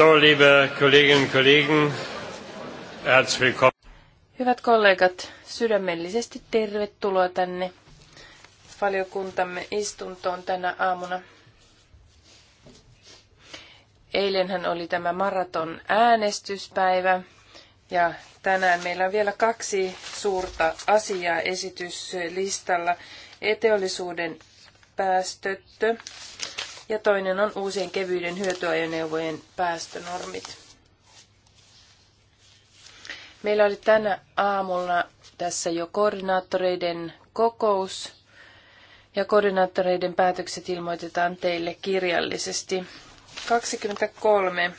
So, liebe Kolleginnen und Kollegen, herzlich willkommen. Hyvät kollegat, sydämellisesti tervetuloa tänne valiokuntamme istuntoon tänä aamuna. Eilenhän oli tämä maraton äänestyspäivä ja tänään meillä on vielä kaksi suurta asiaa esityslistalla. Eteollisuuden päästöttö ja toinen on uusien kevyiden hyötyajoneuvojen päästönormit. Meillä oli tänä aamulla tässä jo koordinaattoreiden kokous ja koordinaattoreiden päätökset ilmoitetaan teille kirjallisesti. 23.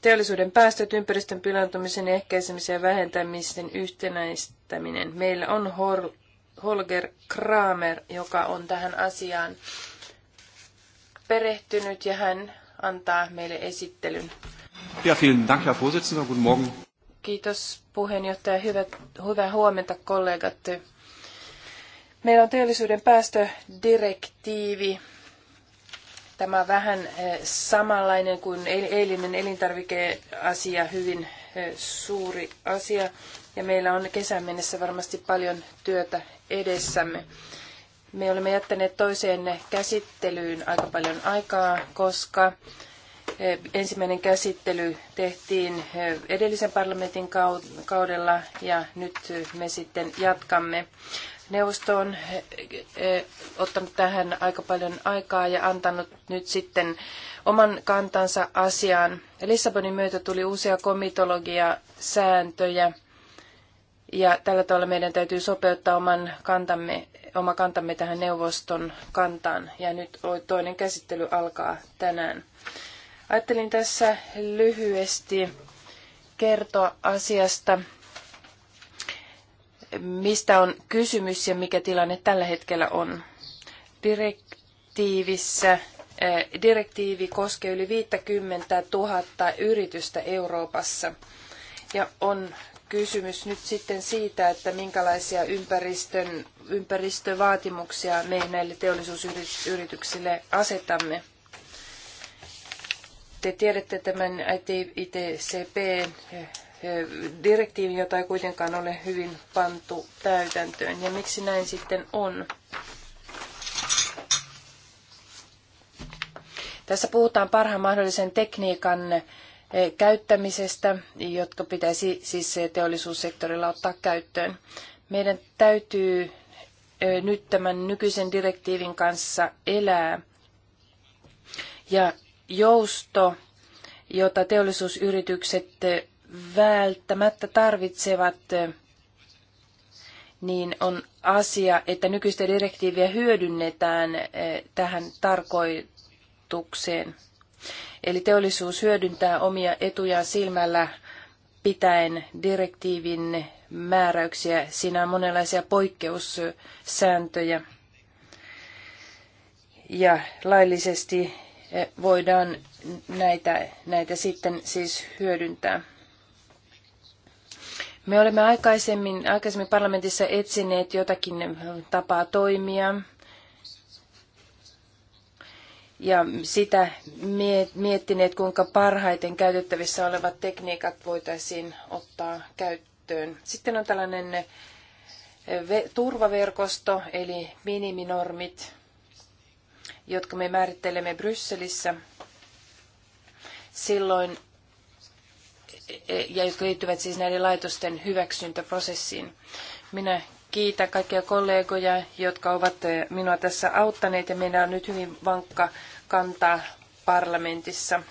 Teollisuuden päästöt, ympäristön pilantumisen ehkäisemisen ja vähentämisen yhtenäistäminen. Meillä on hor- Holger Kramer, joka on tähän asiaan perehtynyt ja hän antaa meille esittelyn. Ja, vielen Dank, Herr Vorsitzender. Guten Morgen. Kiitos puheenjohtaja. Hyvät, hyvää huomenta kollegat. Meillä on teollisuuden päästödirektiivi. Tämä on vähän eh, samanlainen kuin eilinen elintarvikeasia, hyvin eh, suuri asia. Ja meillä on kesän mennessä varmasti paljon työtä edessämme. Me olemme jättäneet toiseen käsittelyyn aika paljon aikaa, koska eh, ensimmäinen käsittely tehtiin eh, edellisen parlamentin kaudella ja nyt eh, me sitten jatkamme. Neuvosto on ottanut tähän aika paljon aikaa ja antanut nyt sitten oman kantansa asiaan. Lissabonin myötä tuli uusia komitologia sääntöjä ja tällä tavalla meidän täytyy sopeuttaa oman kantamme, oma kantamme tähän neuvoston kantaan. Ja nyt toinen käsittely alkaa tänään. Ajattelin tässä lyhyesti kertoa asiasta, mistä on kysymys ja mikä tilanne tällä hetkellä on. Direktiivissä eh, direktiivi koskee yli 50 000 yritystä Euroopassa ja on kysymys nyt sitten siitä, että minkälaisia ympäristön, ympäristövaatimuksia me näille teollisuusyrityksille asetamme. Te tiedätte tämän ITCP-direktiivin, eh, eh, jota ei kuitenkaan ole hyvin pantu täytäntöön. Ja miksi näin sitten on? Tässä puhutaan parhaan mahdollisen tekniikan Eh, käyttämisestä, jotka pitäisi siis teollisuussektorilla ottaa käyttöön. Meidän täytyy eh, nyt tämän nykyisen direktiivin kanssa elää. Ja jousto, jota teollisuusyritykset eh, välttämättä tarvitsevat, niin on asia, että nykyistä direktiiviä hyödynnetään tähän tarkoitukseen. Eli teollisuus hyödyntää omia etujaan silmällä pitäen direktiivin määräyksiä. Siinä on monenlaisia poikkeussääntöjä. Ja laillisesti eh, voidaan näitä, näitä sitten siis hyödyntää. Me olemme aikaisemmin, aikaisemmin parlamentissa etsineet jotakin tapaa toimia ja sitä miettineet, kuinka parhaiten käytettävissä olevat tekniikat voitaisiin ottaa käyttöön. Sitten on tällainen eh, turvaverkosto, eli miniminormit, jotka me määrittelemme Brysselissä. Silloin eh, eh, ja jotka liittyvät siis näiden laitosten hyväksyntäprosessiin. Minä kiitän kaikkia kollegoja, jotka ovat minua tässä auttaneet ja meillä on nyt hyvin vankka kantaa parlamentissa.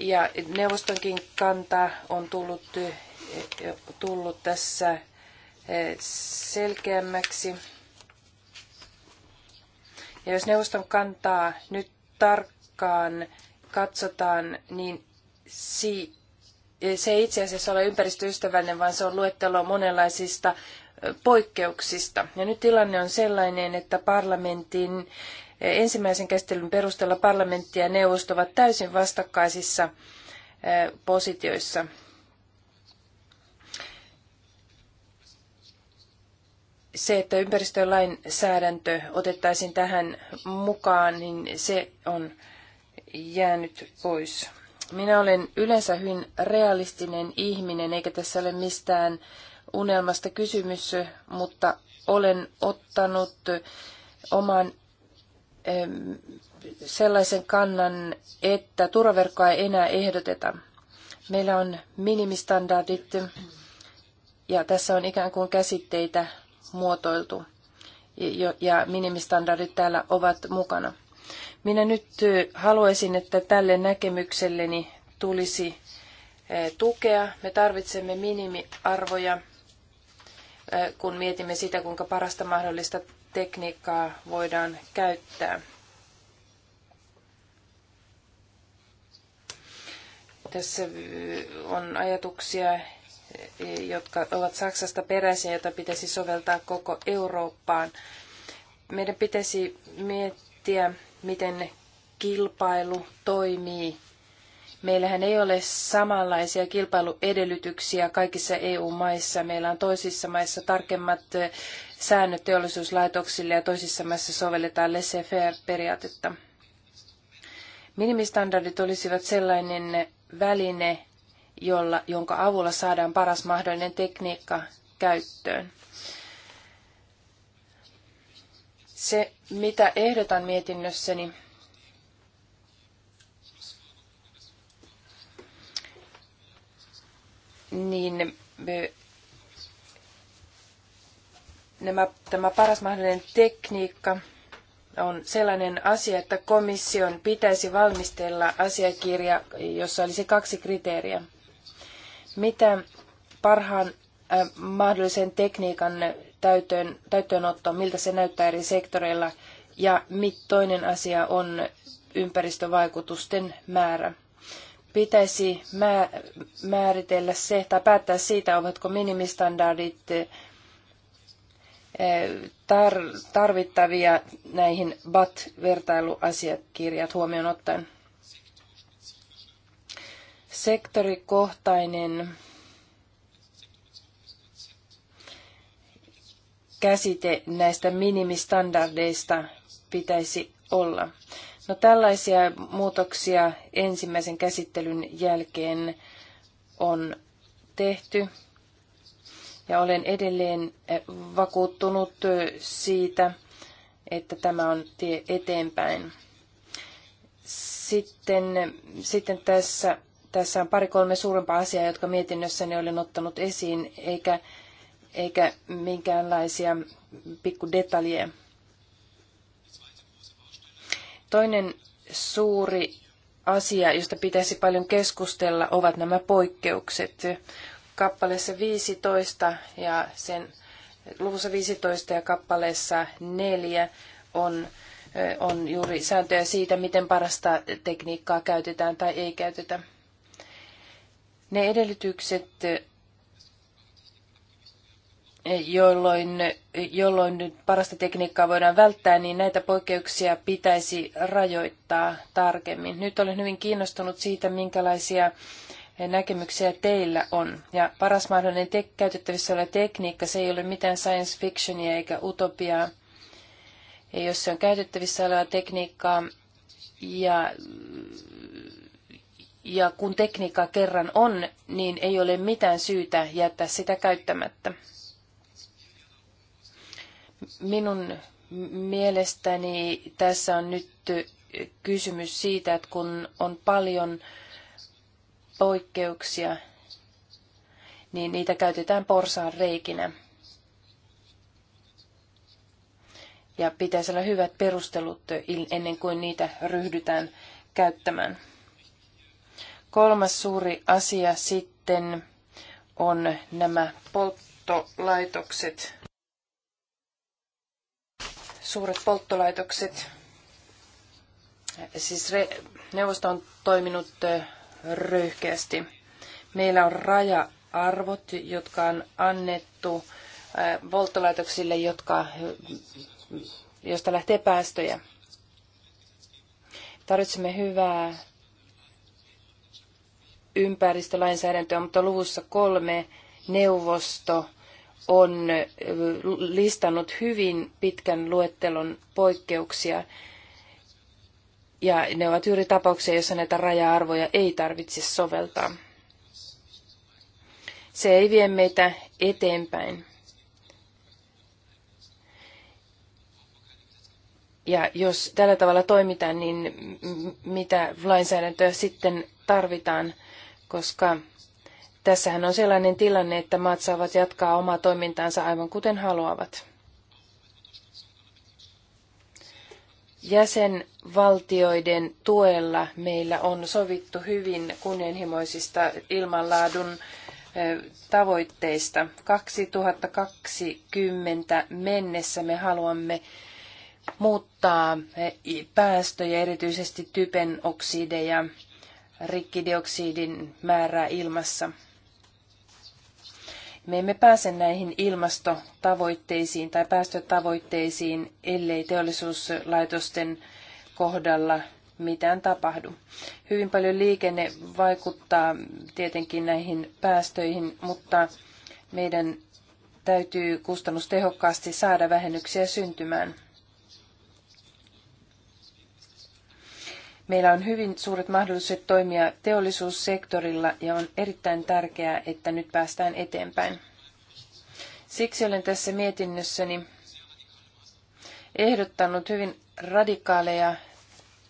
Ja neuvostonkin kanta on tullut, tullut tässä eh, selkeämmäksi. Ja jos neuvoston kantaa nyt tarkkaan katsotaan, niin si- eh, se ei itse asiassa ole ympäristöystävällinen, vaan se on luettelo monenlaisista eh, poikkeuksista. Ja nyt tilanne on sellainen, että parlamentin Ensimmäisen käsittelyn perusteella parlamentti ja neuvosto ovat täysin vastakkaisissa positioissa. Se, että ympäristölainsäädäntö otettaisiin tähän mukaan, niin se on jäänyt pois. Minä olen yleensä hyvin realistinen ihminen, eikä tässä ole mistään unelmasta kysymys, mutta olen ottanut oman sellaisen kannan, että turvaverkkoa ei enää ehdoteta. Meillä on minimistandardit ja tässä on ikään kuin käsitteitä muotoiltu ja minimistandardit täällä ovat mukana. Minä nyt haluaisin, että tälle näkemykselleni tulisi tukea. Me tarvitsemme minimiarvoja, kun mietimme sitä, kuinka parasta mahdollista tekniikkaa voidaan käyttää. Tässä on ajatuksia, jotka ovat Saksasta peräisin, joita pitäisi soveltaa koko Eurooppaan. Meidän pitäisi miettiä, miten kilpailu toimii. Meillähän ei ole samanlaisia kilpailuedellytyksiä kaikissa EU-maissa. Meillä on toisissa maissa tarkemmat säännöt teollisuuslaitoksille ja toisissa maissa sovelletaan laissez-faire-periaatetta. Minimistandardit olisivat sellainen väline, jolla, jonka avulla saadaan paras mahdollinen tekniikka käyttöön. Se, mitä ehdotan mietinnössäni, niin nämä, tämä paras mahdollinen tekniikka on sellainen asia, että komission pitäisi valmistella asiakirja, jossa olisi kaksi kriteeriä. Mitä parhaan äh, mahdollisen tekniikan täytöön, täytöönotto, miltä se näyttää eri sektoreilla, ja mit, toinen asia on ympäristövaikutusten määrä. Pitäisi mä, määritellä se tai päättää siitä, ovatko minimistandardit äh, tarvittavia näihin BAT-vertailuasiakirjat huomioon ottaen. Sektorikohtainen käsite näistä minimistandardeista pitäisi olla. No tällaisia muutoksia ensimmäisen käsittelyn jälkeen on tehty ja olen edelleen eh, vakuuttunut eh, siitä, että tämä on tie eteenpäin. Sitten, eh, sitten tässä, tässä on pari-kolme suurempaa asiaa, jotka mietinnössäni olen ottanut esiin, eikä, eikä minkäänlaisia pikkudetaljeja. Toinen suuri asia, josta pitäisi paljon keskustella, ovat nämä poikkeukset kappaleessa 15 ja sen luvussa 15 ja kappaleessa 4 on, on juuri sääntöjä siitä, miten parasta tekniikkaa käytetään tai ei käytetä. Ne edellytykset, jolloin, jolloin nyt parasta tekniikkaa voidaan välttää, niin näitä poikkeuksia pitäisi rajoittaa tarkemmin. Nyt olen hyvin kiinnostunut siitä, minkälaisia näkemyksiä teillä on. Ja paras mahdollinen te- käytettävissä oleva tekniikka, se ei ole mitään science fictionia eikä utopiaa. Ja jos se on käytettävissä olevaa tekniikkaa ja, ja kun tekniikka kerran on, niin ei ole mitään syytä jättää sitä käyttämättä. Minun mielestäni tässä on nyt kysymys siitä, että kun on paljon äh, poikkeuksia, niin niitä käytetään porsaan reikinä. Ja pitäisi olla hyvät perustelut ennen kuin niitä ryhdytään käyttämään. Kolmas suuri asia sitten on nämä polttolaitokset. Suuret polttolaitokset. Siis re, neuvosto on toiminut röyhkeästi. Meillä on raja-arvot, jotka on annettu polttolaitoksille, jotka, josta lähtee päästöjä. Tarvitsemme hyvää ympäristölainsäädäntöä, mutta luvussa kolme neuvosto on listannut hyvin pitkän luettelon poikkeuksia ja ne ovat juuri tapauksia, joissa näitä raja-arvoja ei tarvitse soveltaa. Se ei vie meitä eteenpäin. Ja jos tällä tavalla toimitaan, niin mitä lainsäädäntöä sitten tarvitaan, koska tässähän on sellainen tilanne, että maat saavat jatkaa omaa toimintaansa aivan kuten haluavat. Jäsenvaltioiden tuella meillä on sovittu hyvin kunnianhimoisista ilmanlaadun tavoitteista. 2020 mennessä me haluamme muuttaa päästöjä, erityisesti typen oksideja, rikkidioksidin määrää ilmassa – me emme pääse näihin ilmastotavoitteisiin tai päästötavoitteisiin, ellei teollisuuslaitosten kohdalla mitään tapahdu. Hyvin paljon liikenne vaikuttaa tietenkin näihin päästöihin, mutta meidän täytyy kustannustehokkaasti saada vähennyksiä syntymään. Meillä on hyvin suuret mahdollisuudet toimia teollisuussektorilla ja on erittäin tärkeää, että nyt päästään eteenpäin. Siksi olen tässä mietinnössäni ehdottanut hyvin radikaaleja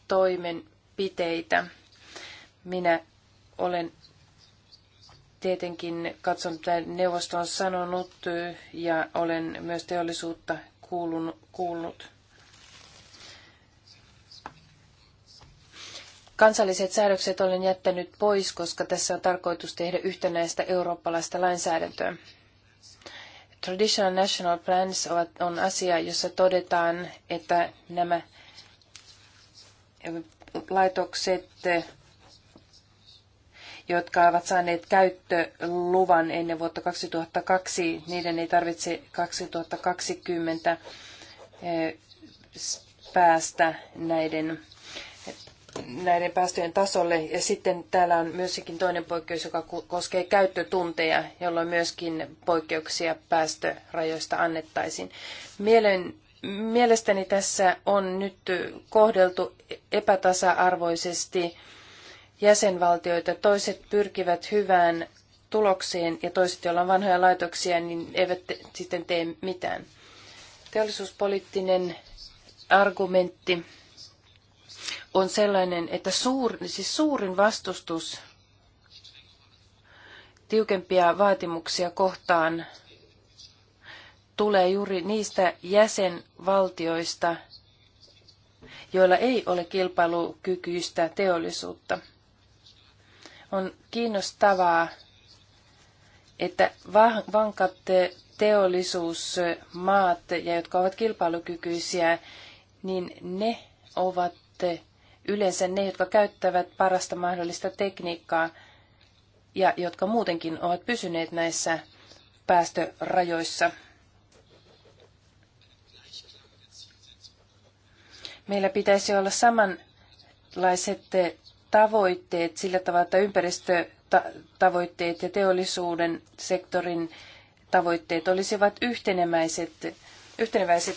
toimenpiteitä. Minä olen tietenkin katson, mitä neuvosto on sanonut ja olen myös teollisuutta kuulun, kuullut. Kansalliset säädökset olen jättänyt pois, koska tässä on tarkoitus tehdä yhtenäistä eurooppalaista lainsäädäntöä. Traditional National Plans ovat, on asia, jossa todetaan, että nämä laitokset, jotka ovat saaneet käyttöluvan ennen vuotta 2002, niiden ei tarvitse 2020 eh, päästä näiden näiden päästöjen tasolle. Ja sitten täällä on myöskin toinen poikkeus, joka koskee käyttötunteja, jolloin myöskin poikkeuksia päästörajoista annettaisiin. Mielen, mielestäni tässä on nyt kohdeltu epätasa-arvoisesti jäsenvaltioita. Toiset pyrkivät hyvään tulokseen ja toiset, joilla on vanhoja laitoksia, niin eivät sitten tee mitään. Teollisuuspoliittinen argumentti on sellainen, että suur, siis suurin vastustus tiukempia vaatimuksia kohtaan tulee juuri niistä jäsenvaltioista, joilla ei ole kilpailukykyistä teollisuutta. On kiinnostavaa, että vankat teollisuusmaat, ja jotka ovat kilpailukykyisiä, niin ne ovat yleensä ne, jotka käyttävät parasta mahdollista tekniikkaa ja jotka muutenkin ovat pysyneet näissä päästörajoissa. Meillä pitäisi olla samanlaiset tavoitteet sillä tavalla, että ympäristötavoitteet ja teollisuuden sektorin tavoitteet olisivat yhtenemäiset, yhteneväiset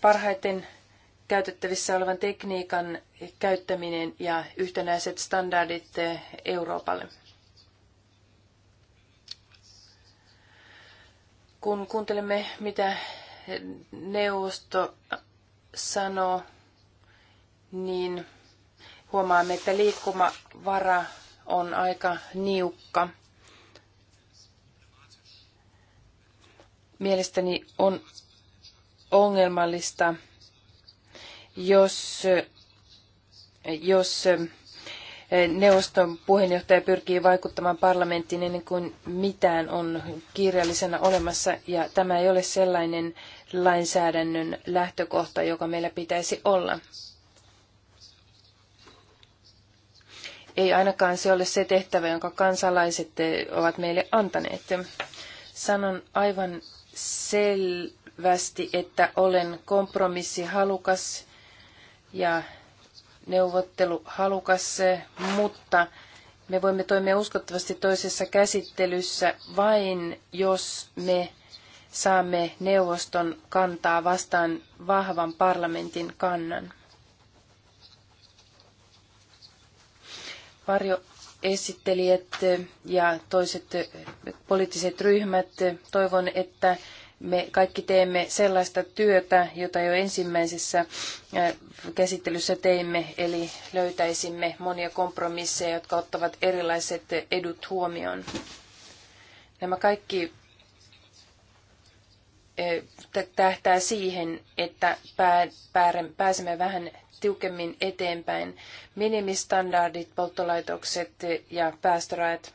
parhaiten käytettävissä olevan tekniikan käyttäminen ja yhtenäiset standardit eh, Euroopalle. Kun kuuntelemme, mitä neuvosto sanoo, niin huomaamme, että liikkumavara on aika niukka. Mielestäni on ongelmallista jos, jos neuvoston puheenjohtaja pyrkii vaikuttamaan parlamenttiin ennen kuin mitään on kirjallisena olemassa, ja tämä ei ole sellainen lainsäädännön lähtökohta, joka meillä pitäisi olla. Ei ainakaan se ole se tehtävä, jonka kansalaiset ovat meille antaneet. Sanon aivan selvästi, että olen kompromissihalukas ja neuvotteluhalukas, mutta me voimme toimia uskottavasti toisessa käsittelyssä vain, jos me saamme neuvoston kantaa vastaan vahvan parlamentin kannan. Varjoesittelijät ja toiset poliittiset ryhmät toivon, että me kaikki teemme sellaista työtä, jota jo ensimmäisessä käsittelyssä teimme, eli löytäisimme monia kompromisseja, jotka ottavat erilaiset edut huomioon. Nämä kaikki tähtää siihen, että pääsemme vähän tiukemmin eteenpäin. Minimistandardit, polttolaitokset ja päästörajat.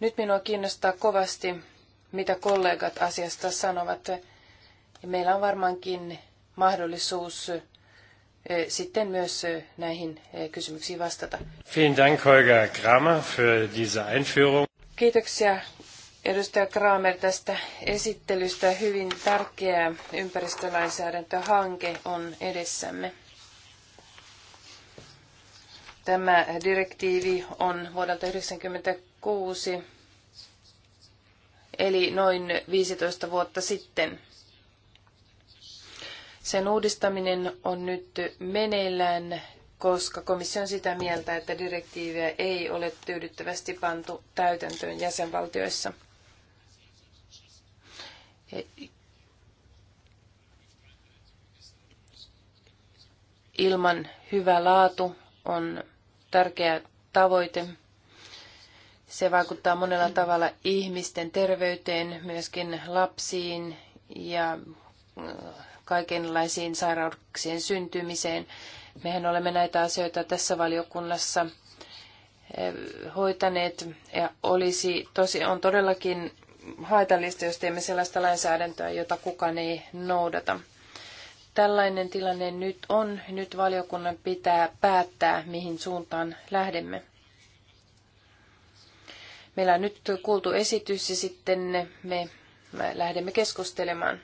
Nyt minua kiinnostaa kovasti mitä kollegat asiasta sanovat. Ja meillä on varmaankin mahdollisuus eh, sitten myös eh, näihin eh, kysymyksiin vastata. Dank Holger Kramer für diese Einführung. Kiitoksia edustaja Kramer tästä esittelystä. Hyvin tärkeä ympäristölainsäädäntöhanke on edessämme. Tämä direktiivi on vuodelta 1996 eli noin 15 vuotta sitten. Sen uudistaminen on nyt meneillään, koska komissio on sitä mieltä, että direktiiviä ei ole tyydyttävästi pantu täytäntöön jäsenvaltioissa. Ilman hyvä laatu on tärkeä tavoite. Se vaikuttaa monella tavalla ihmisten terveyteen, myöskin lapsiin ja äh, kaikenlaisiin sairauksien syntymiseen. Mehän olemme näitä asioita tässä valiokunnassa äh, hoitaneet ja olisi, tosi, on todellakin haitallista, jos teemme sellaista lainsäädäntöä, jota kukaan ei noudata. Tällainen tilanne nyt on. Nyt valiokunnan pitää päättää, mihin suuntaan lähdemme. Meillä on nyt kuultu esitys ja sitten me lähdemme keskustelemaan.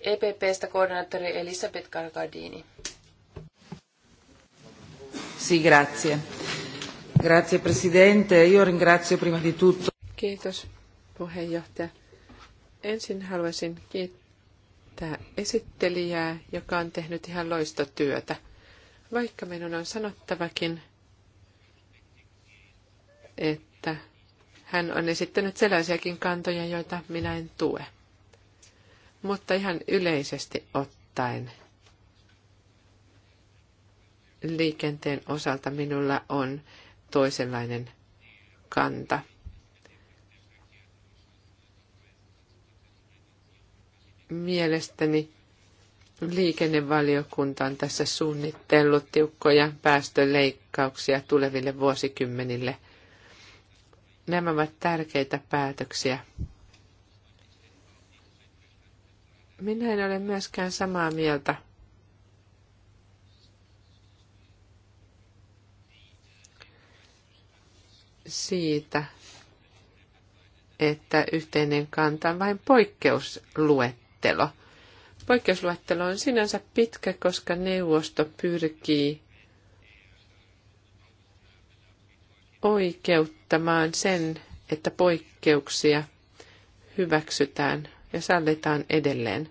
EPPstä koordinaattori Elisabeth Gargardini. Sì, grazie. Grazie Presidente. Io ringrazio prima di tutto. Kiitos puheenjohtaja. Ensin haluaisin kiittää esittelijää, joka on tehnyt ihan loista työtä. Vaikka minun on sanottavakin, että hän on esittänyt sellaisiakin kantoja, joita minä en tue. Mutta ihan yleisesti ottaen liikenteen osalta minulla on toisenlainen kanta. Mielestäni liikennevaliokunta on tässä suunnitellut tiukkoja päästöleikkauksia tuleville vuosikymmenille – Nämä ovat tärkeitä päätöksiä. Minä en ole myöskään samaa mieltä siitä, että yhteinen kanta on vain poikkeusluettelo. Poikkeusluettelo on sinänsä pitkä, koska neuvosto pyrkii oikeuttamaan sen, että poikkeuksia hyväksytään ja sallitaan edelleen.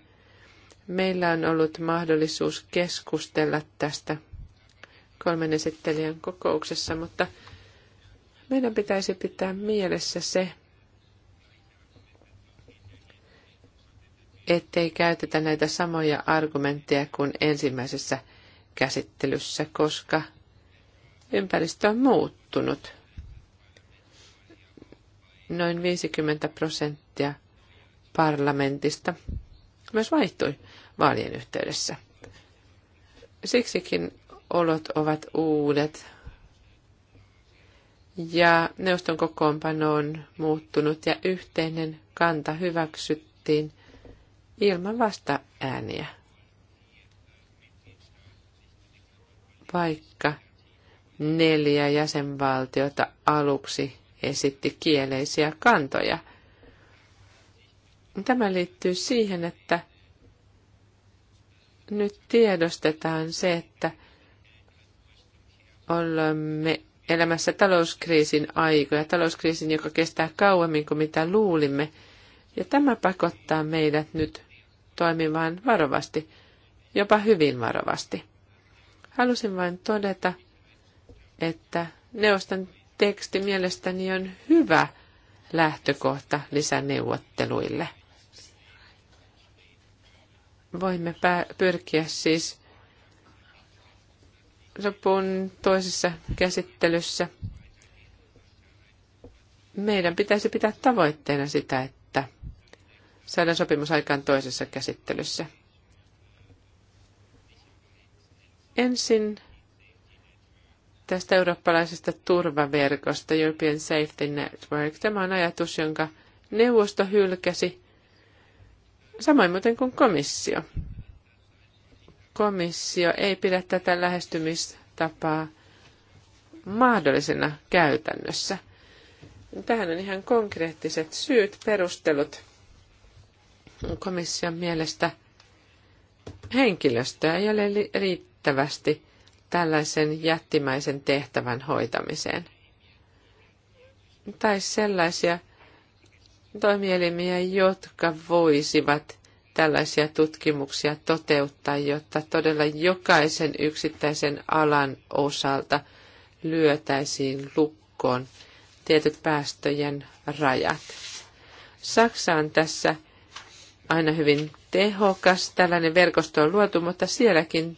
Meillä on ollut mahdollisuus keskustella tästä kolmen esittelijän kokouksessa, mutta meidän pitäisi pitää mielessä se, ettei käytetä näitä samoja argumentteja kuin ensimmäisessä käsittelyssä, koska ympäristö on muuttunut noin 50 prosenttia parlamentista myös vaihtui vaalien yhteydessä. Siksikin olot ovat uudet ja neuvoston kokoonpano on muuttunut ja yhteinen kanta hyväksyttiin ilman vasta ääniä. Vaikka neljä jäsenvaltiota aluksi esitti kieleisiä kantoja. Tämä liittyy siihen, että nyt tiedostetaan se, että olemme elämässä talouskriisin aikoja, talouskriisin, joka kestää kauemmin kuin mitä luulimme. Ja tämä pakottaa meidät nyt toimimaan varovasti, jopa hyvin varovasti. Halusin vain todeta, että neuvoston teksti mielestäni on hyvä lähtökohta lisäneuvotteluille. Voimme pyrkiä siis lopun toisessa käsittelyssä. Meidän pitäisi pitää tavoitteena sitä, että saadaan sopimus aikaan toisessa käsittelyssä. Ensin tästä eurooppalaisesta turvaverkosta, European Safety Network. Tämä on ajatus, jonka neuvosto hylkäsi, samoin muuten kuin komissio. Komissio ei pidä tätä lähestymistapaa mahdollisena käytännössä. Tähän on ihan konkreettiset syyt, perustelut. Komission mielestä henkilöstöä ei ole riittävästi tällaisen jättimäisen tehtävän hoitamiseen. Tai sellaisia toimielimiä, jotka voisivat tällaisia tutkimuksia toteuttaa, jotta todella jokaisen yksittäisen alan osalta lyötäisiin lukkoon tietyt päästöjen rajat. Saksa on tässä aina hyvin tehokas, tällainen verkosto on luotu, mutta sielläkin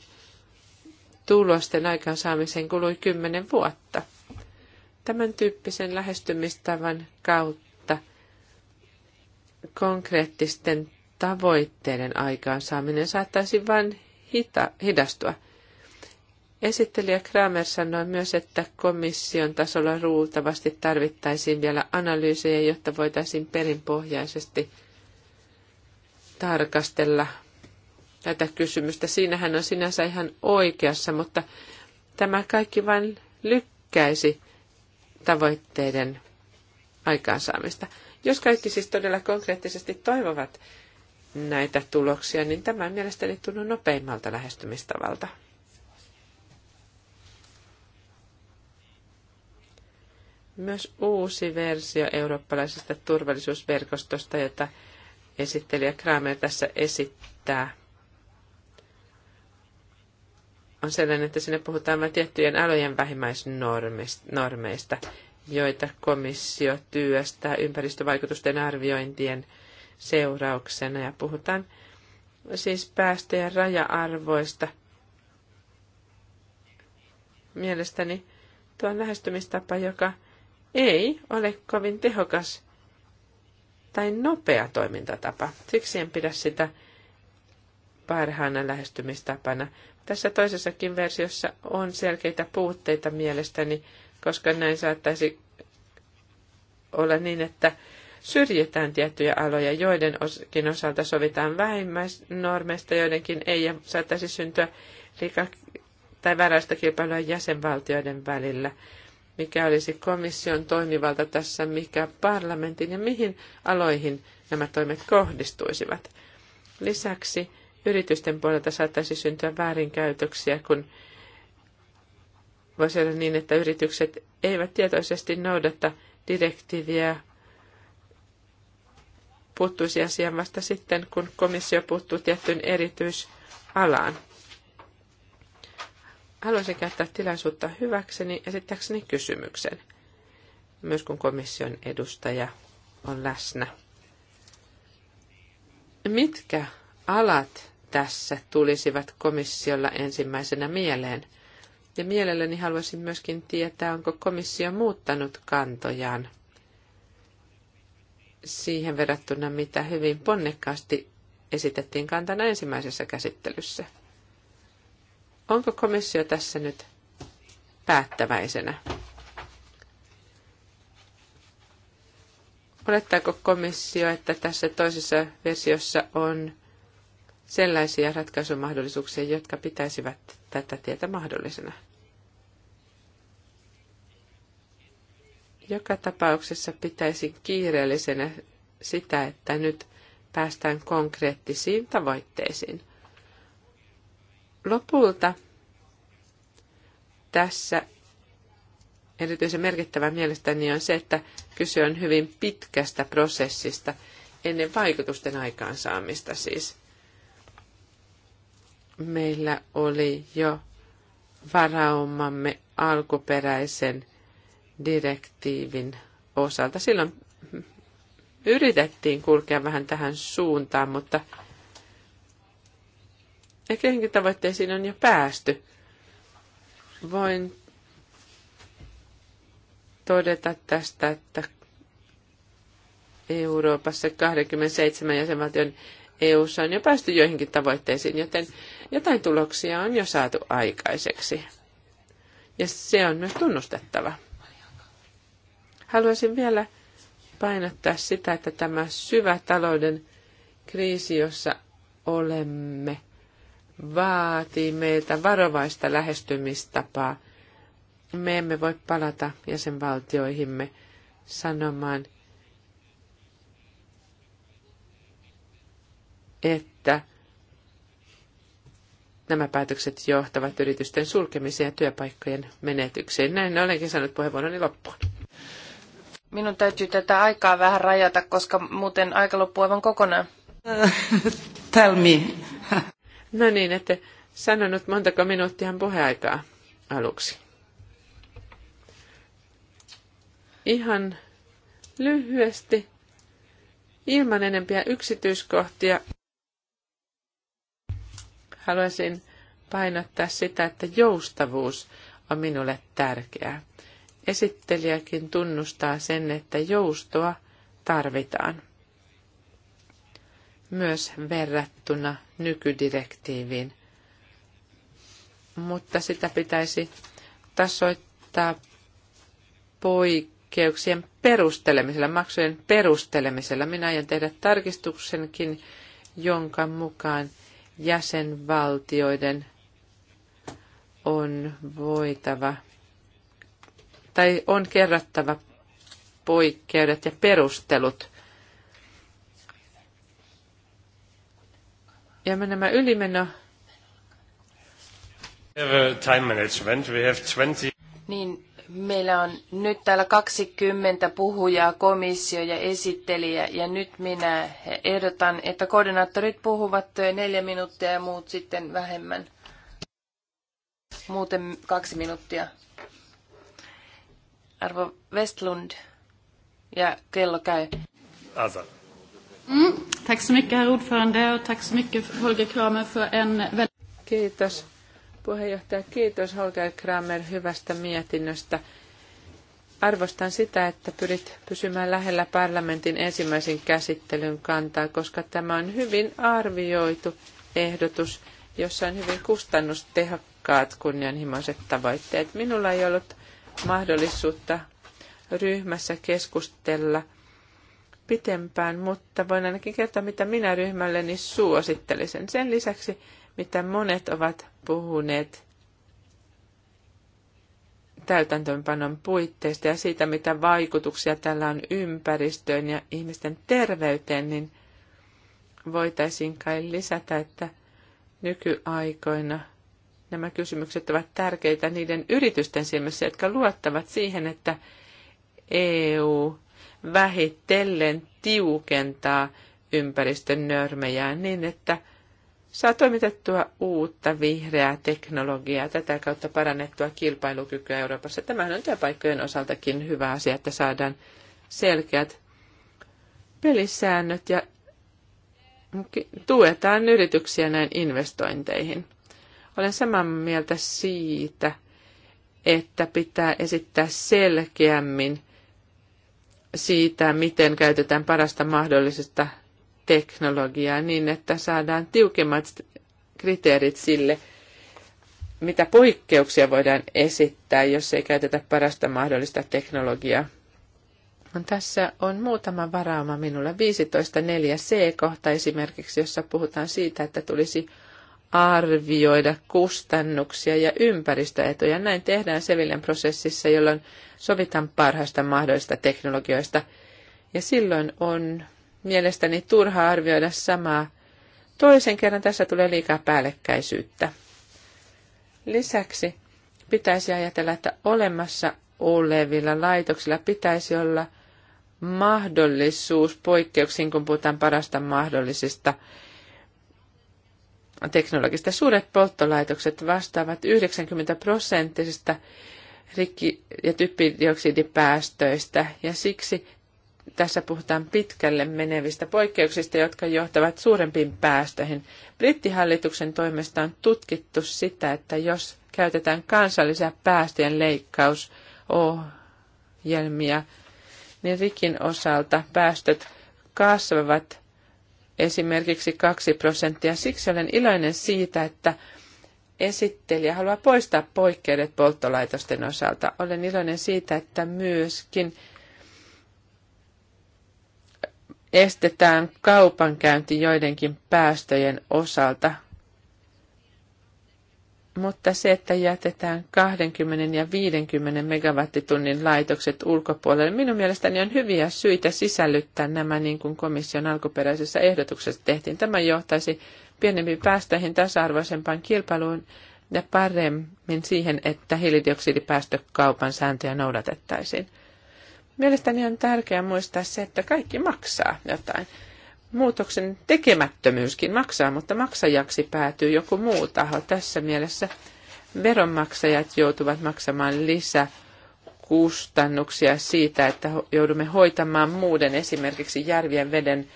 tulosten aikaansaamiseen kului kymmenen vuotta. Tämän tyyppisen lähestymistavan kautta konkreettisten tavoitteiden aikaansaaminen saattaisi vain hita, hidastua. Esittelijä Kramer sanoi myös, että komission tasolla ruultavasti tarvittaisiin vielä analyysejä, jotta voitaisiin perinpohjaisesti tarkastella tätä kysymystä. Siinähän on sinänsä ihan oikeassa, mutta tämä kaikki vain lykkäisi tavoitteiden aikaansaamista. Jos kaikki siis todella konkreettisesti toivovat näitä tuloksia, niin tämä on mielestäni tunnu nopeimmalta lähestymistavalta. Myös uusi versio eurooppalaisesta turvallisuusverkostosta, jota esittelijä Kramer tässä esittää, on sellainen, että sinne puhutaan vain tiettyjen alojen vähimmäisnormeista, joita komissio työstää ympäristövaikutusten arviointien seurauksena. Ja puhutaan siis päästöjen raja-arvoista. Mielestäni tuo on lähestymistapa, joka ei ole kovin tehokas tai nopea toimintatapa. Siksi en pidä sitä parhaana lähestymistapana. Tässä toisessakin versiossa on selkeitä puutteita mielestäni, koska näin saattaisi olla niin, että syrjitään tiettyjä aloja, joidenkin osalta sovitaan vähimmäisnormeista, joidenkin ei, ja saattaisi syntyä rika- tai väräistä kilpailua jäsenvaltioiden välillä. Mikä olisi komission toimivalta tässä, mikä parlamentin ja mihin aloihin nämä toimet kohdistuisivat. Lisäksi yritysten puolelta saattaisi syntyä väärinkäytöksiä, kun voisi olla niin, että yritykset eivät tietoisesti noudata direktiiviä puuttuisi asiaan vasta sitten, kun komissio puuttuu tiettyyn erityisalaan. Haluaisin käyttää tilaisuutta hyväkseni esittääkseni kysymyksen, myös kun komission edustaja on läsnä. Mitkä alat tässä tulisivat komissiolla ensimmäisenä mieleen? Ja mielelläni haluaisin myöskin tietää, onko komissio muuttanut kantojaan siihen verrattuna, mitä hyvin ponnekkaasti esitettiin kantana ensimmäisessä käsittelyssä. Onko komissio tässä nyt päättäväisenä? Olettaako komissio, että tässä toisessa versiossa on sellaisia ratkaisumahdollisuuksia, jotka pitäisivät tätä tietä mahdollisena. Joka tapauksessa pitäisin kiireellisenä sitä, että nyt päästään konkreettisiin tavoitteisiin. Lopulta tässä erityisen merkittävä mielestäni on se, että kyse on hyvin pitkästä prosessista ennen vaikutusten aikaansaamista siis meillä oli jo varaumamme alkuperäisen direktiivin osalta. Silloin yritettiin kulkea vähän tähän suuntaan, mutta ehkä johonkin tavoitteisiin on jo päästy. Voin todeta tästä, että Euroopassa 27 jäsenvaltion EU:ssa on jo päästy joihinkin tavoitteisiin, joten jotain tuloksia on jo saatu aikaiseksi. Ja se on myös tunnustettava. Haluaisin vielä painottaa sitä, että tämä syvä talouden kriisi, jossa olemme, vaatii meiltä varovaista lähestymistapaa. Me emme voi palata jäsenvaltioihimme sanomaan, että nämä päätökset johtavat yritysten sulkemiseen ja työpaikkojen menetykseen. Näin olenkin saanut puheenvuoroni loppuun. Minun täytyy tätä aikaa vähän rajata, koska muuten aika loppuu aivan kokonaan. Tell me. no niin, että sanonut montako minuuttia puheaikaa aluksi. Ihan lyhyesti, ilman enempiä yksityiskohtia haluaisin painottaa sitä, että joustavuus on minulle tärkeää. Esittelijäkin tunnustaa sen, että joustoa tarvitaan. Myös verrattuna nykydirektiiviin. Mutta sitä pitäisi tasoittaa poikkeuksien perustelemisella, maksujen perustelemisella. Minä aion tehdä tarkistuksenkin, jonka mukaan jäsenvaltioiden on voitava tai on kerrattava poikkeudet ja perustelut. Ja nämä ylimeno Time management. We have 20... Niin, Meillä on nyt täällä 20 puhujaa, komissio ja esittelijä, ja nyt minä ehdotan, että koordinaattorit puhuvat neljä minuuttia ja muut sitten vähemmän. Muuten kaksi minuuttia. Arvo Westlund, ja kello käy. Asa. Mm. Tack så mycket, herr ordförande, och tack så mycket, Holger Kramer, för en Kiitos Puheenjohtaja, kiitos Holger Kramer hyvästä mietinnöstä. Arvostan sitä, että pyrit pysymään lähellä parlamentin ensimmäisen käsittelyn kantaa, koska tämä on hyvin arvioitu ehdotus, jossa on hyvin kustannustehokkaat kunnianhimoiset tavoitteet. Minulla ei ollut mahdollisuutta ryhmässä keskustella pitempään, mutta voin ainakin kertoa, mitä minä ryhmälleni suosittelisin. Sen lisäksi mitä monet ovat puhuneet täytäntöönpanon puitteista ja siitä, mitä vaikutuksia tällä on ympäristöön ja ihmisten terveyteen, niin voitaisiin kai lisätä, että nykyaikoina nämä kysymykset ovat tärkeitä niiden yritysten silmissä, jotka luottavat siihen, että EU vähitellen tiukentaa ympäristön normejaan niin, että – saa toimitettua uutta vihreää teknologiaa, tätä kautta parannettua kilpailukykyä Euroopassa. Tämähän on työpaikkojen osaltakin hyvä asia, että saadaan selkeät pelisäännöt ja tuetaan yrityksiä näin investointeihin. Olen samaa mieltä siitä, että pitää esittää selkeämmin siitä, miten käytetään parasta mahdollisesta teknologiaa niin, että saadaan tiukemmat kriteerit sille, mitä poikkeuksia voidaan esittää, jos ei käytetä parasta mahdollista teknologiaa. Tässä on muutama varauma minulla. 15.4c-kohta esimerkiksi, jossa puhutaan siitä, että tulisi arvioida kustannuksia ja ympäristöetuja. Näin tehdään Sevillen prosessissa, jolloin sovitaan parhaista mahdollisista teknologioista. Ja silloin on mielestäni turha arvioida samaa. Toisen kerran tässä tulee liikaa päällekkäisyyttä. Lisäksi pitäisi ajatella, että olemassa olevilla laitoksilla pitäisi olla mahdollisuus poikkeuksiin, kun puhutaan parasta mahdollisista teknologista. Suuret polttolaitokset vastaavat 90 prosenttisista rikki- ja typpidioksidipäästöistä, ja siksi tässä puhutaan pitkälle menevistä poikkeuksista, jotka johtavat suurempiin päästöihin. Brittihallituksen toimesta on tutkittu sitä, että jos käytetään kansallisia päästöjen leikkausohjelmia, niin rikin osalta päästöt kasvavat esimerkiksi 2 prosenttia. Siksi olen iloinen siitä, että esittelijä haluaa poistaa poikkeudet polttolaitosten osalta. Olen iloinen siitä, että myöskin – estetään kaupankäynti joidenkin päästöjen osalta, mutta se, että jätetään 20 ja 50 megawattitunnin laitokset ulkopuolelle, minun mielestäni on hyviä syitä sisällyttää nämä niin kuin komission alkuperäisessä ehdotuksessa tehtiin. Tämä johtaisi pienempiin päästöihin, tasa-arvoisempaan kilpailuun ja paremmin siihen, että hiilidioksidipäästökaupan sääntöjä noudatettaisiin. Mielestäni on tärkeää muistaa se, että kaikki maksaa jotain. Muutoksen tekemättömyyskin maksaa, mutta maksajaksi päätyy joku muu taho. Tässä mielessä veronmaksajat joutuvat maksamaan lisää kustannuksia siitä, että joudumme hoitamaan muuden esimerkiksi järvien veden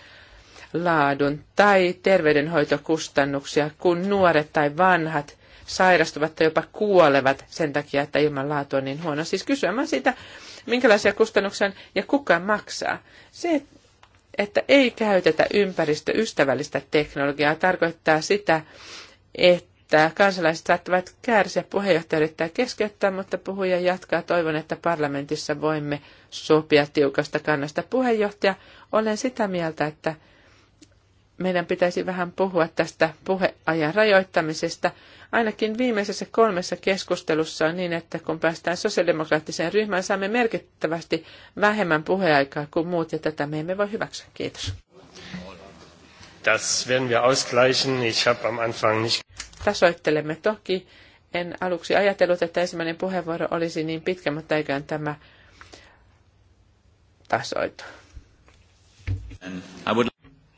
laadun tai terveydenhoitokustannuksia, kun nuoret tai vanhat sairastuvat tai jopa kuolevat sen takia, että ilmanlaatu on niin huono. Siis kysymään siitä, minkälaisia kustannuksia ja kuka maksaa. Se, että ei käytetä ympäristöystävällistä teknologiaa, tarkoittaa sitä, että kansalaiset saattavat kärsiä yrittää keskeyttää, mutta puhuja jatkaa. Toivon, että parlamentissa voimme sopia tiukasta kannasta. Puheenjohtaja, olen sitä mieltä, että meidän pitäisi vähän puhua tästä puheajan rajoittamisesta. Ainakin viimeisessä kolmessa keskustelussa on niin, että kun päästään sosiaalidemokraattiseen ryhmään, saamme merkittävästi vähemmän puheaikaa kuin muut, ja tätä me emme voi hyväksyä. Kiitos. Das werden wir ausgleichen. Ich habe am Anfang nicht... Tasoittelemme toki. En aluksi ajatellut, että ensimmäinen puheenvuoro olisi niin pitkä, mutta eiköhän tämä tasoitu. I would...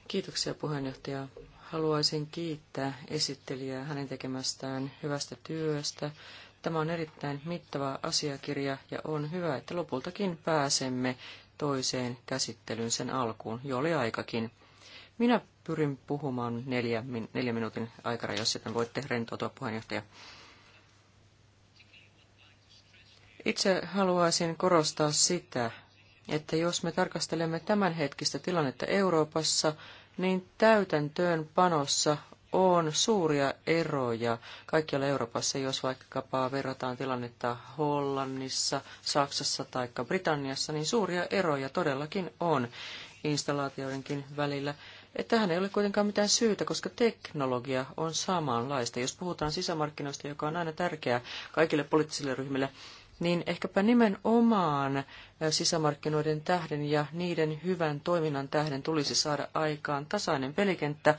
Kiitoksia puheenjohtaja. Haluaisin kiittää esittelijää hänen tekemästään hyvästä työstä. Tämä on erittäin mittava asiakirja ja on hyvä, että lopultakin pääsemme toiseen käsittelyyn sen alkuun, jo oli aikakin. Minä pyrin puhumaan neljä, neljä minuutin jos sitten voitte rentoutua puheenjohtaja. Itse haluaisin korostaa sitä, että jos me tarkastelemme tämänhetkistä tilannetta Euroopassa, niin täytäntöönpanossa on suuria eroja kaikkialla Euroopassa, jos vaikkapa verrataan tilannetta Hollannissa, Saksassa tai Britanniassa, niin suuria eroja todellakin on installaatioidenkin välillä. Tähän ei ole kuitenkaan mitään syytä, koska teknologia on samanlaista. Jos puhutaan sisämarkkinoista, joka on aina tärkeää kaikille poliittisille ryhmille, niin ehkäpä nimenomaan sisämarkkinoiden tähden ja niiden hyvän toiminnan tähden tulisi saada aikaan tasainen pelikenttä,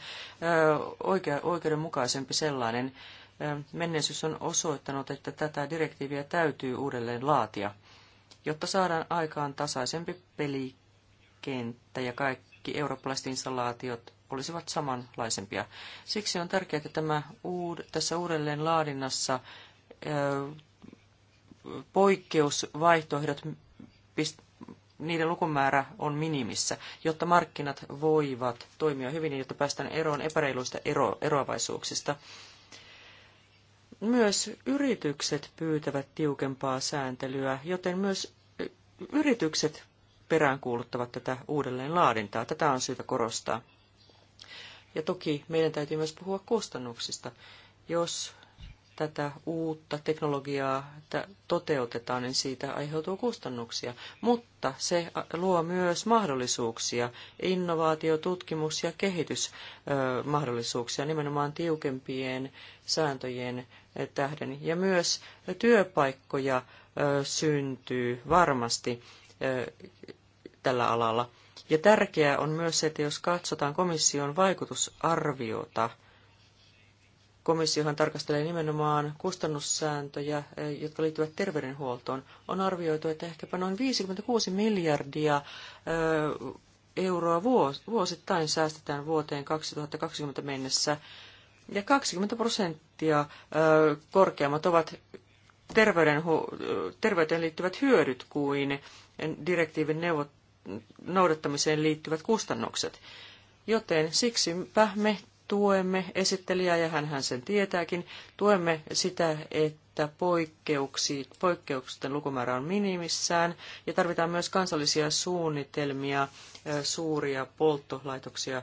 oikea, oikeudenmukaisempi sellainen. Menneisyys on osoittanut, että tätä direktiiviä täytyy uudelleen laatia, jotta saadaan aikaan tasaisempi pelikenttä ja kaikki eurooppalaiset installaatiot olisivat samanlaisempia. Siksi on tärkeää, että tämä uud- tässä uudelleen laadinnassa poikkeusvaihtoehdot, niiden lukumäärä on minimissä, jotta markkinat voivat toimia hyvin ja jotta päästään eroon epäreiluista ero, eroavaisuuksista. Myös yritykset pyytävät tiukempaa sääntelyä, joten myös yritykset peräänkuuluttavat tätä uudelleenlaadintaa. Tätä on syytä korostaa. Ja toki meidän täytyy myös puhua kustannuksista. Jos tätä uutta teknologiaa toteutetaan, niin siitä aiheutuu kustannuksia. Mutta se luo myös mahdollisuuksia, innovaatio, tutkimus ja kehitysmahdollisuuksia nimenomaan tiukempien sääntöjen tähden. Ja myös työpaikkoja syntyy varmasti tällä alalla. Ja tärkeää on myös se, että jos katsotaan komission vaikutusarviota, Komissiohan tarkastelee nimenomaan kustannussääntöjä, eh, jotka liittyvät terveydenhuoltoon. On arvioitu, että ehkäpä noin 56 miljardia eh, euroa vuosittain säästetään vuoteen 2020 mennessä. Ja 20 prosenttia eh, korkeammat ovat terveyteen liittyvät hyödyt kuin direktiivin neuvot- noudattamiseen liittyvät kustannukset. Joten siksipä me tuemme esittelijää, ja hän sen tietääkin, tuemme sitä, että poikkeuksien lukumäärä on minimissään, ja tarvitaan myös kansallisia suunnitelmia suuria polttolaitoksia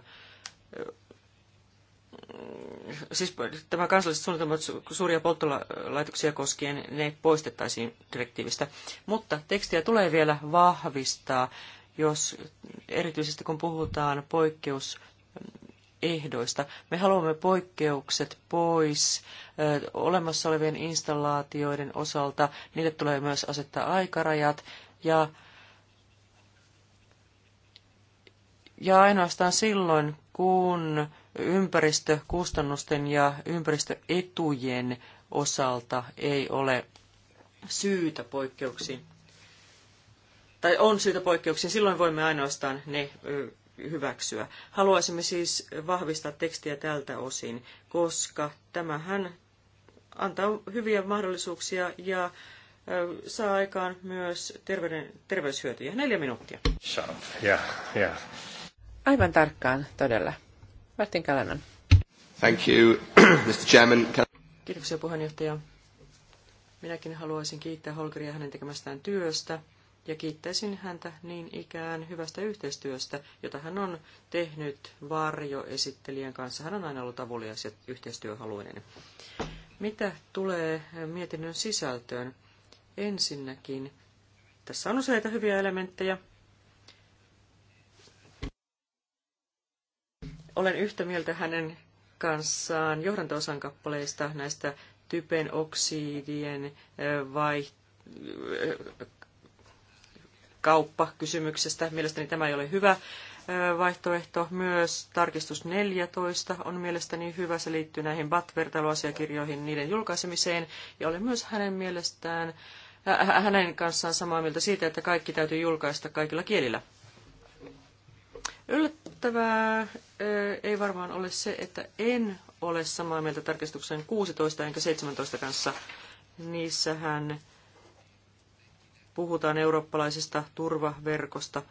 siis tämä kansalliset suunnitelmat suuria polttolaitoksia koskien, ne poistettaisiin direktiivistä. Mutta tekstiä tulee vielä vahvistaa, jos erityisesti kun puhutaan poikkeus ehdoista. Me haluamme poikkeukset pois olemassa olevien installaatioiden osalta. Niille tulee myös asettaa aikarajat ja, ja ainoastaan silloin, kun ympäristökustannusten ja ympäristöetujen osalta ei ole syytä poikkeuksiin. Tai on syytä poikkeuksiin, silloin voimme ainoastaan ne hyväksyä. Haluaisimme siis vahvistaa tekstiä tältä osin, koska tämähän antaa hyviä mahdollisuuksia ja saa aikaan myös terveyden, terveyshyötyjä. Neljä minuuttia. Yeah, yeah. Aivan tarkkaan, todella. Martin Kalanan. Thank you, Mr. Chairman. Kiitoksia puheenjohtaja. Minäkin haluaisin kiittää Holgeria hänen tekemästään työstä ja kiittäisin häntä niin ikään hyvästä yhteistyöstä, jota hän on tehnyt varjoesittelijän kanssa. Hän on aina ollut avulias ja yhteistyöhaluinen. Mitä tulee mietinnön sisältöön? Ensinnäkin, tässä on useita hyviä elementtejä. Olen yhtä mieltä hänen kanssaan johdanto kappaleista näistä typen oksidien vaiht- kauppakysymyksestä. Mielestäni tämä ei ole hyvä vaihtoehto. Myös tarkistus 14 on mielestäni hyvä. Se liittyy näihin BAT-vertailuasiakirjoihin, niiden julkaisemiseen. Ja olen myös hänen mielestään, hänen kanssaan samaa mieltä siitä, että kaikki täytyy julkaista kaikilla kielillä. Yllättävää ei varmaan ole se, että en ole samaa mieltä tarkistuksen 16 enkä 17 kanssa. Niissähän puhutaan eurooppalaisesta turvaverkosta.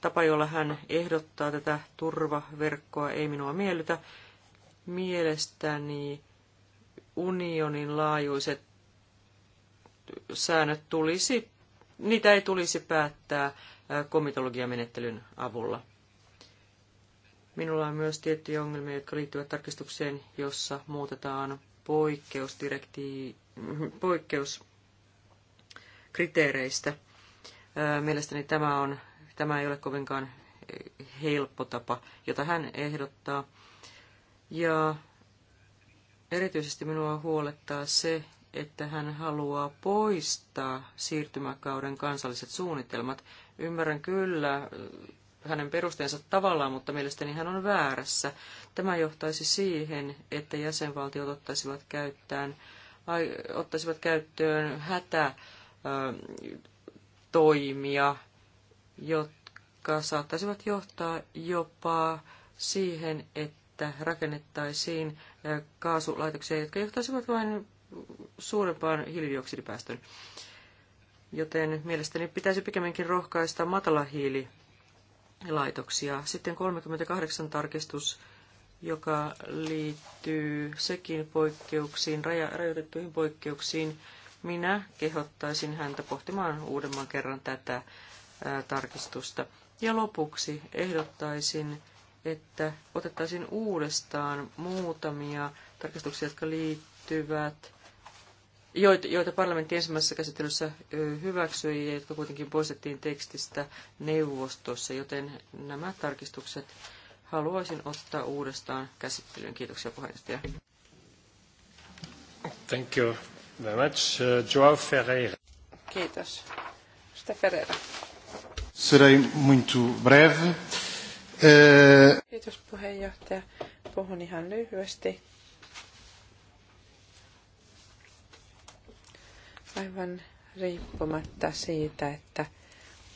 Tapa, jolla hän ehdottaa tätä turvaverkkoa, ei minua miellytä. Mielestäni unionin laajuiset säännöt tulisi, niitä ei tulisi päättää komitologiamenettelyn avulla. Minulla on myös tiettyjä ongelmia, jotka liittyvät tarkistukseen, jossa muutetaan poikkeusdirektiivi, poikkeus kriteereistä. Mielestäni tämä, on, tämä ei ole kovinkaan helppo tapa, jota hän ehdottaa. Ja erityisesti minua huolettaa se, että hän haluaa poistaa siirtymäkauden kansalliset suunnitelmat. Ymmärrän kyllä hänen perusteensa tavallaan, mutta mielestäni hän on väärässä. Tämä johtaisi siihen, että jäsenvaltiot ottaisivat, käyttään, ottaisivat käyttöön hätä toimia, jotka saattaisivat johtaa jopa siihen, että rakennettaisiin kaasulaitoksia, jotka johtaisivat vain suurempaan hiilidioksidipäästön. Joten mielestäni pitäisi pikemminkin rohkaista matalahiihli-laitoksia. Sitten 38 tarkistus, joka liittyy sekin poikkeuksiin, raja, rajoitettuihin poikkeuksiin minä kehottaisin häntä pohtimaan uudemman kerran tätä tarkistusta. Ja lopuksi ehdottaisin, että otettaisiin uudestaan muutamia tarkistuksia, jotka liittyvät, joita, parlamentti ensimmäisessä käsittelyssä hyväksyi ja jotka kuitenkin poistettiin tekstistä neuvostossa, joten nämä tarkistukset haluaisin ottaa uudestaan käsittelyyn. Kiitoksia puheenjohtaja. Thank you Uh, Ferreira. Serei muito breve. Uh, Aivan riippumatta siitä, että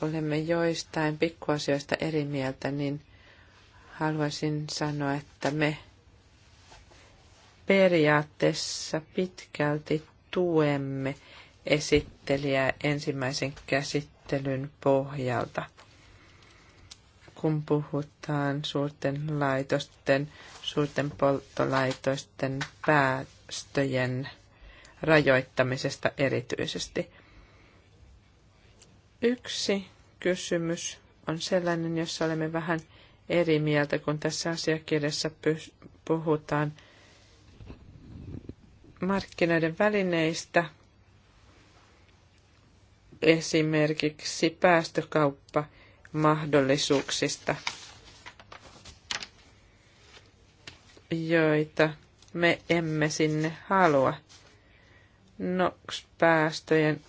olemme joistain pikkuasioista eri mieltä, niin haluaisin sanoa, että me periaatteessa pitkälti tuemme esittelijää ensimmäisen käsittelyn pohjalta. Kun puhutaan suurten laitosten, suurten polttolaitosten päästöjen rajoittamisesta erityisesti. Yksi kysymys on sellainen, jossa olemme vähän eri mieltä, kun tässä asiakirjassa puhutaan – markkinoiden välineistä, esimerkiksi päästökauppa mahdollisuuksista, joita me emme sinne halua. NOx-päästöjen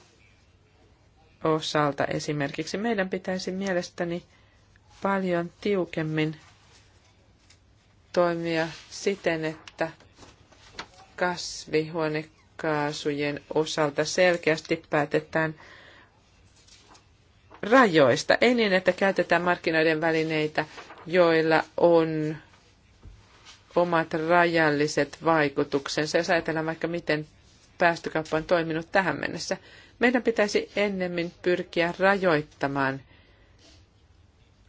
osalta esimerkiksi meidän pitäisi mielestäni paljon tiukemmin toimia siten, että kasvihuonekaasujen osalta selkeästi päätetään rajoista. Ei niin, että käytetään markkinoiden välineitä, joilla on omat rajalliset vaikutuksensa. Jos ajatellaan vaikka, miten päästökauppa on toiminut tähän mennessä, meidän pitäisi ennemmin pyrkiä rajoittamaan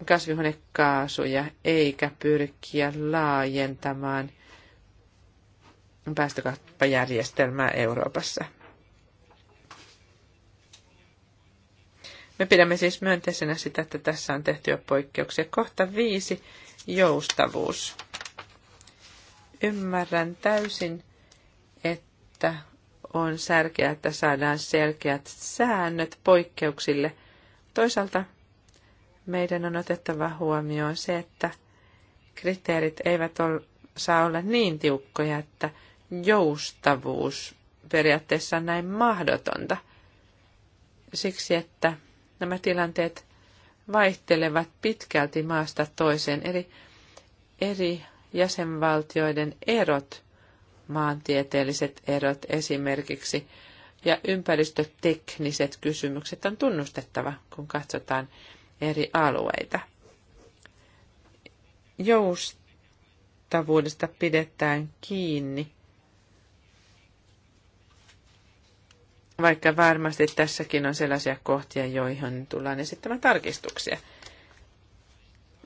kasvihuonekaasuja eikä pyrkiä laajentamaan päästökauppajärjestelmää Euroopassa. Me pidämme siis myönteisenä sitä, että tässä on tehty jo poikkeuksia. Kohta viisi, joustavuus. Ymmärrän täysin, että on särkeä, että saadaan selkeät säännöt poikkeuksille. Toisaalta meidän on otettava huomioon se, että kriteerit eivät ole, saa olla niin tiukkoja, että joustavuus periaatteessa on näin mahdotonta. Siksi, että nämä tilanteet vaihtelevat pitkälti maasta toiseen, eli eri jäsenvaltioiden erot, maantieteelliset erot esimerkiksi, ja ympäristötekniset kysymykset on tunnustettava, kun katsotaan eri alueita. Joustavuudesta pidetään kiinni vaikka varmasti tässäkin on sellaisia kohtia, joihin tullaan esittämään tarkistuksia.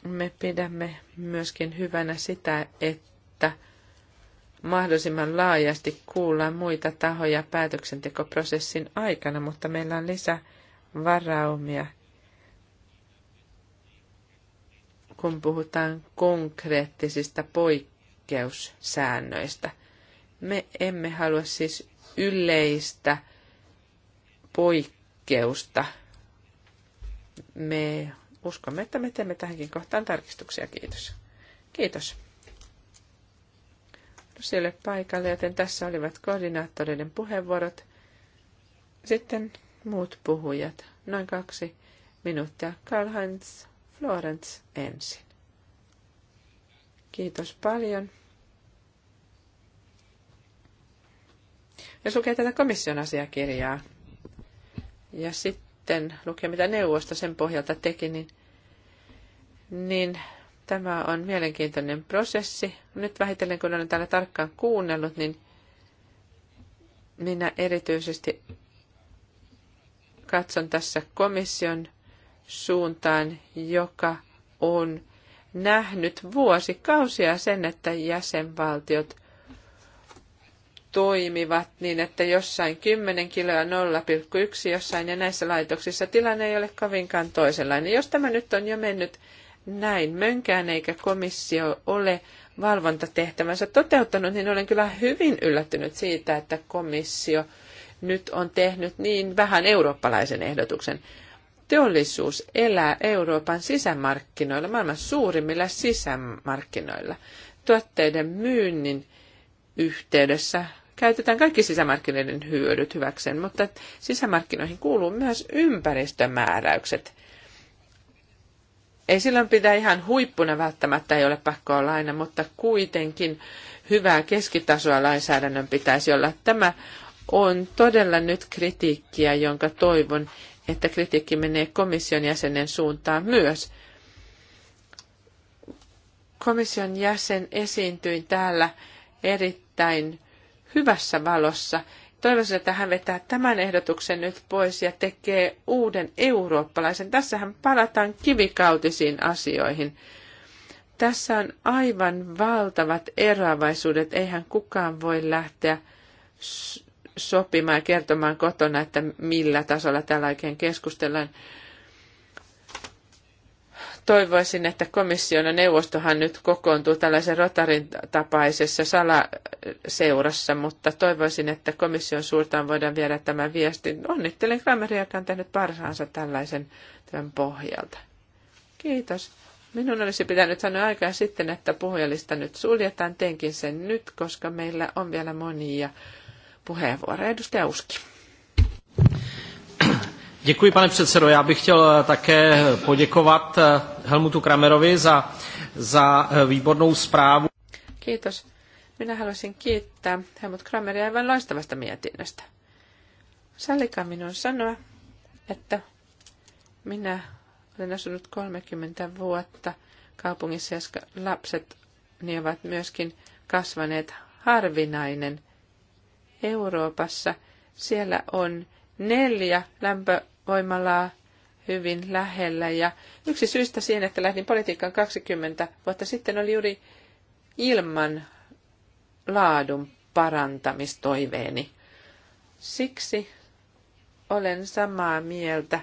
Me pidämme myöskin hyvänä sitä, että mahdollisimman laajasti kuullaan muita tahoja päätöksentekoprosessin aikana, mutta meillä on lisä varaumia, kun puhutaan konkreettisista poikkeussäännöistä. Me emme halua siis yleistä poikkeusta. Me uskomme, että me teemme tähänkin kohtaan tarkistuksia. Kiitos. Kiitos. No, Siellä paikalle, joten tässä olivat koordinaattoreiden puheenvuorot. Sitten muut puhujat. Noin kaksi minuuttia. Karl-Heinz Florence ensin. Kiitos paljon. Jos lukee tätä komission asiakirjaa, ja sitten lukea, mitä neuvosto sen pohjalta teki, niin, niin tämä on mielenkiintoinen prosessi. Nyt vähitellen, kun olen täällä tarkkaan kuunnellut, niin minä erityisesti katson tässä komission suuntaan, joka on nähnyt vuosikausia sen, että jäsenvaltiot toimivat niin, että jossain 10 kiloa 0,1 jossain ja näissä laitoksissa tilanne ei ole kovinkaan toisenlainen. Jos tämä nyt on jo mennyt näin mönkään eikä komissio ole valvontatehtävänsä toteuttanut, niin olen kyllä hyvin yllättynyt siitä, että komissio nyt on tehnyt niin vähän eurooppalaisen ehdotuksen. Teollisuus elää Euroopan sisämarkkinoilla, maailman suurimmilla sisämarkkinoilla. Tuotteiden myynnin yhteydessä käytetään kaikki sisämarkkinoiden hyödyt hyväkseen, mutta sisämarkkinoihin kuuluu myös ympäristömääräykset. Ei silloin pidä ihan huippuna välttämättä, ei ole pakko olla aina, mutta kuitenkin hyvää keskitasoa lainsäädännön pitäisi olla. Tämä on todella nyt kritiikkiä, jonka toivon, että kritiikki menee komission jäsenen suuntaan myös. Komission jäsen esiintyi täällä erittäin hyvässä valossa. Toivoisin, että hän vetää tämän ehdotuksen nyt pois ja tekee uuden eurooppalaisen. Tässähän palataan kivikautisiin asioihin. Tässä on aivan valtavat eroavaisuudet. Eihän kukaan voi lähteä sopimaan ja kertomaan kotona, että millä tasolla tällä oikein keskustellaan toivoisin, että komission ja neuvostohan nyt kokoontuu tällaisen rotarin tapaisessa salaseurassa, mutta toivoisin, että komission suurtaan voidaan viedä tämä viesti. Onnittelen Krameria, joka on tehnyt parhaansa tällaisen työn pohjalta. Kiitos. Minun olisi pitänyt sanoa aikaa sitten, että puhujalista nyt suljetaan. Teenkin sen nyt, koska meillä on vielä monia puheenvuoroja. Edustaja Uski. Děkuji, pane předsedo. Já bych chtěl eh, také poděkovat eh, Helmutu Kramerovi za, za eh, výbornou zprávu. Kiitos. Minä haluaisin kiittää Helmut Krameria aivan loistavasta mietinnöstä. Sallikaa minun sanoa, että minä olen asunut 30 vuotta kaupungissa, jossa lapset niin ovat myöskin kasvaneet harvinainen Euroopassa. Siellä on neljä lämpö voimalla hyvin lähellä. Ja yksi syystä siihen, että lähdin politiikkaan 20 vuotta sitten, oli juuri ilman laadun parantamistoiveeni. Siksi olen samaa mieltä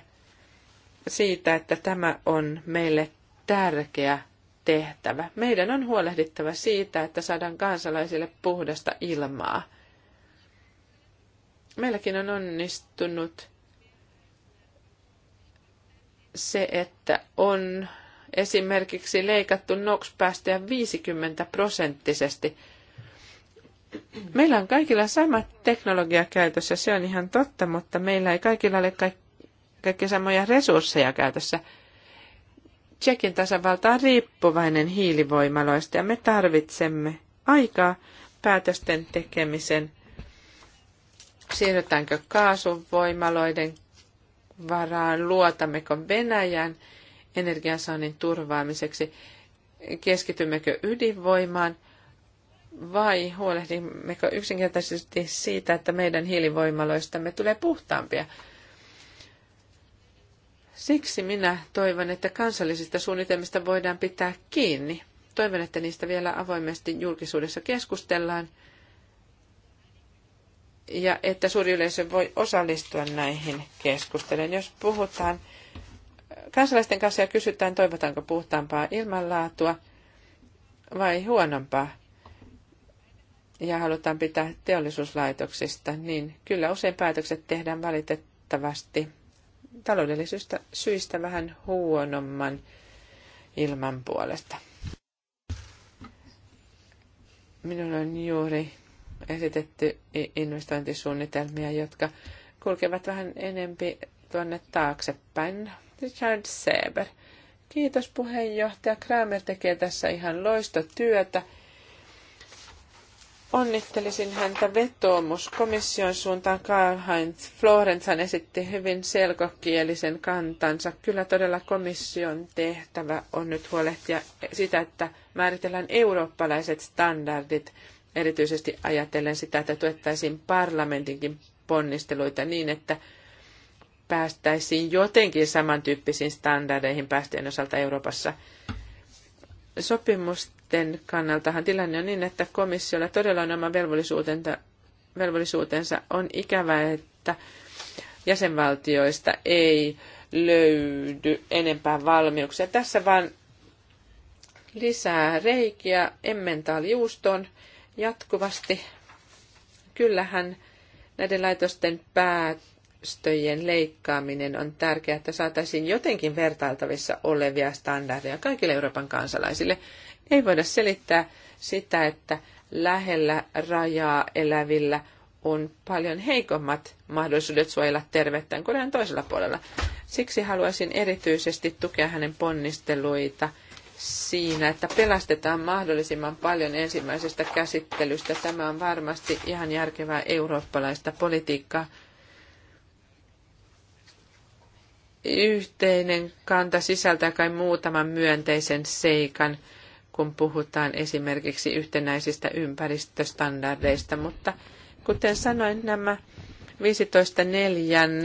siitä, että tämä on meille tärkeä tehtävä. Meidän on huolehdittava siitä, että saadaan kansalaisille puhdasta ilmaa. Meilläkin on onnistunut se, että on esimerkiksi leikattu NOx-päästöjä 50 prosenttisesti. Meillä on kaikilla sama teknologia käytössä, se on ihan totta, mutta meillä ei kaikilla ole kaik- kaikki samoja resursseja käytössä. Tsekin tasavalta on riippuvainen hiilivoimaloista ja me tarvitsemme aikaa päätösten tekemisen. Siirrytäänkö kaasuvoimaloiden varaan, luotammeko Venäjän energiansaannin turvaamiseksi, keskitymmekö ydinvoimaan vai huolehdimmeko yksinkertaisesti siitä, että meidän hiilivoimaloistamme tulee puhtaampia. Siksi minä toivon, että kansallisista suunnitelmista voidaan pitää kiinni. Toivon, että niistä vielä avoimesti julkisuudessa keskustellaan – ja että suuri yleisö voi osallistua näihin keskusteluihin. Jos puhutaan kansalaisten kanssa ja kysytään, toivotaanko puhtaampaa ilmanlaatua vai huonompaa, ja halutaan pitää teollisuuslaitoksista, niin kyllä usein päätökset tehdään valitettavasti taloudellisista syistä vähän huonomman ilman puolesta. Minulla on juuri esitetty investointisuunnitelmia, jotka kulkevat vähän enempi tuonne taaksepäin. Richard Seber. Kiitos puheenjohtaja. Kramer tekee tässä ihan loista työtä. Onnittelisin häntä vetoomus komission suuntaan. Karl-Heinz Florensan esitti hyvin selkokielisen kantansa. Kyllä todella komission tehtävä on nyt huolehtia sitä, että määritellään eurooppalaiset standardit erityisesti ajatellen sitä, että tuettaisiin parlamentinkin ponnisteluita niin, että päästäisiin jotenkin samantyyppisiin standardeihin päästöjen osalta Euroopassa. Sopimusten kannaltahan tilanne on niin, että komissiolla todella on oma velvollisuutensa. On ikävää, että jäsenvaltioista ei löydy enempää valmiuksia. Tässä vaan lisää reikiä emmentaalijuustoon jatkuvasti. Kyllähän näiden laitosten päästöjen leikkaaminen on tärkeää, että saataisiin jotenkin vertailtavissa olevia standardeja kaikille Euroopan kansalaisille. Ei voida selittää sitä, että lähellä rajaa elävillä on paljon heikommat mahdollisuudet suojella terveyttään kuin toisella puolella. Siksi haluaisin erityisesti tukea hänen ponnisteluita – siinä, että pelastetaan mahdollisimman paljon ensimmäisestä käsittelystä. Tämä on varmasti ihan järkevää eurooppalaista politiikkaa. Yhteinen kanta sisältää kai muutaman myönteisen seikan, kun puhutaan esimerkiksi yhtenäisistä ympäristöstandardeista, mutta kuten sanoin, nämä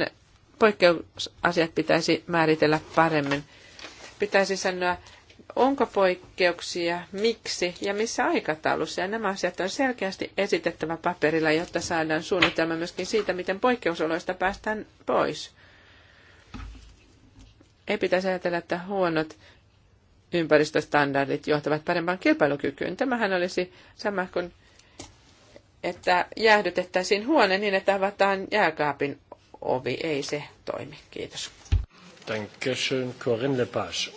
15.4 poikkeusasiat pitäisi määritellä paremmin. Pitäisi sanoa Onko poikkeuksia, miksi ja missä aikataulussa? Ja nämä asiat on selkeästi esitettävä paperilla, jotta saadaan suunnitelma myöskin siitä, miten poikkeusoloista päästään pois. Ei pitäisi ajatella, että huonot ympäristöstandardit johtavat parempaan kilpailukykyyn. Tämähän olisi sama kuin, että jäähdytettäisiin huone niin, että avataan jääkaapin ovi. Ei se toimi. Kiitos. Dankeschön, Corinne Lepage.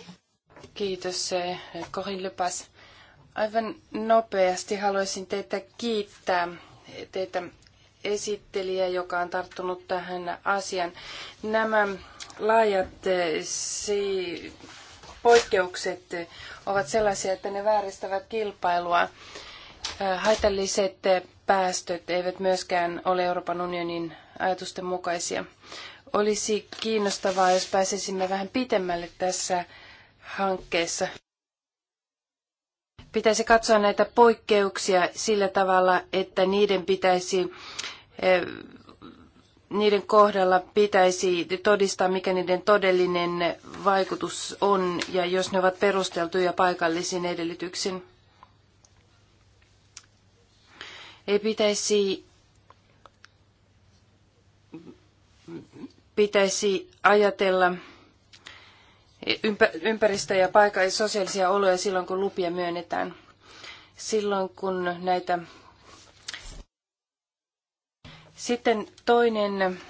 Kiitos eh, Corinne Lepas. Aivan nopeasti haluaisin teitä kiittää, teitä esittelijä, joka on tarttunut tähän asian. Nämä laajat eh, poikkeukset eh, ovat sellaisia, että ne vääristävät kilpailua. Haitalliset päästöt eivät myöskään ole Euroopan unionin ajatusten mukaisia. Olisi kiinnostavaa, jos pääsisimme vähän pitemmälle tässä hankkeessa. Pitäisi katsoa näitä poikkeuksia sillä tavalla, että niiden pitäisi eh, niiden kohdalla pitäisi todistaa, mikä niiden todellinen vaikutus on ja jos ne ovat perusteltuja paikallisiin edellytyksiin. Ei pitäisi, pitäisi ajatella ympäristö- ja paikka- ja sosiaalisia oloja silloin, kun lupia myönnetään. Silloin, kun näitä... Sitten toinen eh,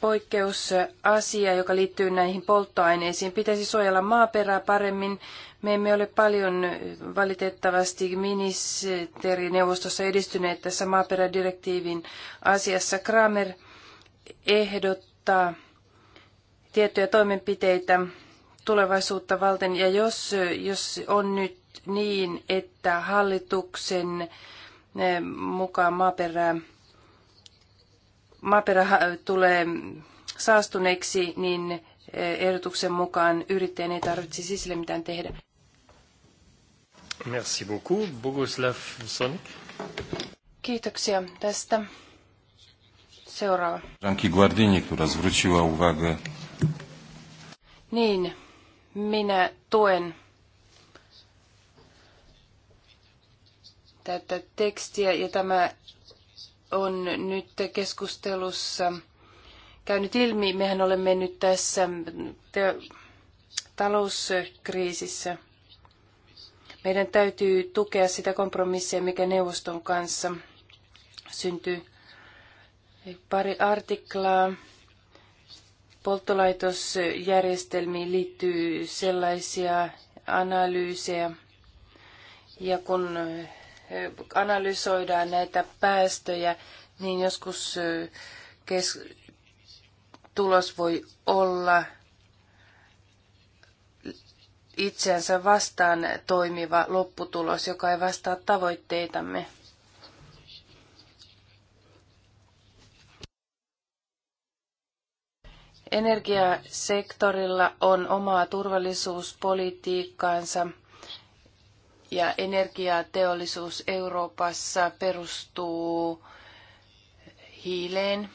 poikkeusasia, joka liittyy näihin polttoaineisiin. Pitäisi suojella maaperää paremmin. Me emme ole paljon eh, valitettavasti ministerineuvostossa edistyneet tässä maaperädirektiivin asiassa. Kramer ehdottaa tiettyjä toimenpiteitä tulevaisuutta valten. Ja jos, jos on nyt niin, että hallituksen eh, mukaan maaperä, maaperä eh, tulee saastuneeksi, niin eh, ehdotuksen mukaan yrittäjän ei tarvitsisi sille mitään tehdä. Merci beaucoup, Boguslav Sonik. Kiitoksia tästä. Seuraava. Ranki Guardini, joka zwróciła uwagę. Niin, minä tuen tätä tekstiä ja tämä on nyt keskustelussa käynyt ilmi. Mehän olemme nyt tässä talouskriisissä. Meidän täytyy tukea sitä kompromissia, mikä neuvoston kanssa syntyy. Pari artiklaa polttolaitosjärjestelmiin liittyy sellaisia analyysejä, ja kun eh, analysoidaan näitä päästöjä, niin joskus eh, kes- tulos voi olla itseänsä vastaan toimiva lopputulos, joka ei vastaa tavoitteitamme. Energiasektorilla on omaa turvallisuuspolitiikkaansa ja energiateollisuus Euroopassa perustuu hiileen.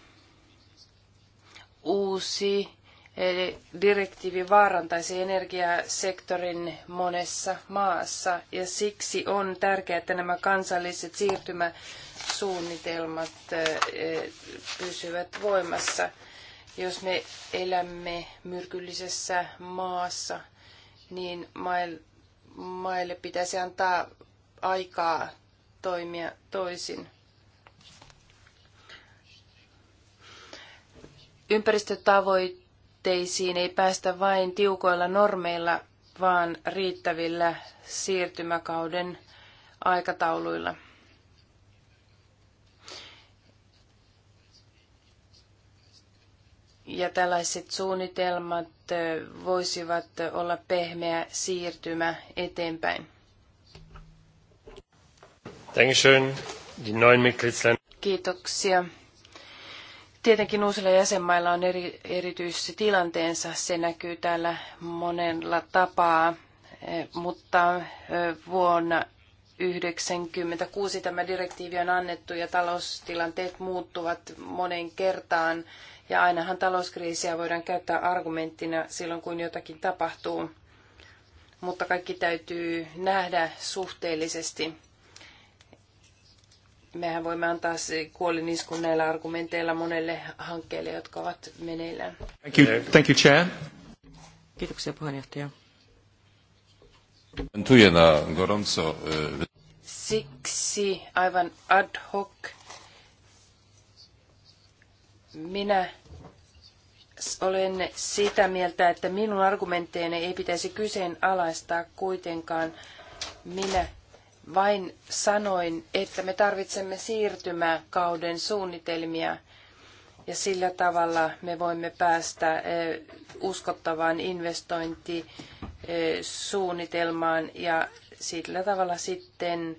Uusi eh, direktiivi vaarantaisi energiasektorin monessa maassa ja siksi on tärkeää, että nämä kansalliset siirtymäsuunnitelmat eh, eh, pysyvät voimassa. Jos me elämme myrkyllisessä maassa, niin maille pitäisi antaa aikaa toimia toisin. Ympäristötavoitteisiin ei päästä vain tiukoilla normeilla, vaan riittävillä siirtymäkauden aikatauluilla. ja tällaiset suunnitelmat voisivat olla pehmeä siirtymä eteenpäin. Kiitoksia. Tietenkin uusilla jäsenmailla on eri, tilanteensa, se näkyy täällä monella tapaa, eh, mutta eh, vuonna 96 tämä direktiivi on annettu ja taloustilanteet muuttuvat monen kertaan. Ja ainahan talouskriisiä voidaan käyttää argumenttina silloin, kun jotakin tapahtuu. Mutta kaikki täytyy nähdä suhteellisesti. Mehän voimme antaa kuoliniskun näillä argumenteilla monelle hankkeelle, jotka ovat meneillään. Thank you, thank you chair. Kiitoksia puheenjohtaja. E, Siksi aivan ad hoc minä olen sitä mieltä, että minun argumentteeni ei pitäisi kyseenalaistaa kuitenkaan. Minä vain sanoin, että me tarvitsemme siirtymäkauden suunnitelmia ja sillä tavalla me voimme päästä eh, uskottavaan investointisuunnitelmaan ja sillä tavalla sitten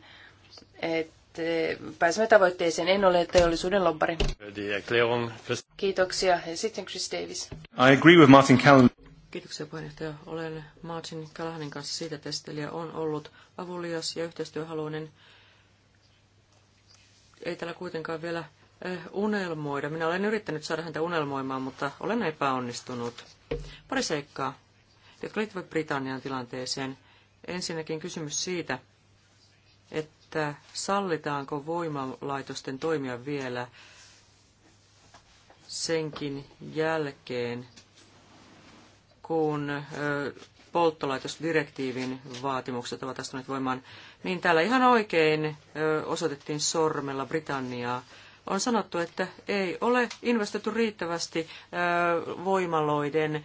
että eh, pääsemme tavoitteeseen. En ole teollisuuden lobbari. Kiitoksia. Ja sitten Chris Davis. I agree with Martin Callan. Kiitoksia puheenjohtaja. Olen Martin Callahanin kanssa siitä, että esittelijä on ollut avulias ja yhteistyöhaluinen. Ei täällä kuitenkaan vielä Eh, unelmoida. Minä olen yrittänyt saada häntä unelmoimaan, mutta olen epäonnistunut. Pari seikkaa, jotka liittyvät Britannian tilanteeseen. Ensinnäkin kysymys siitä, että sallitaanko voimalaitosten toimia vielä senkin jälkeen, kun eh, polttolaitosdirektiivin vaatimukset ovat astuneet voimaan, niin täällä ihan oikein eh, osoitettiin sormella Britanniaa on sanottu, että ei ole investoitu riittävästi voimaloiden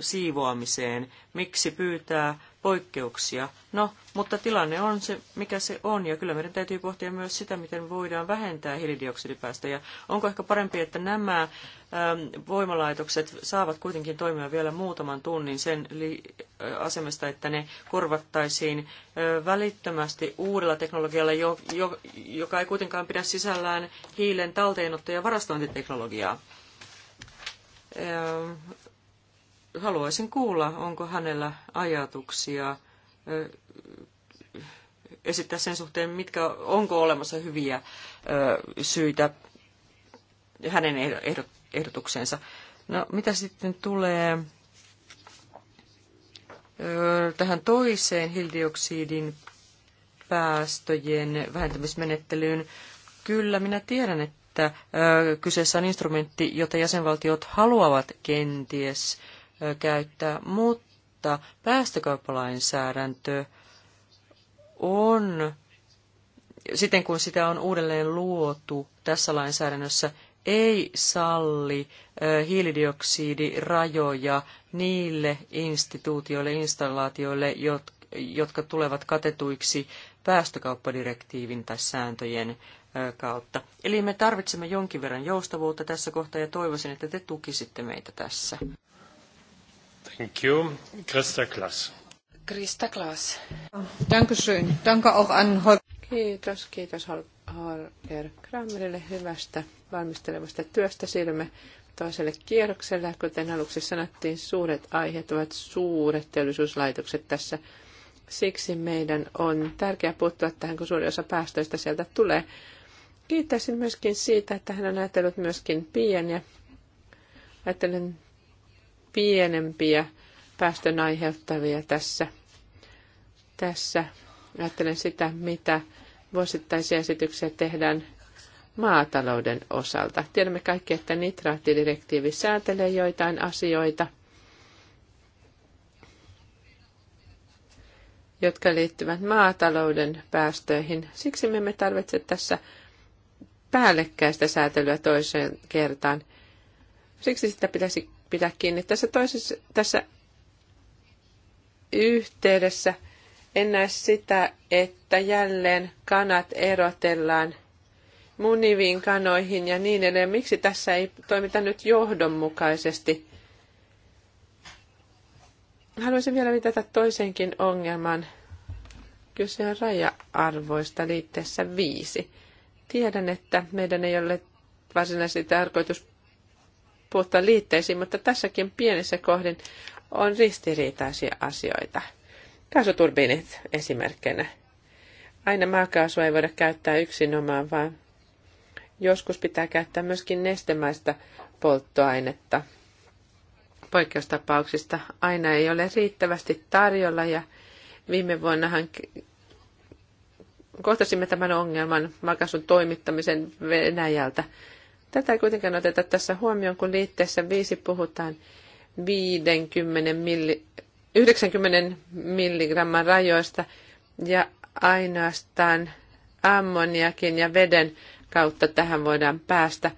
siivoamiseen. Miksi pyytää poikkeuksia. No, mutta tilanne on se, mikä se on, ja kyllä meidän täytyy pohtia myös sitä, miten voidaan vähentää hiilidioksidipäästöjä. Onko ehkä parempi, että nämä voimalaitokset saavat kuitenkin toimia vielä muutaman tunnin sen li- äh, asemesta, että ne korvattaisiin välittömästi uudella teknologialla, joka ei kuitenkaan pidä sisällään hiilen talteenotto- ja varastointiteknologiaa haluaisin kuulla, onko hänellä ajatuksia esittää sen suhteen, mitkä, onko olemassa hyviä syitä hänen ehdotukseensa. No, mitä sitten tulee tähän toiseen hiilidioksidin päästöjen vähentämismenettelyyn. Kyllä, minä tiedän, että kyseessä on instrumentti, jota jäsenvaltiot haluavat kenties käyttää, mutta päästökauppalainsäädäntö on, siten kun sitä on uudelleen luotu tässä lainsäädännössä, ei salli hiilidioksidirajoja niille instituutioille, installaatioille, jotka tulevat katetuiksi päästökauppadirektiivin tai sääntöjen kautta. Eli me tarvitsemme jonkin verran joustavuutta tässä kohtaa ja toivoisin, että te tukisitte meitä tässä. Thank you. Krista Klaas. Krista Klaas. Dankeschön. Danke auch an Kiitos, kiitos Holger Kramerille hyvästä valmistelevasta työstä. Siirrymme toiselle kierrokselle. Kuten aluksi sanottiin, suuret aiheet ovat suuret teollisuuslaitokset tässä. Siksi meidän on tärkeää puuttua tähän, kun suuri osa päästöistä sieltä tulee. Kiittäisin myöskin siitä, että hän on ajatellut myöskin pieniä. Ajattelen pienempiä päästön aiheuttavia tässä. Tässä ajattelen sitä, mitä vuosittaisia esityksiä tehdään maatalouden osalta. Tiedämme kaikki, että nitraattidirektiivi säätelee joitain asioita, jotka liittyvät maatalouden päästöihin. Siksi me emme tarvitse tässä päällekkäistä säätelyä toiseen kertaan. Siksi sitä pitäisi pitää kiinni. Tässä toisessa, tässä yhteydessä en näe sitä, että jälleen kanat erotellaan muniviin kanoihin ja niin edelleen. Miksi tässä ei toimita nyt johdonmukaisesti? Haluaisin vielä viitata toiseenkin ongelman. Kyse on raja-arvoista liitteessä viisi. Tiedän, että meidän ei ole varsinaisesti tarkoitus puhuta liitteisiin, mutta tässäkin pienessä kohdin on ristiriitaisia asioita. Kaasuturbiinit esimerkkinä. Aina maakaasua ei voida käyttää yksinomaan, vaan joskus pitää käyttää myöskin nestemäistä polttoainetta. Poikkeustapauksista aina ei ole riittävästi tarjolla ja viime vuonnahan kohtasimme tämän ongelman maakaasun toimittamisen Venäjältä Tätä ei kuitenkaan oteta tässä huomioon, kun liitteessä 5 puhutaan 50 milli, 90 milligramman rajoista ja ainoastaan ammoniakin ja veden kautta tähän voidaan päästä.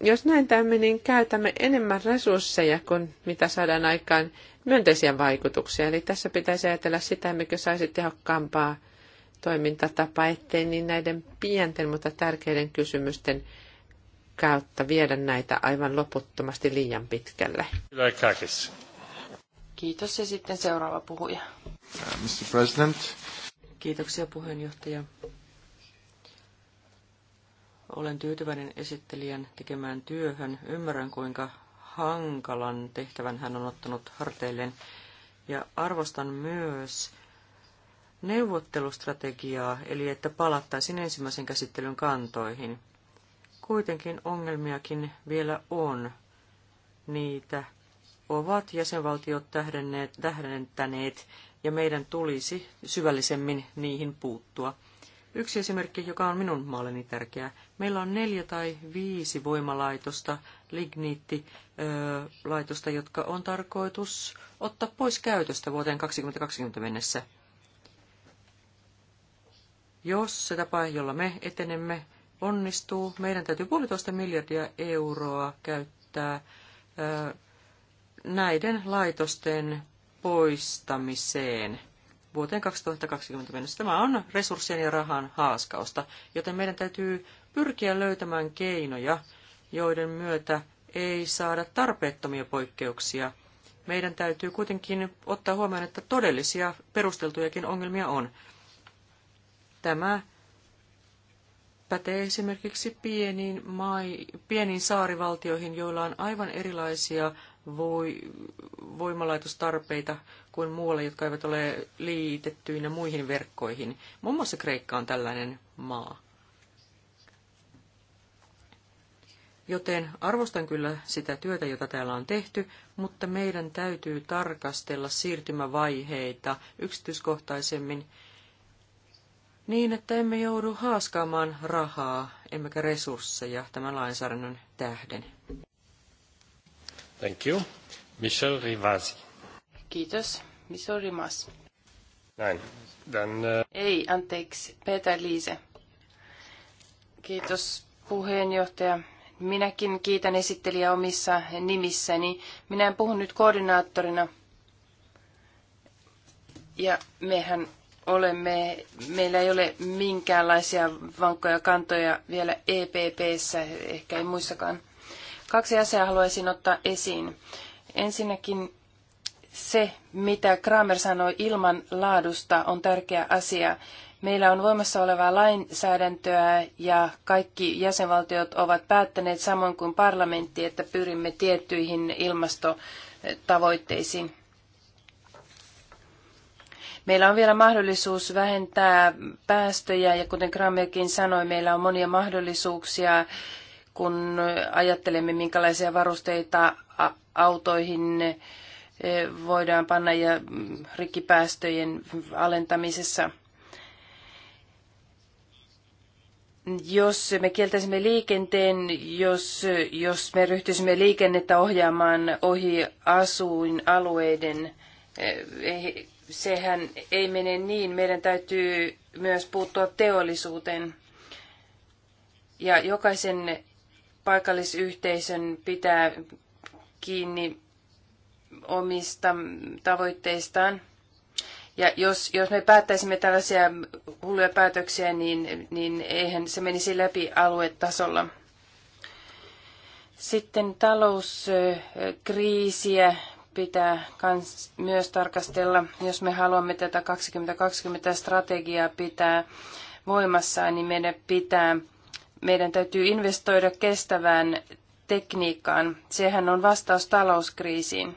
Jos näin teemme, niin käytämme enemmän resursseja kuin mitä saadaan aikaan myönteisiä vaikutuksia. Eli tässä pitäisi ajatella sitä, mikä saisi tehokkaampaa toimintatapaa, ettei niin näiden pienten, mutta tärkeiden kysymysten kautta viedä näitä aivan loputtomasti liian pitkälle. Kiitos ja sitten seuraava puhuja. Uh, Mr. President. Kiitoksia puheenjohtaja. Olen tyytyväinen esittelijän tekemään työhön. Ymmärrän, kuinka hankalan tehtävän hän on ottanut harteilleen. Ja arvostan myös neuvottelustrategiaa, eli että palattaisiin ensimmäisen käsittelyn kantoihin – Kuitenkin ongelmiakin vielä on. Niitä ovat jäsenvaltiot tähdenneet, tähdentäneet ja meidän tulisi syvällisemmin niihin puuttua. Yksi esimerkki, joka on minun maalleni tärkeä. Meillä on neljä tai viisi voimalaitosta, ligniittilaitosta, jotka on tarkoitus ottaa pois käytöstä vuoteen 2020 mennessä. Jos se tapa, jolla me etenemme, onnistuu, meidän täytyy puolitoista miljardia euroa käyttää näiden laitosten poistamiseen vuoteen 2020 mennessä. Tämä on resurssien ja rahan haaskausta, joten meidän täytyy pyrkiä löytämään keinoja, joiden myötä ei saada tarpeettomia poikkeuksia. Meidän täytyy kuitenkin ottaa huomioon, että todellisia perusteltujakin ongelmia on. Tämä pätee esimerkiksi pieniin, mai, pieniin saarivaltioihin, joilla on aivan erilaisia voi, voimalaitostarpeita kuin muualla, jotka eivät ole liitettyinä muihin verkkoihin. Muun muassa Kreikka on tällainen maa. Joten arvostan kyllä sitä työtä, jota täällä on tehty, mutta meidän täytyy tarkastella siirtymävaiheita yksityiskohtaisemmin niin, että emme joudu haaskaamaan rahaa emmekä resursseja tämän lainsäädännön tähden. Thank you. Michel Rivasi. Kiitos. Michel Rimas. Näin. Then, uh... Ei, anteeksi. Peter Liise. Kiitos puheenjohtaja. Minäkin kiitän esittelijä omissa nimissäni. Minä en puhu nyt koordinaattorina. Ja mehän olemme, meillä ei ole minkäänlaisia vankkoja kantoja vielä EPPssä, ehkä ei muissakaan. Kaksi asiaa haluaisin ottaa esiin. Ensinnäkin se, mitä Kramer sanoi ilman laadusta, on tärkeä asia. Meillä on voimassa olevaa lainsäädäntöä ja kaikki jäsenvaltiot ovat päättäneet samoin kuin parlamentti, että pyrimme tiettyihin ilmastotavoitteisiin. Meillä on vielä mahdollisuus vähentää päästöjä ja kuten Kramerkin sanoi, meillä on monia mahdollisuuksia, kun ajattelemme, minkälaisia varusteita autoihin e, voidaan panna ja rikkipäästöjen alentamisessa. Jos me kieltäisimme liikenteen, jos, jos me ryhtyisimme liikennettä ohjaamaan ohi asuinalueiden, e, sehän ei mene niin. Meidän täytyy myös puuttua teollisuuteen. Ja jokaisen paikallisyhteisön pitää kiinni omista tavoitteistaan. Ja jos, jos me päättäisimme tällaisia hulluja päätöksiä, niin, niin eihän se menisi läpi aluetasolla. Sitten talouskriisiä pitää kans myös tarkastella, jos me haluamme tätä 2020-strategiaa pitää voimassa, niin meidän, pitää, meidän täytyy investoida kestävään tekniikkaan. Sehän on vastaus talouskriisiin.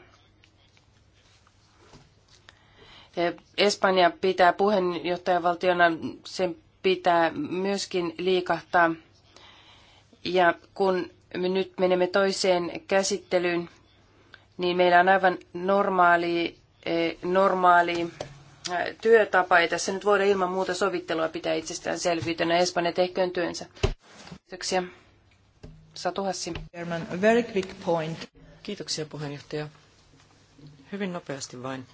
Espanja pitää puheenjohtajavaltiona, sen pitää myöskin liikahtaa. Ja kun me nyt menemme toiseen käsittelyyn, niin meillä on aivan normaali, eh, normaali eh, työtapa. Ja tässä nyt voida ilman muuta sovittelua pitää itsestäänselvyytenä. Espanja tehköön työnsä. Kiitoksia. Satu Hassi. A very quick point. Kiitoksia puheenjohtaja. Hyvin nopeasti vain.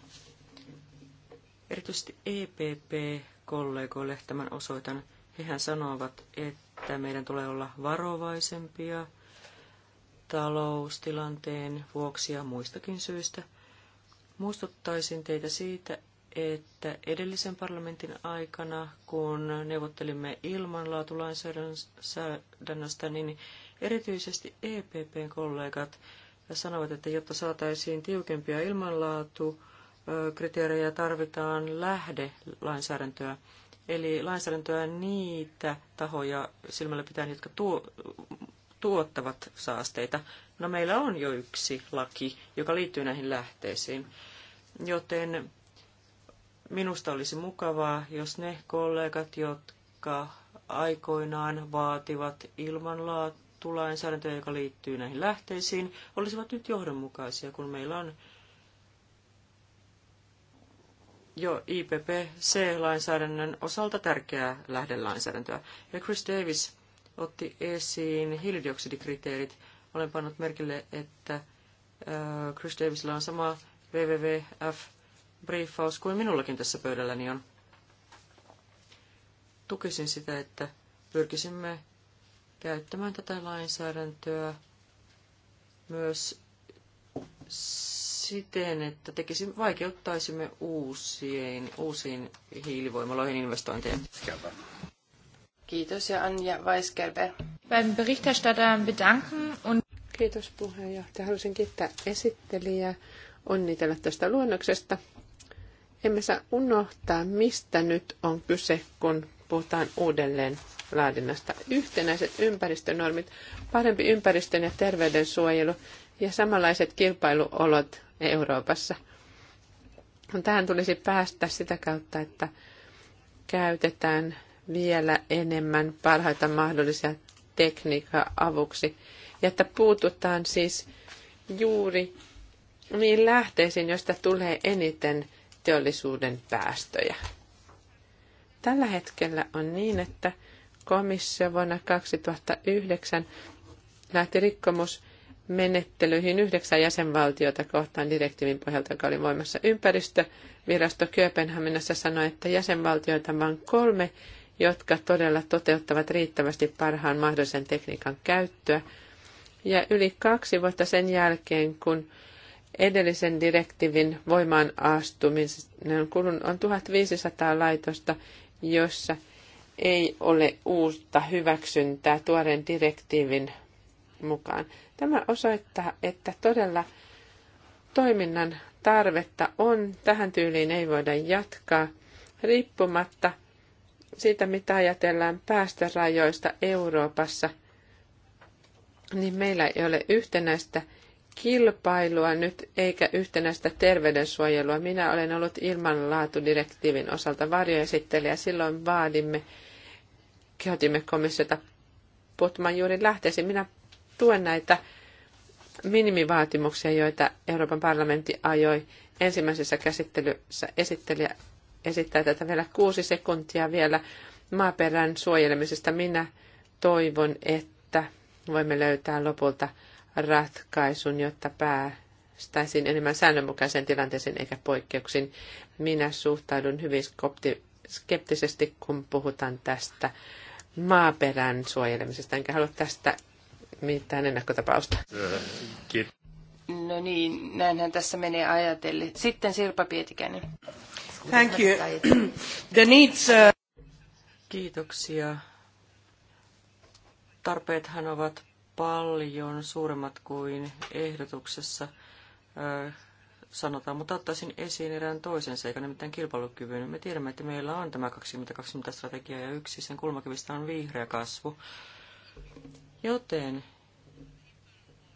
Erityisesti EPP-kollegoille tämän osoitan. Hehän sanovat, että meidän tulee olla varovaisempia – taloustilanteen vuoksi ja muistakin syistä. Muistuttaisin teitä siitä, että edellisen parlamentin aikana, kun neuvottelimme ilmanlaatulainsäädännöstä, niin erityisesti EPPn kollegat sanovat, että jotta saataisiin tiukempia ilmanlaatukriteerejä, tarvitaan lähdelainsäädäntöä. Eli lainsäädäntöä niitä tahoja silmällä pitää, jotka tuo, tuottavat saasteita. No meillä on jo yksi laki, joka liittyy näihin lähteisiin, joten minusta olisi mukavaa, jos ne kollegat, jotka aikoinaan vaativat ilmanlaatulainsäädäntöä, joka liittyy näihin lähteisiin, olisivat nyt johdonmukaisia, kun meillä on jo IPPC-lainsäädännön osalta tärkeää lähdelainsäädäntöä. Ja Chris Davis otti esiin hiilidioksidikriteerit. Olen pannut merkille, että äh, Chris Davisilla on sama WWF-briefaus kuin minullakin tässä pöydälläni on. Tukisin sitä, että pyrkisimme käyttämään tätä lainsäädäntöä myös siten, että tekisi, vaikeuttaisimme uusiin, uusiin hiilivoimaloihin investointeja. Kiitos ja Anja Weisgerbe. Beim Berichterstatter bedanken und... Kiitos puheenjohtaja. Haluaisin kiittää esittelijää onnitella tästä luonnoksesta. Emme saa unohtaa, mistä nyt on kyse, kun puhutaan uudelleen laadinnasta. Yhtenäiset ympäristönormit, parempi ympäristön ja terveyden suojelu ja samanlaiset kilpailuolot Euroopassa. Tähän tulisi päästä sitä kautta, että käytetään vielä enemmän parhaita mahdollisia tekniikkaa avuksi. Ja että puututaan siis juuri niin lähteisiin, joista tulee eniten teollisuuden päästöjä. Tällä hetkellä on niin, että komissio vuonna 2009 lähti rikkomusmenettelyihin yhdeksän jäsenvaltiota kohtaan direktiivin pohjalta, joka oli voimassa ympäristövirasto Kööpenhaminassa sanoi, että jäsenvaltioita vain kolme jotka todella toteuttavat riittävästi parhaan mahdollisen tekniikan käyttöä. Ja yli kaksi vuotta sen jälkeen, kun edellisen direktiivin voimaan astuminen kulun on 1500 laitosta, jossa ei ole uutta hyväksyntää tuoreen direktiivin mukaan. Tämä osoittaa, että todella toiminnan tarvetta on. Tähän tyyliin ei voida jatkaa riippumatta siitä, mitä ajatellaan päästörajoista Euroopassa, niin meillä ei ole yhtenäistä kilpailua nyt eikä yhtenäistä terveydensuojelua. Minä olen ollut ilmanlaatudirektiivin osalta varjoesittelijä. Silloin vaadimme, kehotimme komissiota puuttumaan juuri lähteisiin. Minä tuen näitä minimivaatimuksia, joita Euroopan parlamentti ajoi ensimmäisessä käsittelyssä esittelijä esittää tätä vielä kuusi sekuntia vielä maaperän suojelemisesta. Minä toivon, että voimme löytää lopulta ratkaisun, jotta päästäisiin enemmän säännönmukaiseen tilanteeseen eikä poikkeuksiin. Minä suhtaudun hyvin skeptisesti, kun puhutaan tästä maaperän suojelemisesta, enkä halua tästä mitään ennakkotapausta. Kiitos. No niin, näinhän tässä menee ajatellen. Sitten Sirpa Pietikäinen. Thank you. The needs, uh... Kiitoksia. Tarpeethan ovat paljon suuremmat kuin ehdotuksessa sanotaan, mutta ottaisin esiin erään toisen seikan, nimittäin kilpailukyvyn. Me tiedämme, että meillä on tämä 2020-strategia ja yksi sen kulmakivistä on vihreä kasvu. Joten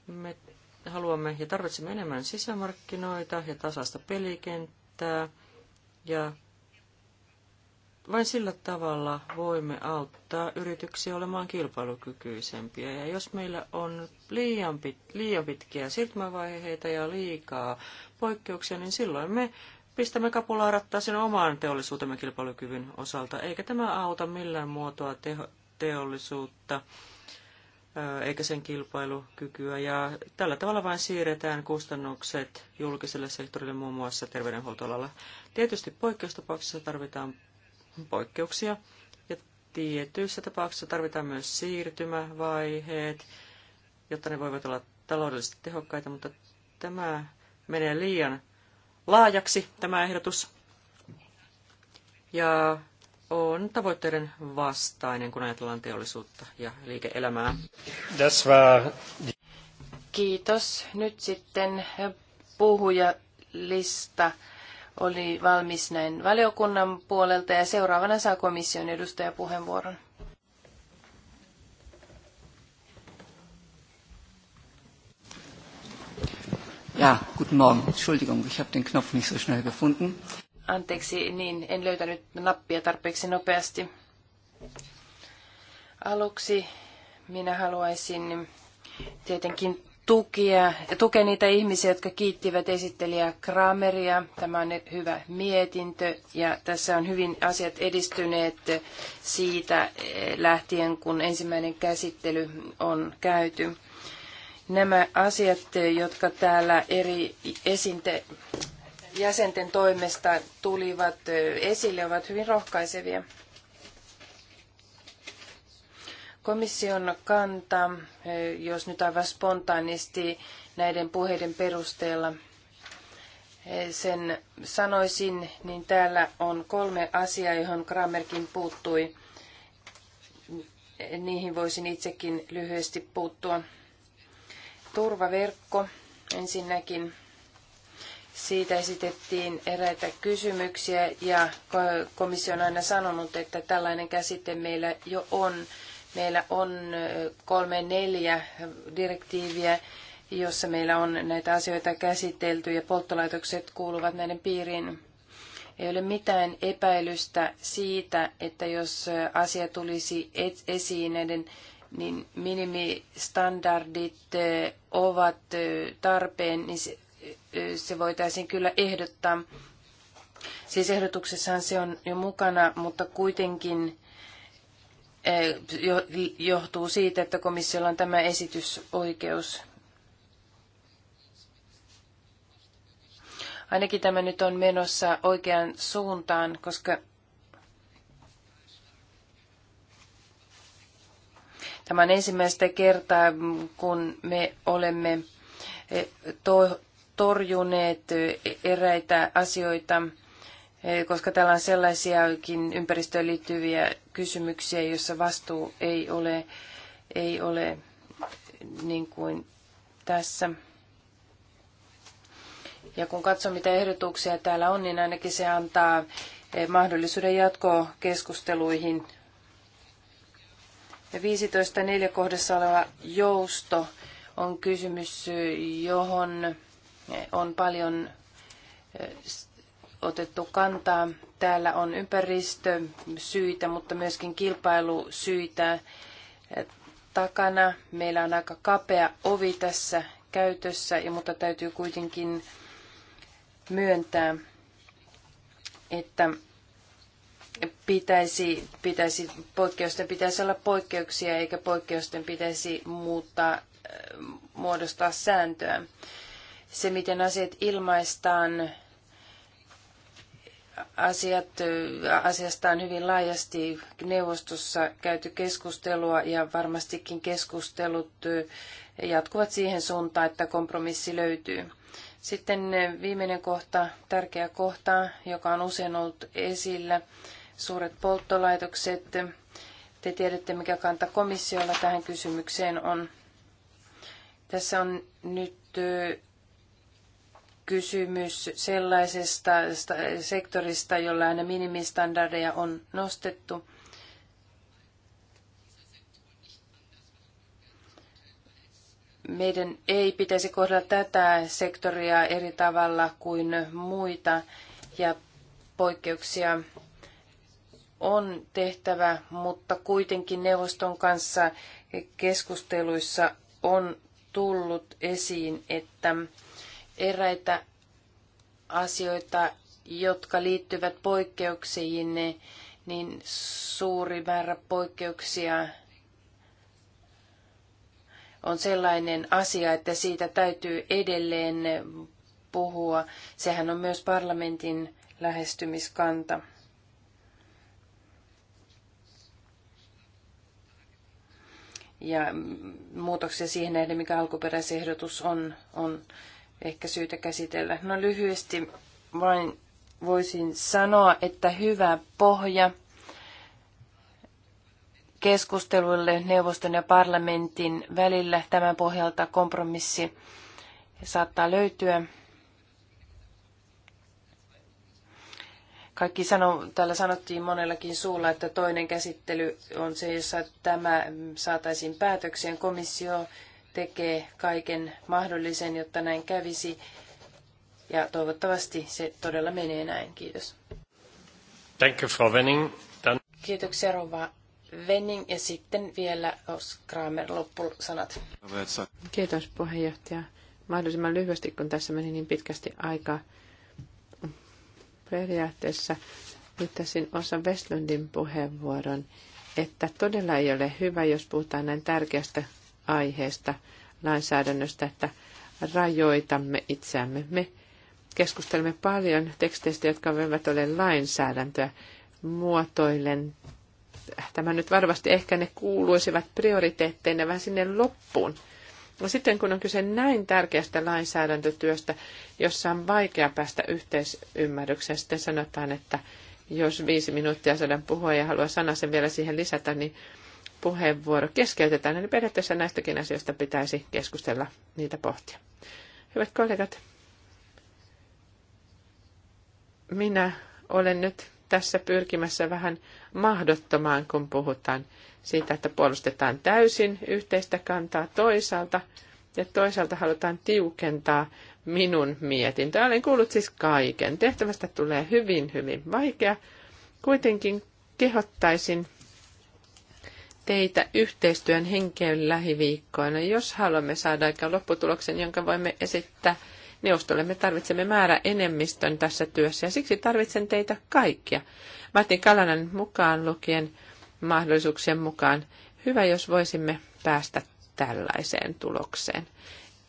me haluamme ja tarvitsemme enemmän sisämarkkinoita ja tasasta pelikenttää. Ja vain sillä tavalla voimme auttaa yrityksiä olemaan kilpailukykyisempiä. Ja jos meillä on liian, pit, liian pitkiä siirtymävaiheita ja liikaa poikkeuksia, niin silloin me pistämme kapulaa sen omaan teollisuutemme kilpailukyvyn osalta, eikä tämä auta millään muotoa teho, teollisuutta eikä sen kilpailukykyä. Ja tällä tavalla vain siirretään kustannukset julkiselle sektorille muun muassa terveydenhuoltoalalla. Tietysti poikkeustapauksessa tarvitaan poikkeuksia ja tietyissä tapauksissa tarvitaan myös siirtymävaiheet, jotta ne voivat olla taloudellisesti tehokkaita, mutta tämä menee liian laajaksi, tämä ehdotus. Ja on tavoitteiden vastainen, kun ajatellaan teollisuutta ja liike-elämää. Kiitos. Nyt sitten puhujalista oli valmis näin valiokunnan puolelta ja seuraavana saa komission edustaja puheenvuoron. Ja, guten Morgen. Entschuldigung, ich habe den Knopf nicht so schnell gefunden. Anteeksi, niin en löytänyt nappia tarpeeksi nopeasti. Aluksi minä haluaisin tietenkin tukea, tukea niitä ihmisiä, jotka kiittivät esittelijä Krameria. Tämä on hyvä mietintö ja tässä on hyvin asiat edistyneet siitä lähtien, kun ensimmäinen käsittely on käyty. Nämä asiat, jotka täällä eri esinte, jäsenten toimesta tulivat esille, ovat hyvin rohkaisevia. Komission kanta, jos nyt aivan spontaanisti näiden puheiden perusteella sen sanoisin, niin täällä on kolme asiaa, johon Kramerkin puuttui. Niihin voisin itsekin lyhyesti puuttua. Turvaverkko ensinnäkin. Siitä esitettiin eräitä kysymyksiä ja komissio on aina sanonut, että tällainen käsite meillä jo on. Meillä on kolme neljä direktiiviä, jossa meillä on näitä asioita käsitelty ja polttolaitokset kuuluvat näiden piiriin. Ei ole mitään epäilystä siitä, että jos asia tulisi esiin näiden niin minimistandardit ovat tarpeen, niin se voitaisiin kyllä ehdottaa. Siis ehdotuksessahan se on jo mukana, mutta kuitenkin eh, johtuu siitä, että komissiolla on tämä esitysoikeus. Ainakin tämä nyt on menossa oikeaan suuntaan, koska Tämä on ensimmäistä kertaa, kun me olemme eh, torjuneet eräitä asioita, koska täällä on sellaisiakin ympäristöön liittyviä kysymyksiä, joissa vastuu ei ole, ei ole niin kuin tässä. Ja kun katsoo, mitä ehdotuksia täällä on, niin ainakin se antaa mahdollisuuden jatkokeskusteluihin. Ja 15.4. kohdassa oleva jousto on kysymys, johon on paljon otettu kantaa. Täällä on ympäristösyitä, mutta myöskin kilpailusyitä takana. Meillä on aika kapea ovi tässä käytössä, mutta täytyy kuitenkin myöntää, että pitäisi, pitäisi, poikkeusten pitäisi olla poikkeuksia, eikä poikkeusten pitäisi muuttaa, muodostaa sääntöä se, miten asiat ilmaistaan, asiat, asiasta on hyvin laajasti neuvostossa käyty keskustelua ja varmastikin keskustelut jatkuvat siihen suuntaan, että kompromissi löytyy. Sitten viimeinen kohta, tärkeä kohta, joka on usein ollut esillä, suuret polttolaitokset. Te tiedätte, mikä kanta komissiolla tähän kysymykseen on. Tässä on nyt kysymys sellaisesta sektorista, jolla aina minimistandardeja on nostettu. Meidän ei pitäisi kohdella tätä sektoria eri tavalla kuin muita ja poikkeuksia on tehtävä, mutta kuitenkin neuvoston kanssa keskusteluissa on tullut esiin, että eräitä asioita, jotka liittyvät poikkeuksiin, niin suuri määrä poikkeuksia on sellainen asia, että siitä täytyy edelleen puhua. Sehän on myös parlamentin lähestymiskanta. Ja muutoksia siihen nähden, mikä alkuperäisehdotus on, on ehkä syytä käsitellä. No lyhyesti vain voisin sanoa, että hyvä pohja keskusteluille neuvoston ja parlamentin välillä tämän pohjalta kompromissi saattaa löytyä. Kaikki sano, täällä sanottiin monellakin suulla, että toinen käsittely on se, jossa tämä saataisiin päätökseen. Komissio tekee kaiken mahdollisen, jotta näin kävisi. Ja toivottavasti se todella menee näin. Kiitos. you, Frau Wenning. Dann... Kiitoksia, Rova Wenning. ja sitten vielä Os Kramer loppusanat. Kiitos puheenjohtaja. Mahdollisimman lyhyesti, kun tässä meni niin pitkästi aikaa. Periaatteessa viittasin osa Westlundin puheenvuoron, että todella ei ole hyvä, jos puhutaan näin tärkeästä aiheesta lainsäädännöstä, että rajoitamme itseämme. Me keskustelemme paljon teksteistä, jotka eivät ole lainsäädäntöä. Muotoilen tämä nyt varmasti ehkä ne kuuluisivat prioriteetteina vähän sinne loppuun. No sitten kun on kyse näin tärkeästä lainsäädäntötyöstä, jossa on vaikea päästä yhteisymmärrykseen, sitten sanotaan, että jos viisi minuuttia saadaan puhua ja haluaa sanasen vielä siihen lisätä, niin puheenvuoro keskeytetään, eli periaatteessa näistäkin asioista pitäisi keskustella niitä pohtia. Hyvät kollegat, minä olen nyt tässä pyrkimässä vähän mahdottomaan, kun puhutaan siitä, että puolustetaan täysin yhteistä kantaa toisaalta ja toisaalta halutaan tiukentaa minun mietintöä. Olen kuullut siis kaiken. Tehtävästä tulee hyvin, hyvin vaikea. Kuitenkin kehottaisin teitä yhteistyön henkeen lähiviikkoina. Jos haluamme saada aikaan lopputuloksen, jonka voimme esittää neuvostolle, me tarvitsemme määrä enemmistön tässä työssä ja siksi tarvitsen teitä kaikkia. Matti Kalanan mukaan lukien mahdollisuuksien mukaan. Hyvä, jos voisimme päästä tällaiseen tulokseen.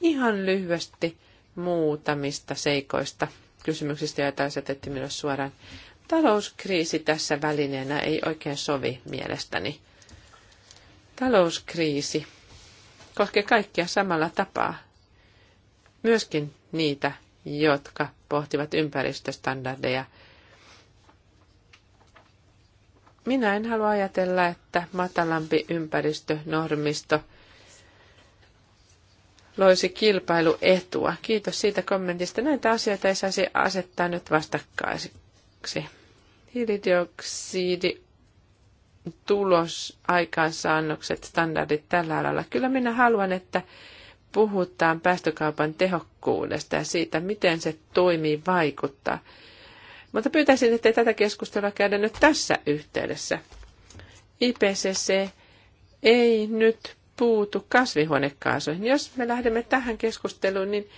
Ihan lyhyesti muutamista seikoista, kysymyksistä, joita asetettiin minulle suoraan. Talouskriisi tässä välineenä ei oikein sovi mielestäni Talouskriisi koskee kaikkia samalla tapaa. Myöskin niitä, jotka pohtivat ympäristöstandardeja. Minä en halua ajatella, että matalampi ympäristönormisto loisi kilpailuetua. Kiitos siitä kommentista. Näitä asioita ei saisi asettaa nyt vastakkaisiksi. Hiilidioksidi tulos, aikaansaannokset, standardit tällä alalla. Kyllä minä haluan, että puhutaan päästökaupan tehokkuudesta ja siitä, miten se toimii, vaikuttaa. Mutta pyytäisin, että tätä keskustelua käydä nyt tässä yhteydessä. IPCC ei nyt puutu kasvihuonekaasuihin. Jos me lähdemme tähän keskusteluun, niin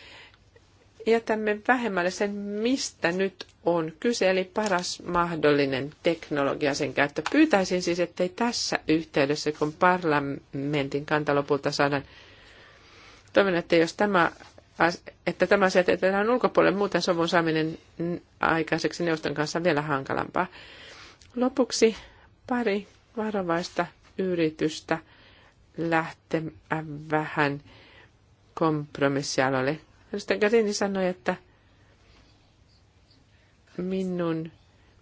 jätämme vähemmälle sen, mistä nyt on kyse, eli paras mahdollinen teknologia sen käyttö. Pyytäisin siis, ettei tässä yhteydessä, kun parlamentin kanta lopulta saadaan, toivon, että jos tämä että tämä asia tehdään ulkopuolelle, muuten sovun saaminen aikaiseksi neuvoston kanssa vielä hankalampaa. Lopuksi pari varovaista yritystä lähteä vähän kompromissialoille sitten Gatini sanoi, että minun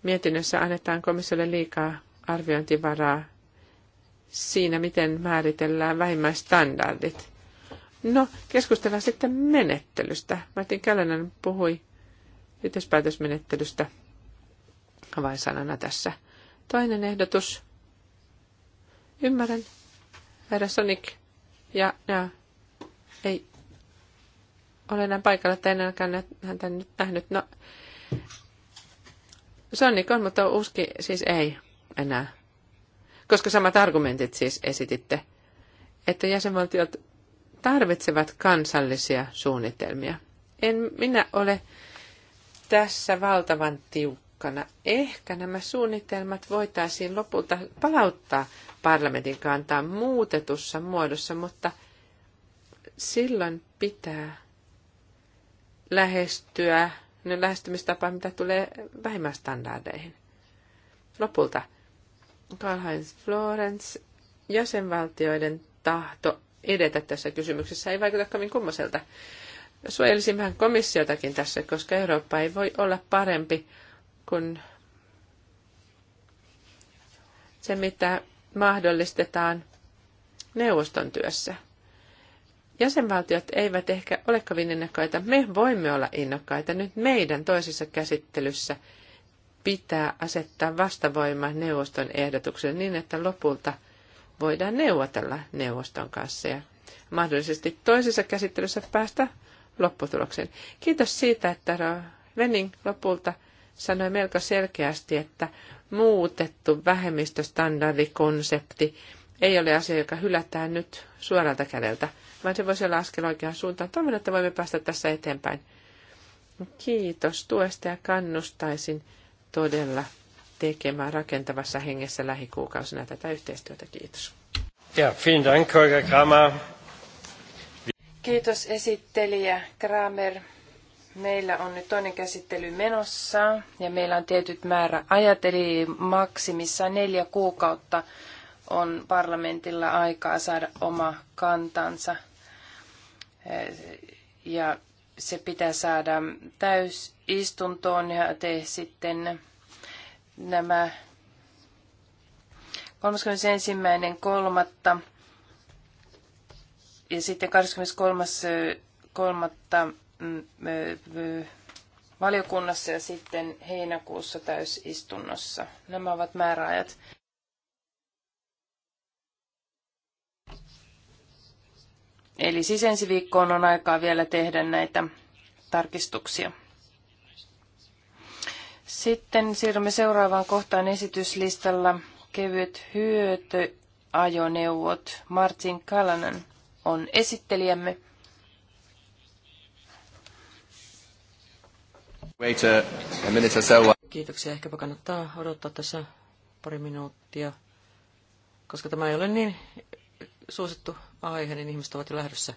mietinnössä annetaan komissiolle liikaa arviointivaraa siinä, miten määritellään vähimmäistandardit. No, keskustellaan sitten menettelystä. Martin Kälänen puhui yhteispäätösmenettelystä avainsanana tässä. Toinen ehdotus. Ymmärrän, herra Sonic, ja, ja ei ole enää paikalla, että en ainakaan häntä nyt nähnyt. No, Sonic on, niin mutta uski siis ei enää. Koska samat argumentit siis esititte, että jäsenvaltiot tarvitsevat kansallisia suunnitelmia. En minä ole tässä valtavan tiukkana. Ehkä nämä suunnitelmat voitaisiin lopulta palauttaa parlamentin kantaan muutetussa muodossa, mutta silloin pitää lähestyä ne lähestymistapa, mitä tulee vähimmäistandardeihin. Lopulta Karl-Heinz Florence jäsenvaltioiden tahto edetä tässä kysymyksessä ei vaikuta kovin kummoselta. Suojelisin vähän komissiotakin tässä, koska Eurooppa ei voi olla parempi kuin se, mitä mahdollistetaan neuvoston työssä. Jäsenvaltiot eivät ehkä ole kovin innokkaita. Me voimme olla innokkaita. Nyt meidän toisessa käsittelyssä pitää asettaa vastavoima neuvoston ehdotukselle niin, että lopulta voidaan neuvotella neuvoston kanssa ja mahdollisesti toisessa käsittelyssä päästä lopputulokseen. Kiitos siitä, että Venning lopulta sanoi melko selkeästi, että muutettu vähemmistöstandardikonsepti ei ole asia, joka hylätään nyt suoralta kädeltä, vaan se voisi olla askel oikeaan suuntaan. Toivon, että voimme päästä tässä eteenpäin. Kiitos tuesta ja kannustaisin todella tekemään rakentavassa hengessä lähikuukausina tätä yhteistyötä. Kiitos. Ja, vielen Dank, Holger Kramer. Kiitos esittelijä Kramer. Meillä on nyt toinen käsittely menossa ja meillä on tietyt määrä ajateli maksimissa maksimissaan neljä kuukautta on parlamentilla aikaa saada oma kantansa. Ja se pitää saada täysistuntoon ja te sitten nämä 31.3. ja sitten 23.3. Mm, mm, valiokunnassa ja sitten heinäkuussa täysistunnossa. Nämä ovat määräajat. Eli siis ensi viikkoon on aikaa vielä tehdä näitä tarkistuksia. Sitten siirrymme seuraavaan kohtaan esityslistalla. Kevyet hyötyajoneuvot. Martin Kalanen on esittelijämme. Kiitoksia. Ehkäpä kannattaa odottaa tässä pari minuuttia, koska tämä ei ole niin suosittu aihe, niin ihmiset ovat jo lähdössä.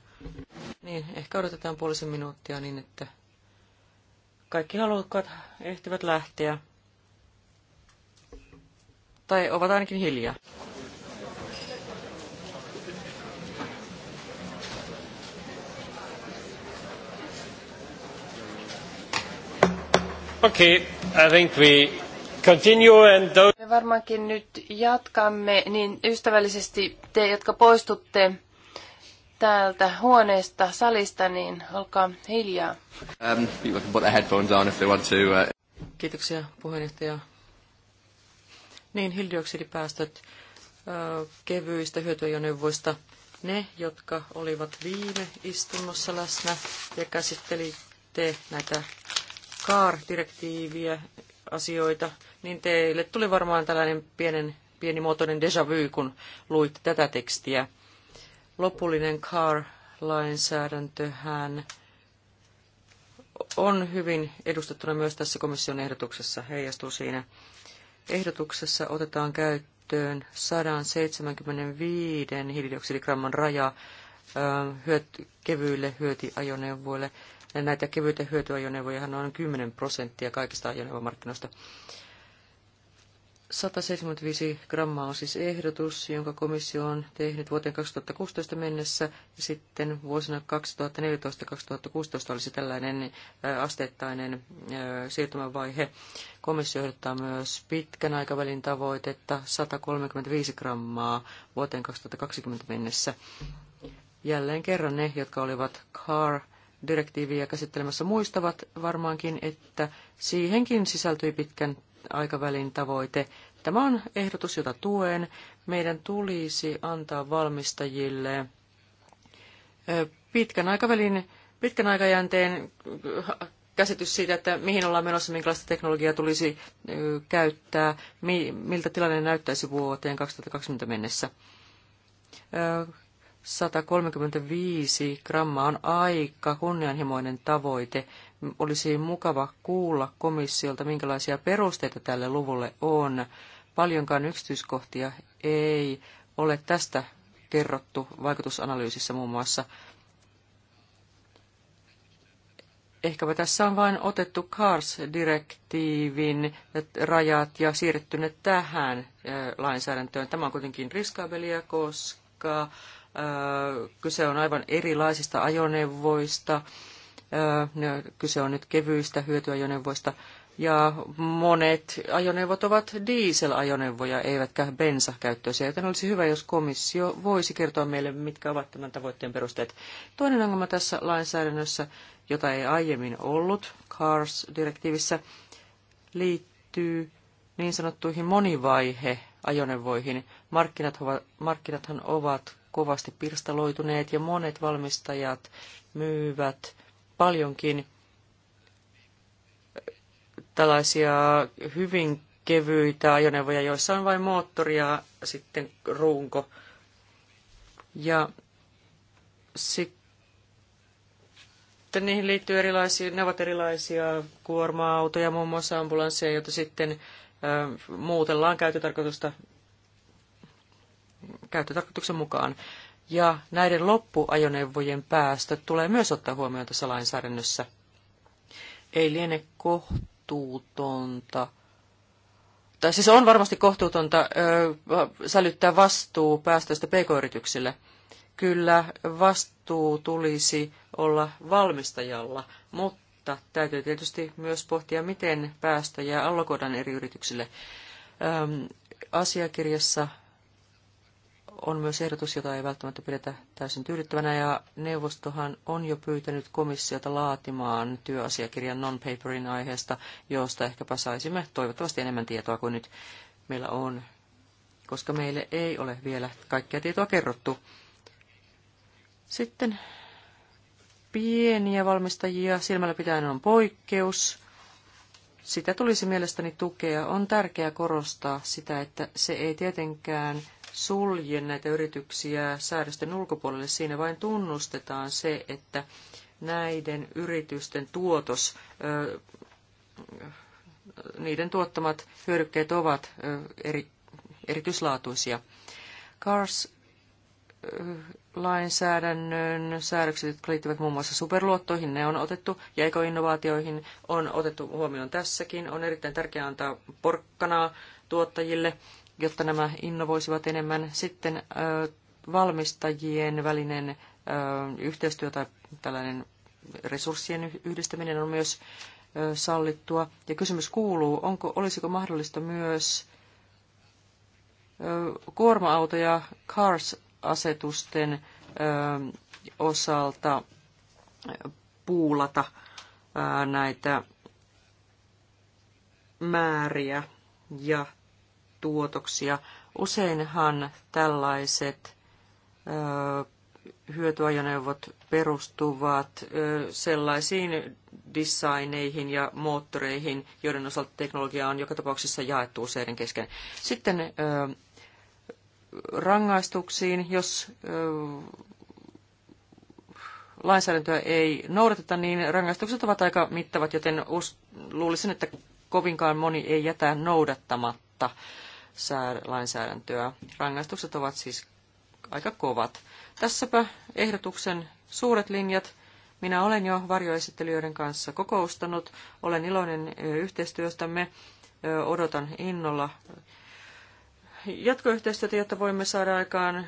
Niin, ehkä odotetaan puolisen minuuttia niin, että kaikki halukkaat ehtivät lähteä. Tai ovat ainakin hiljaa. Okay, I think we continue and those... Me varmaankin nyt jatkamme, niin ystävällisesti te, jotka poistutte, täältä huoneesta, salista, niin olkaa hiljaa. Um, put headphones on if they want to. Uh... Kiitoksia puheenjohtaja. Niin, hiilidioksidipäästöt kevyistä hyötyajoneuvoista. Ne, jotka olivat viime istunnossa läsnä ja käsittelitte näitä CAR-direktiiviä asioita, niin teille tuli varmaan tällainen pienen, pienimuotoinen déjà vu, kun luitte tätä tekstiä lopullinen CAR-lainsäädäntöhän on hyvin edustettuna myös tässä komission ehdotuksessa, heijastuu siinä. Ehdotuksessa otetaan käyttöön 175 hiilidioksidigramman raja kevyille hyötyajoneuvoille. Näitä kevyitä hyötyajoneuvoja on 10 prosenttia kaikista ajoneuvomarkkinoista. 175 grammaa on siis ehdotus, jonka komissio on tehnyt vuoteen 2016 mennessä, ja sitten vuosina 2014-2016 olisi tällainen äh, asteittainen äh, siirtymävaihe. Komissio ehdottaa myös pitkän aikavälin tavoitetta 135 grammaa vuoteen 2020 mennessä. Jälleen kerran ne, jotka olivat CAR direktiiviä käsittelemässä muistavat varmaankin, että siihenkin sisältyi pitkän aikavälin tavoite. Tämä on ehdotus, jota tuen. Meidän tulisi antaa valmistajille pitkän aikavälin, pitkän aikajänteen käsitys siitä, että mihin ollaan menossa, minkälaista teknologiaa tulisi käyttää, miltä tilanne näyttäisi vuoteen 2020 mennessä. 135 grammaa on aika kunnianhimoinen tavoite, olisi mukava kuulla komissiolta, minkälaisia perusteita tälle luvulle on. Paljonkaan yksityiskohtia ei ole tästä kerrottu vaikutusanalyysissä muun muassa. Ehkäpä tässä on vain otettu CARS-direktiivin rajat ja siirretty ne tähän lainsäädäntöön. Tämä on kuitenkin riskaabelia, koska kyse on aivan erilaisista ajoneuvoista Kyse on nyt kevyistä hyötyajoneuvoista. Ja monet ajoneuvot ovat dieselajoneuvoja, eivätkä bensakäyttöisiä, joten olisi hyvä, jos komissio voisi kertoa meille, mitkä ovat tämän tavoitteen perusteet. Toinen ongelma tässä lainsäädännössä, jota ei aiemmin ollut CARS-direktiivissä, liittyy niin sanottuihin monivaihe-ajoneuvoihin. Markkinat ovat, markkinathan ovat kovasti pirstaloituneet ja monet valmistajat myyvät paljonkin tällaisia hyvin kevyitä ajoneuvoja, joissa on vain moottori ja sitten runko. Ja sitten niihin liittyy erilaisia, ne ovat erilaisia kuorma-autoja, muun muassa ambulansseja, joita sitten ö, muutellaan käyttötarkoituksen mukaan ja näiden loppuajoneuvojen päästöt tulee myös ottaa huomioon tässä lainsäädännössä. Ei liene kohtuutonta. Tai siis on varmasti kohtuutonta ö, sälyttää vastuu päästöistä pk-yrityksille. Kyllä vastuu tulisi olla valmistajalla, mutta täytyy tietysti myös pohtia, miten päästöjä allokoidaan eri yrityksille. asiakirjassa on myös ehdotus, jota ei välttämättä pidetä täysin tyydyttävänä, ja neuvostohan on jo pyytänyt komissiota laatimaan työasiakirjan non-paperin aiheesta, josta ehkäpä saisimme toivottavasti enemmän tietoa kuin nyt meillä on, koska meille ei ole vielä kaikkea tietoa kerrottu. Sitten pieniä valmistajia silmällä pitäen on poikkeus. Sitä tulisi mielestäni tukea. On tärkeää korostaa sitä, että se ei tietenkään sulje näitä yrityksiä säädösten ulkopuolelle. Siinä vain tunnustetaan se, että näiden yritysten tuotos, niiden tuottamat hyödykkeet ovat eri, erityislaatuisia. Cars lainsäädännön säädökset, jotka liittyvät muun muassa superluottoihin, ne on otettu, ja ekoinnovaatioihin on otettu huomioon tässäkin. On erittäin tärkeää antaa porkkanaa tuottajille jotta nämä innovoisivat enemmän. Sitten valmistajien välinen yhteistyö tai tällainen resurssien yhdistäminen on myös sallittua. Ja kysymys kuuluu, onko, olisiko mahdollista myös kuorma-auto- ja CARS-asetusten osalta puulata näitä määriä ja tuotoksia. Useinhan tällaiset hyötyajoneuvot perustuvat sellaisiin designeihin ja moottoreihin, joiden osalta teknologia on joka tapauksessa jaettu useiden kesken. Sitten rangaistuksiin, jos lainsäädäntöä ei noudateta, niin rangaistukset ovat aika mittavat, joten luulisin, että kovinkaan moni ei jätä noudattamatta lainsäädäntöä. Rangaistukset ovat siis aika kovat. Tässäpä ehdotuksen suuret linjat. Minä olen jo varjoesittelijöiden kanssa kokoustanut. Olen iloinen yhteistyöstämme. Odotan innolla jatkoyhteistyötä, jotta voimme saada aikaan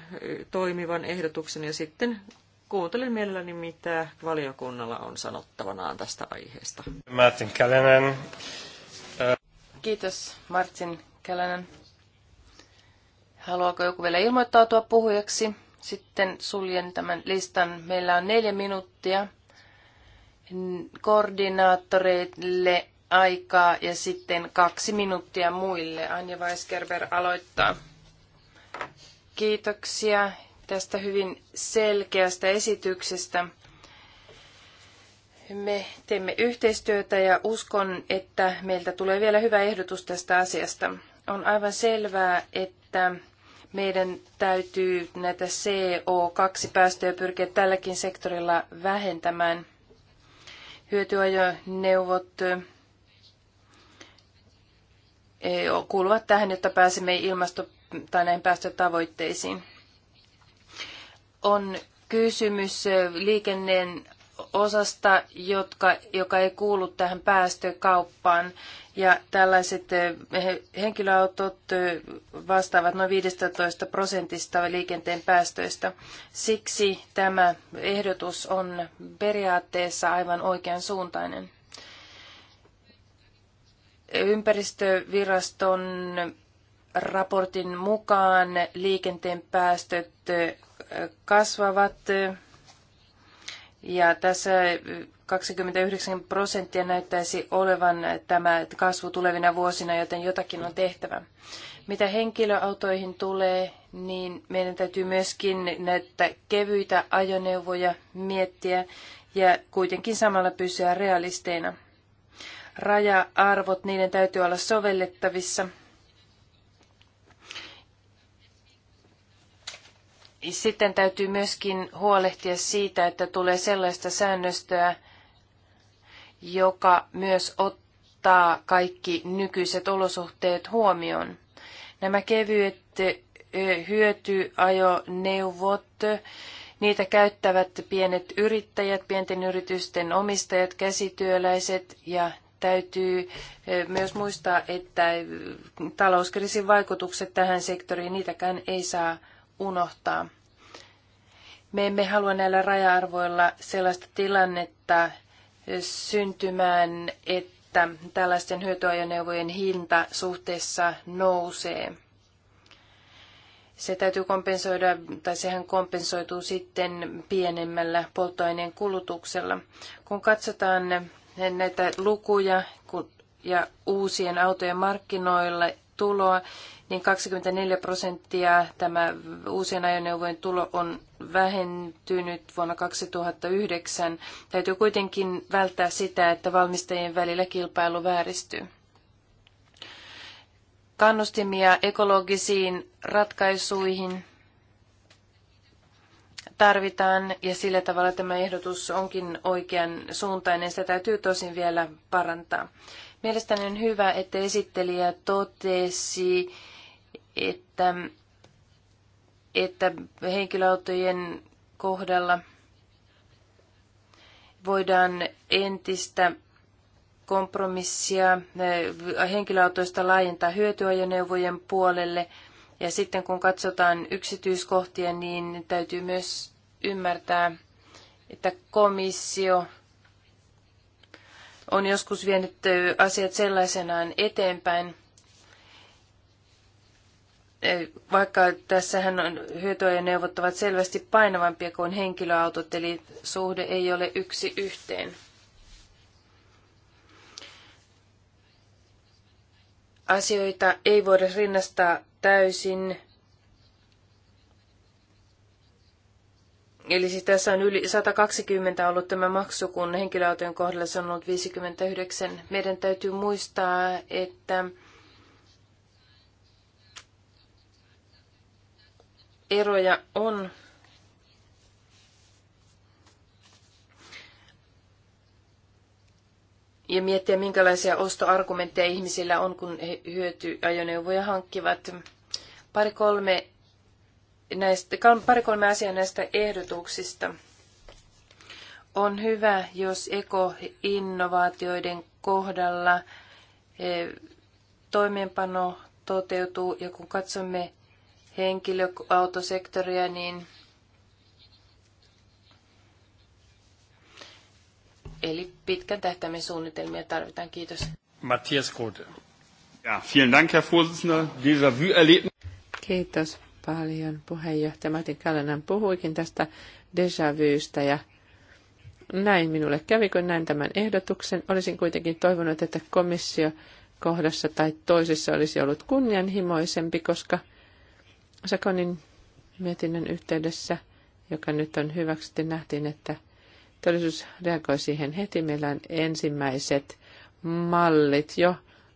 toimivan ehdotuksen ja sitten kuuntelen mielelläni, mitä valiokunnalla on sanottavanaan tästä aiheesta. Martin Kälänen. Kiitos Martin Kälänen. Haluaako joku vielä ilmoittautua puhujaksi? Sitten suljen tämän listan. Meillä on neljä minuuttia koordinaattoreille aikaa ja sitten kaksi minuuttia muille. Anja Weisgerber aloittaa. Kiitoksia tästä hyvin selkeästä esityksestä. Me teemme yhteistyötä ja uskon, että meiltä tulee vielä hyvä ehdotus tästä asiasta. On aivan selvää, että meidän täytyy näitä CO2-päästöjä pyrkiä tälläkin sektorilla vähentämään. Hyötyajoneuvot eh, kuuluvat tähän, jotta pääsemme ilmasto- tai näihin päästötavoitteisiin. On kysymys eh, liikenneen osasta, jotka, joka ei kuulu tähän päästökauppaan. Ja tällaiset eh, henkilöautot eh, vastaavat noin 15 prosentista liikenteen päästöistä. Siksi tämä ehdotus on periaatteessa aivan oikean suuntainen. Ympäristöviraston raportin mukaan liikenteen päästöt eh, kasvavat ja tässä 29 prosenttia näyttäisi olevan tämä kasvu tulevina vuosina, joten jotakin on tehtävä. Mitä henkilöautoihin tulee, niin meidän täytyy myöskin näitä kevyitä ajoneuvoja miettiä ja kuitenkin samalla pysyä realisteina. Raja-arvot, niiden täytyy olla sovellettavissa – Sitten täytyy myöskin huolehtia siitä, että tulee sellaista säännöstöä, joka myös ottaa kaikki nykyiset olosuhteet huomioon. Nämä kevyet hyötyajoneuvot, niitä käyttävät pienet yrittäjät, pienten yritysten omistajat, käsityöläiset ja täytyy myös muistaa, että talouskriisin vaikutukset tähän sektoriin, niitäkään ei saa unohtaa. Me emme halua näillä raja-arvoilla sellaista tilannetta syntymään, että tällaisten hyötyajoneuvojen hinta suhteessa nousee. Se täytyy kompensoida, tai sehän kompensoituu sitten pienemmällä polttoaineen kulutuksella. Kun katsotaan näitä lukuja ja uusien autojen markkinoille tuloa, niin 24 prosenttia tämä uusien ajoneuvojen tulo on vähentynyt vuonna 2009. Täytyy kuitenkin välttää sitä, että valmistajien välillä kilpailu vääristyy. Kannustimia ekologisiin ratkaisuihin tarvitaan ja sillä tavalla tämä ehdotus onkin oikean suuntainen. Sitä täytyy tosin vielä parantaa. Mielestäni on hyvä, että esittelijä totesi, että, että henkilöautojen kohdalla voidaan entistä kompromissia eh, henkilöautoista laajentaa hyötyajoneuvojen puolelle. Ja sitten kun katsotaan yksityiskohtia, niin täytyy myös ymmärtää, että komissio on joskus vienyt eh, asiat sellaisenaan eteenpäin, vaikka tässähän on hyötyajoneuvot ovat selvästi painavampia kuin henkilöautot, eli suhde ei ole yksi yhteen. Asioita ei voida rinnastaa täysin. Eli siis tässä on yli 120 ollut tämä maksu, kun henkilöautojen kohdalla se on ollut 59. Meidän täytyy muistaa, että eroja on. Ja miettiä, minkälaisia ostoargumentteja ihmisillä on, kun he hyötyajoneuvoja hankkivat. Pari-kolme näistä, pari-kolme asiaa näistä ehdotuksista. On hyvä, jos ekoinnovaatioiden kohdalla eh, toimeenpano toteutuu ja kun katsomme henkilöautosektoria, niin Eli pitkän tähtäimen suunnitelmia tarvitaan. Kiitos. Matthias Grote. Ja, vielen Dank, Herr Vorsitzender. Déjà vu erleben. Kiitos paljon. Puheenjohtaja Martin Kalanen puhuikin tästä déjà vuista ja näin minulle kävi, kun näin tämän ehdotuksen. Olisin kuitenkin toivonut, että komissio kohdassa tai toisessa olisi ollut kunnianhimoisempi, koska – Sakonin mietinnön yhteydessä, joka nyt on hyväksytty, nähtiin, että teollisuus reagoi siihen heti. Meillä on ensimmäiset mallit jo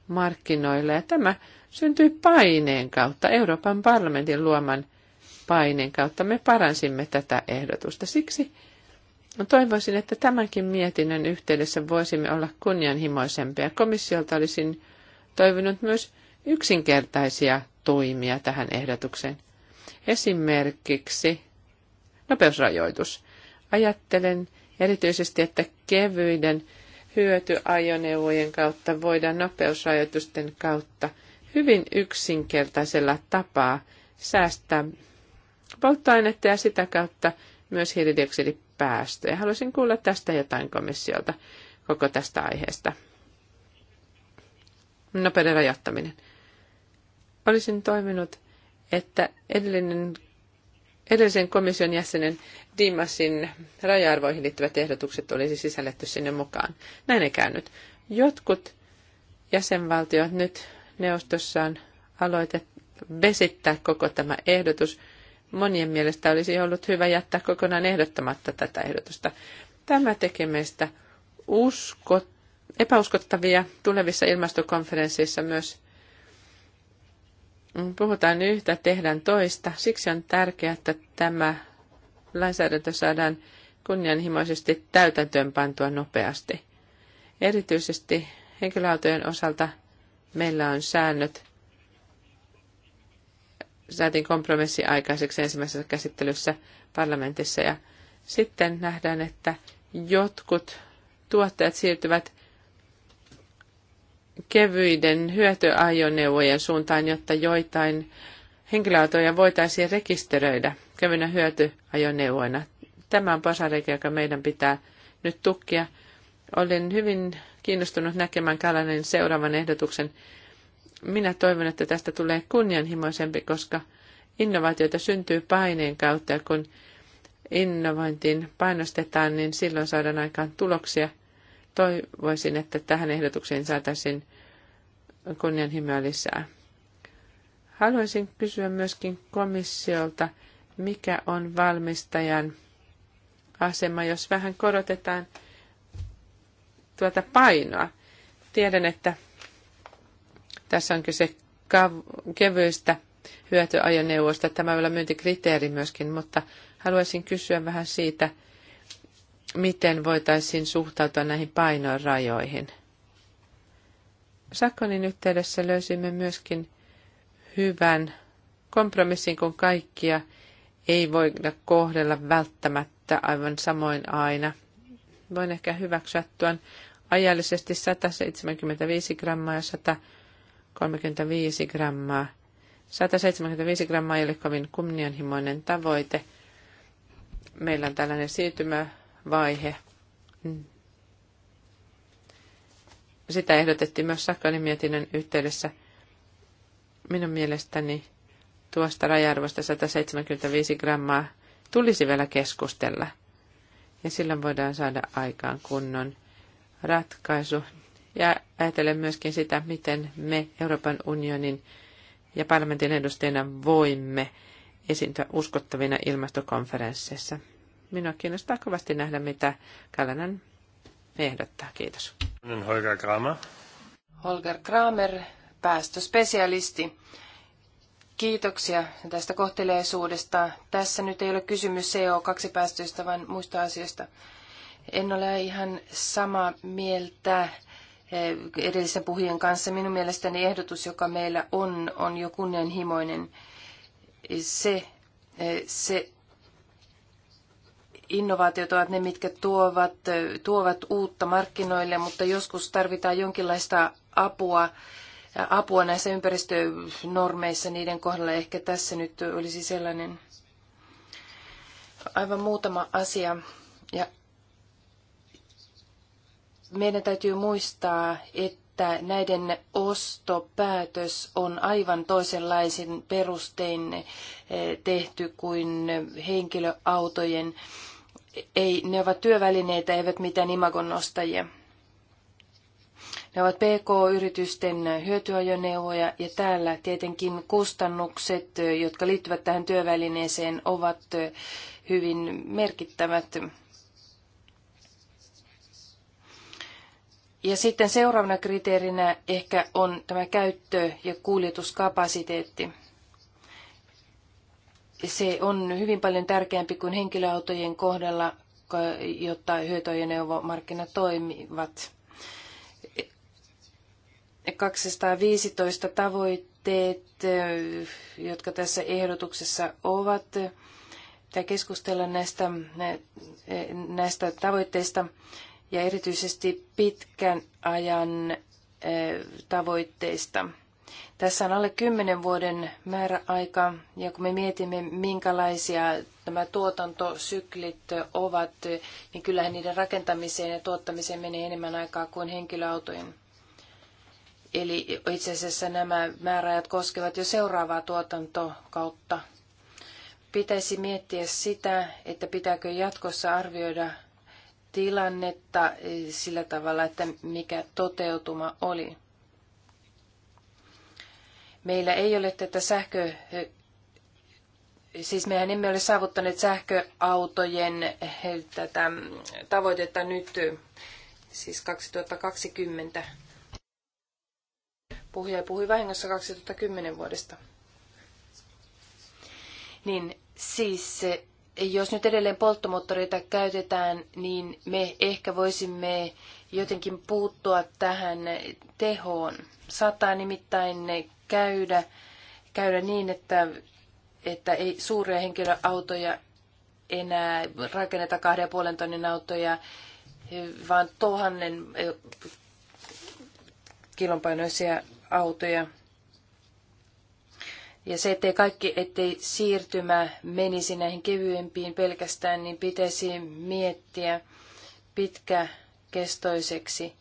markkinoilla ja tämä syntyi paineen kautta, Euroopan parlamentin luoman paineen kautta. Me paransimme tätä ehdotusta. Siksi toivoisin, että tämänkin mietinnön yhteydessä voisimme olla kunnianhimoisempia. Komissiolta olisin toivonut myös yksinkertaisia toimia tähän ehdotukseen. Esimerkiksi nopeusrajoitus. Ajattelen erityisesti, että kevyiden hyötyajoneuvojen kautta voidaan nopeusrajoitusten kautta hyvin yksinkertaisella tapaa säästää polttoainetta ja sitä kautta myös hiilidioksidipäästöjä. Haluaisin kuulla tästä jotain komissiolta koko tästä aiheesta. Nopeuden rajoittaminen. Olisin toiminut, että edellinen, edellisen komission jäsenen Dimasin raja-arvoihin liittyvät ehdotukset olisi sisälletty sinne mukaan. Näin ei käynyt. Jotkut jäsenvaltiot nyt neuvostossaan aloittavat vesittää koko tämä ehdotus. Monien mielestä olisi ollut hyvä jättää kokonaan ehdottamatta tätä ehdotusta. Tämä tekee meistä usko, epäuskottavia tulevissa ilmastokonferensseissa myös puhutaan yhtä, tehdään toista. Siksi on tärkeää, että tämä lainsäädäntö saadaan kunnianhimoisesti täytäntöönpantua nopeasti. Erityisesti henkilöautojen osalta meillä on säännöt. Saatiin kompromissi aikaiseksi ensimmäisessä käsittelyssä parlamentissa ja sitten nähdään, että jotkut tuottajat siirtyvät kevyiden hyötyajoneuvojen suuntaan, jotta joitain henkilöautoja voitaisiin rekisteröidä kevyinä hyötyajoneuvoina. Tämä on pasareikä, joka meidän pitää nyt tukkia. Olen hyvin kiinnostunut näkemään Kalanen seuraavan ehdotuksen. Minä toivon, että tästä tulee kunnianhimoisempi, koska innovaatioita syntyy paineen kautta ja kun innovointiin painostetaan, niin silloin saadaan aikaan tuloksia – Toivoisin, että tähän ehdotukseen saataisiin kunnianhimoa lisää. Haluaisin kysyä myöskin komissiolta, mikä on valmistajan asema, jos vähän korotetaan tuota painoa. Tiedän, että tässä on kyse kevyistä hyötyajoneuvoista. Tämä voi olla myyntikriteeri myöskin, mutta haluaisin kysyä vähän siitä, miten voitaisiin suhtautua näihin rajoihin. Sakonin yhteydessä löysimme myöskin hyvän kompromissin, kun kaikkia ei voida kohdella välttämättä aivan samoin aina. Voin ehkä hyväksyä tuon ajallisesti 175 grammaa ja 135 grammaa. 175 grammaa ei ole kovin kunnianhimoinen tavoite. Meillä on tällainen siirtymä vaihe. Mm. Sitä ehdotettiin myös Sakkanin mietinnön yhteydessä. Minun mielestäni tuosta raja-arvosta 175 grammaa tulisi vielä keskustella. Ja silloin voidaan saada aikaan kunnon ratkaisu. Ja ajatellen myöskin sitä, miten me Euroopan unionin ja parlamentin edustajina voimme esiintyä uskottavina ilmastokonferensseissa. Minua kiinnostaa kovasti nähdä, mitä Kalanen ehdottaa. Kiitos. Holger Kramer. Holger Kramer, päästöspesialisti. Kiitoksia tästä kohteleisuudesta. Tässä nyt ei ole kysymys CO2-päästöistä, vaan muista asioista. En ole ihan samaa mieltä eh, edellisen puhujen kanssa. Minun mielestäni ehdotus, joka meillä on, on jo kunnianhimoinen. Se, eh, se innovaatiot ovat ne, mitkä tuovat, tuovat uutta markkinoille, mutta joskus tarvitaan jonkinlaista apua, apua näissä ympäristönormeissa niiden kohdalla. Ehkä tässä nyt olisi sellainen aivan muutama asia. Ja meidän täytyy muistaa, että näiden ostopäätös on aivan toisenlaisin perustein eh, tehty kuin henkilöautojen ei, ne ovat työvälineitä, eivät mitään imagon nostajia. Ne ovat PK-yritysten hyötyajoneuvoja ja täällä tietenkin kustannukset, jotka liittyvät tähän työvälineeseen, ovat hyvin merkittävät. Ja sitten seuraavana kriteerinä ehkä on tämä käyttö- ja kuljetuskapasiteetti se on hyvin paljon tärkeämpi kuin henkilöautojen kohdalla, jotta hyötyajoneuvomarkkinat toimivat. 215 tavoitteet, eh, jotka tässä ehdotuksessa ovat, pitää keskustella näistä, eh, näistä tavoitteista ja erityisesti pitkän ajan eh, tavoitteista. Tässä on alle kymmenen vuoden määräaika, ja kun me mietimme, minkälaisia nämä tuotantosyklit ovat, niin kyllähän niiden rakentamiseen ja tuottamiseen menee enemmän aikaa kuin henkilöautojen. Eli itse asiassa nämä määräajat koskevat jo seuraavaa tuotantokautta. Pitäisi miettiä sitä, että pitääkö jatkossa arvioida tilannetta sillä tavalla, että mikä toteutuma oli. Meillä ei ole tätä sähkö... Siis mehän emme ole saavuttaneet sähköautojen tätä tavoitetta nyt, siis 2020. Puhuja puhui vahingossa 2010 vuodesta. Niin siis jos nyt edelleen polttomoottoreita käytetään, niin me ehkä voisimme jotenkin puuttua tähän tehoon. Saattaa nimittäin käydä, käydä niin, että, että ei suuria henkilöautoja enää rakenneta kahden ja puolen tonnin autoja, vaan tuhannen eh, kilonpainoisia autoja. Ja se, ettei kaikki, ettei siirtymä menisi näihin kevyempiin pelkästään, niin pitäisi miettiä pitkäkestoiseksi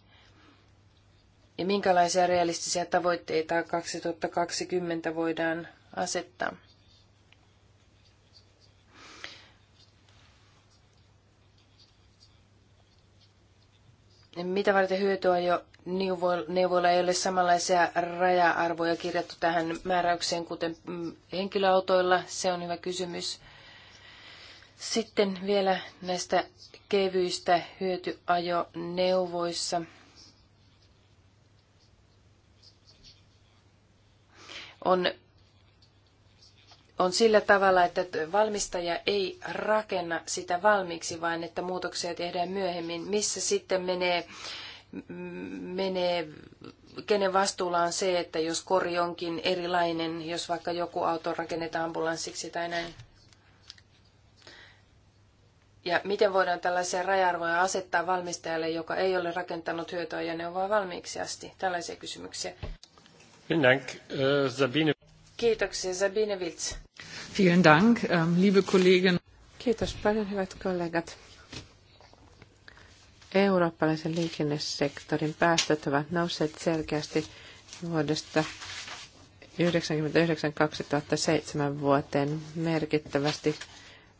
ja minkälaisia realistisia tavoitteita 2020 voidaan asettaa. Mitä varten hyötyä jo neuvoilla ei ole samanlaisia raja-arvoja kirjattu tähän määräykseen, kuten mm, henkilöautoilla? Se on hyvä kysymys. Sitten vielä näistä kevyistä hyötyajoneuvoissa. neuvoissa. on, on sillä tavalla, että valmistaja ei rakenna sitä valmiiksi, vaan että muutoksia tehdään myöhemmin. Missä sitten menee, menee kenen vastuulla on se, että jos kori onkin erilainen, jos vaikka joku auto rakennetaan ambulanssiksi tai näin? Ja miten voidaan tällaisia raja-arvoja asettaa valmistajalle, joka ei ole rakentanut hyötyajoneuvoa valmiiksi asti? Tällaisia kysymyksiä. Äh, Kiitoksia, Sabine Wilz. Vielen Dank, ähm, liebe Kollegen. Kiitos paljon, hyvät kollegat. Eurooppalaisen liikennesektorin päästöt ovat nousseet selkeästi vuodesta 1999-2007 vuoteen merkittävästi.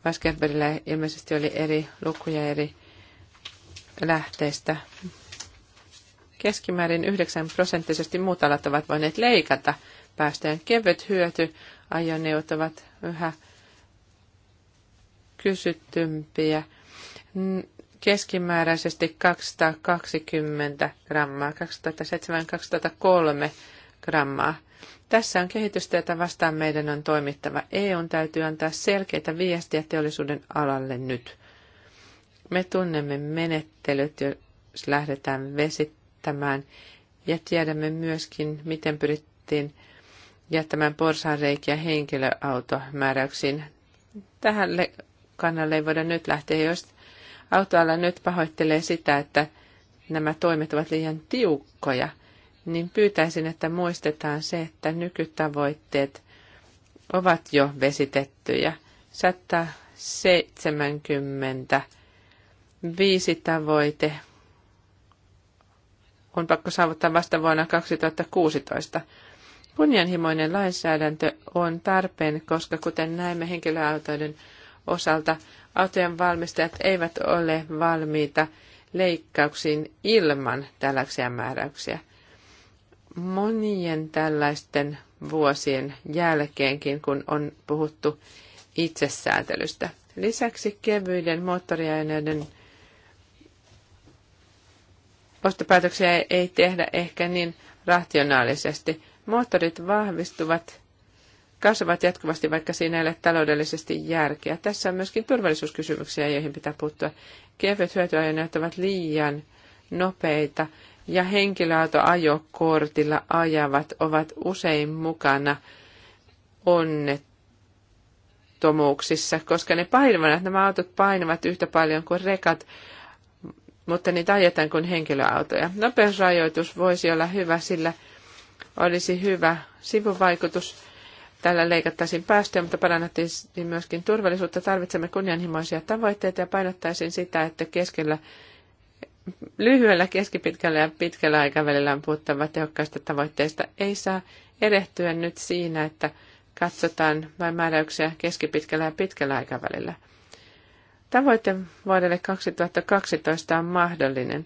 Vaskerberillä ilmeisesti oli eri lukuja eri lähteistä, keskimäärin 9 prosenttisesti muut alat ovat voineet leikata päästöjen kevyt hyöty. Ajoneuvot ovat yhä kysyttympiä. Keskimääräisesti 220 grammaa, 2007-2003 grammaa. Tässä on kehitystä, jota vastaan meidän on toimittava. EUn täytyy antaa selkeitä viestiä teollisuuden alalle nyt. Me tunnemme menettelyt, jos lähdetään vesittämään jättämään. Ja tiedämme myöskin, miten pyrittiin jättämään porsaanreikiä henkilöautomääräyksiin. Tähän kannalle ei voida nyt lähteä, jos autoala nyt pahoittelee sitä, että nämä toimet ovat liian tiukkoja, niin pyytäisin, että muistetaan se, että nykytavoitteet ovat jo vesitettyjä. 170 viisi tavoite on pakko saavuttaa vasta vuonna 2016. Kunnianhimoinen lainsäädäntö on tarpeen, koska kuten näemme henkilöautoiden osalta, autojen valmistajat eivät ole valmiita leikkauksiin ilman tällaisia määräyksiä. Monien tällaisten vuosien jälkeenkin, kun on puhuttu itsesäätelystä. Lisäksi kevyiden moottoriaineiden ostopäätöksiä ei tehdä ehkä niin rationaalisesti. Moottorit vahvistuvat, kasvavat jatkuvasti, vaikka siinä ei ole taloudellisesti järkeä. Tässä on myöskin turvallisuuskysymyksiä, joihin pitää puuttua. Kevyet hyötyajoneet ovat liian nopeita ja henkilöautoajokortilla ajavat ovat usein mukana onnettomuuksissa, koska ne painavat, nämä autot painavat yhtä paljon kuin rekat mutta niitä ajetaan kuin henkilöautoja. Nopeusrajoitus voisi olla hyvä, sillä olisi hyvä sivuvaikutus. Tällä leikattaisiin päästöjä, mutta parannettaisiin myöskin turvallisuutta. Tarvitsemme kunnianhimoisia tavoitteita ja painottaisin sitä, että keskellä, lyhyellä, keskipitkällä ja pitkällä aikavälillä on puuttava tehokkaista tavoitteista. Ei saa erehtyä nyt siinä, että katsotaan vain määräyksiä keskipitkällä ja pitkällä aikavälillä – Tavoite vuodelle 2012 on mahdollinen.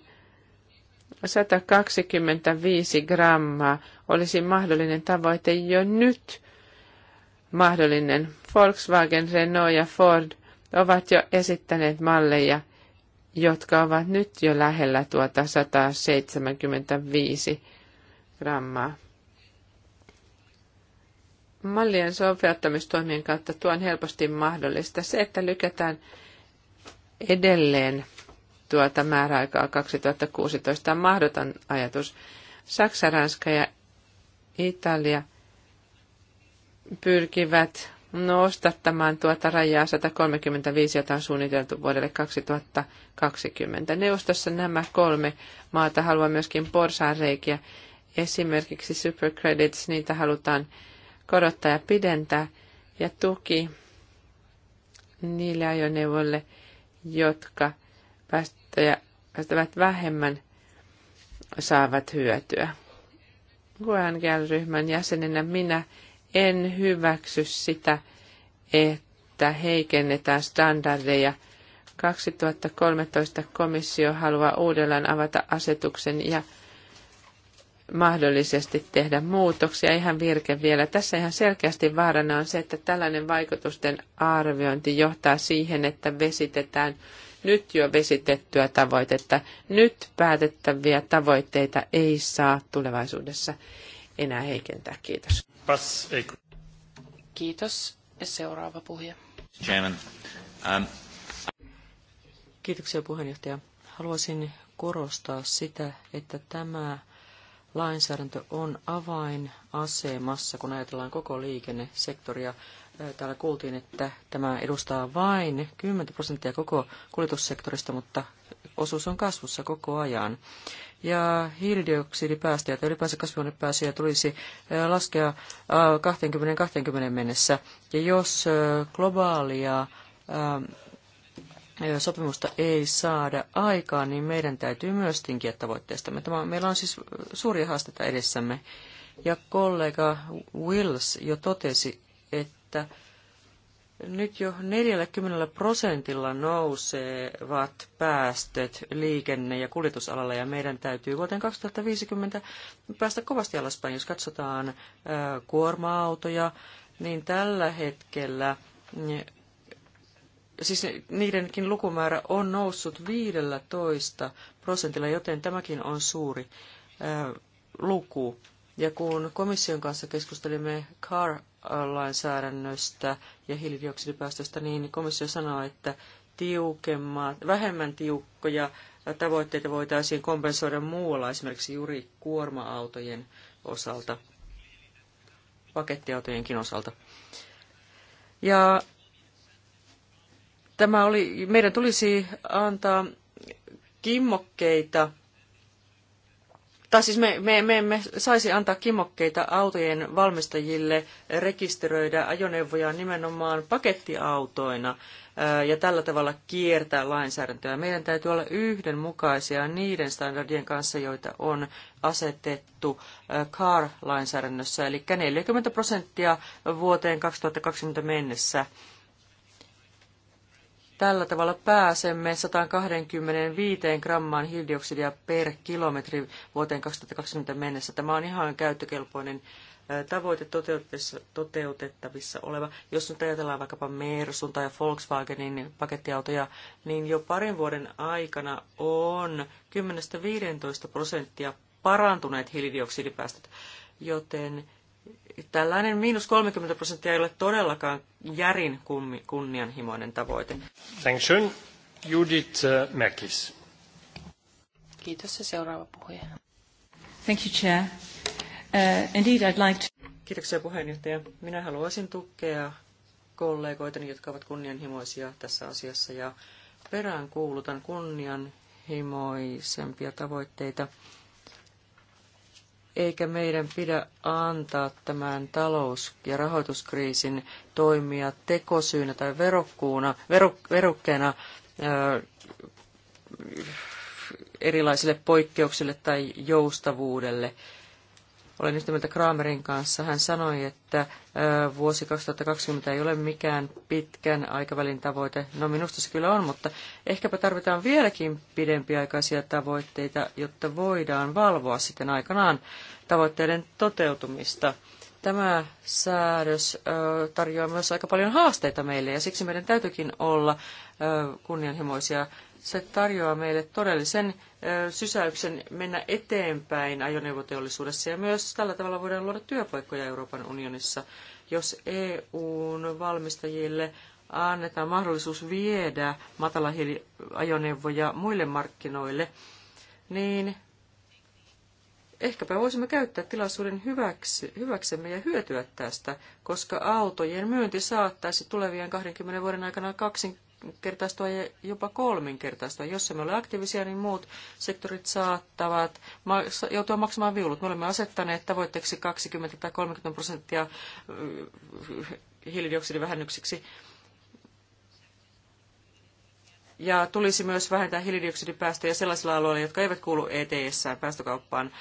125 grammaa olisi mahdollinen tavoite jo nyt mahdollinen. Volkswagen, Renault ja Ford ovat jo esittäneet malleja, jotka ovat nyt jo lähellä tuota 175 grammaa. Mallien sopeuttamistoimien kautta tuo on helposti mahdollista. Se, että lykätään edelleen tuota määräaikaa 2016 on mahdoton ajatus. Saksa, Ranska ja Italia pyrkivät nostattamaan tuota rajaa 135, jota on suunniteltu vuodelle 2020. Neuvostossa nämä kolme maata haluaa myöskin reikiä. Esimerkiksi supercredits, niitä halutaan korottaa ja pidentää. Ja tuki niille ajoneuvoille – jotka päästävät vähemmän, saavat hyötyä. qngl ryhmän jäsenenä minä en hyväksy sitä, että heikennetään standardeja. 2013 komissio haluaa uudelleen avata asetuksen ja mahdollisesti tehdä muutoksia. Ihan virke vielä. Tässä ihan selkeästi vaarana on se, että tällainen vaikutusten arviointi johtaa siihen, että vesitetään nyt jo vesitettyä tavoitetta. Nyt päätettäviä tavoitteita ei saa tulevaisuudessa enää heikentää. Kiitos. Kiitos. Ja seuraava puhuja. Um... Kiitoksia puheenjohtaja. Haluaisin korostaa sitä, että tämä lainsäädäntö on avainasemassa, kun ajatellaan koko liikennesektoria. Täällä kuultiin, että tämä edustaa vain 10 prosenttia koko kuljetussektorista, mutta osuus on kasvussa koko ajan. Ja hiilidioksidipäästöjä tai ylipäänsä kasvihuonepäästöjä tulisi laskea 20-20 mennessä. Ja jos globaalia sopimusta ei saada aikaan, niin meidän täytyy myös tinkiä tavoitteestamme. Tämä, meillä on siis suuria haasteita edessämme. Ja kollega Wills jo totesi, että nyt jo 40 prosentilla nousevat päästöt liikenne- ja kuljetusalalla ja meidän täytyy vuoteen 2050 päästä kovasti alaspäin. Jos katsotaan kuorma-autoja, niin tällä hetkellä siis niidenkin lukumäärä on noussut 15 prosentilla, joten tämäkin on suuri luku. Ja kun komission kanssa keskustelimme CAR-lainsäädännöstä ja hiilidioksidipäästöstä, niin komissio sanoi, että tiukemmat, vähemmän tiukkoja tavoitteita voitaisiin kompensoida muualla, esimerkiksi juuri kuorma-autojen osalta, pakettiautojenkin osalta. Ja Tämä oli, meidän tulisi antaa kimmokkeita, tai siis me, me, me saisi antaa kimmokkeita autojen valmistajille rekisteröidä ajoneuvoja nimenomaan pakettiautoina ja tällä tavalla kiertää lainsäädäntöä. Meidän täytyy olla yhdenmukaisia niiden standardien kanssa, joita on asetettu CAR-lainsäädännössä, eli 40 prosenttia vuoteen 2020 mennessä Tällä tavalla pääsemme 125 grammaan hiilidioksidia per kilometri vuoteen 2020 mennessä. Tämä on ihan käyttökelpoinen tavoite toteutettavissa oleva. Jos nyt ajatellaan vaikkapa Mersun tai Volkswagenin pakettiautoja, niin jo parin vuoden aikana on 10-15 prosenttia parantuneet hiilidioksidipäästöt, joten tällainen miinus 30 prosenttia ei ole todellakaan järin kunnianhimoinen tavoite. Thank you. Judith uh, Mäkis. Kiitos ja seuraava puhuja. Thank you, Chair. Uh, indeed, I'd like to... Kiitoksia puheenjohtaja. Minä haluaisin tukea kollegoitani, jotka ovat kunnianhimoisia tässä asiassa ja peräänkuulutan kunnianhimoisempia tavoitteita eikä meidän pidä antaa tämän talous- ja rahoituskriisin toimia tekosyynä tai verokkuuna, verok, verokkeena ö, erilaisille poikkeuksille tai joustavuudelle. Olen yhtä mieltä Kramerin kanssa. Hän sanoi, että vuosi 2020 ei ole mikään pitkän aikavälin tavoite. No minusta se kyllä on, mutta ehkäpä tarvitaan vieläkin pidempiaikaisia tavoitteita, jotta voidaan valvoa sitten aikanaan tavoitteiden toteutumista. Tämä säädös tarjoaa myös aika paljon haasteita meille ja siksi meidän täytyykin olla kunnianhimoisia se tarjoaa meille todellisen sysäyksen mennä eteenpäin ajoneuvoteollisuudessa ja myös tällä tavalla voidaan luoda työpaikkoja Euroopan unionissa, jos EUn valmistajille annetaan mahdollisuus viedä matalahiiliajoneuvoja muille markkinoille, niin ehkäpä voisimme käyttää tilaisuuden hyväksi, hyväksemme ja hyötyä tästä, koska autojen myynti saattaisi tulevien 20 vuoden aikana kaksin, kertaistua ja jopa kolminkertaistua. Jos emme ole aktiivisia, niin muut sektorit saattavat joutua maksamaan viulut. Me olemme asettaneet tavoitteeksi 20 tai 30 prosenttia äh, hiilidioksidivähennyksiksi. Ja tulisi myös vähentää hiilidioksidipäästöjä sellaisilla aloilla, jotka eivät kuulu ETS päästökauppaan.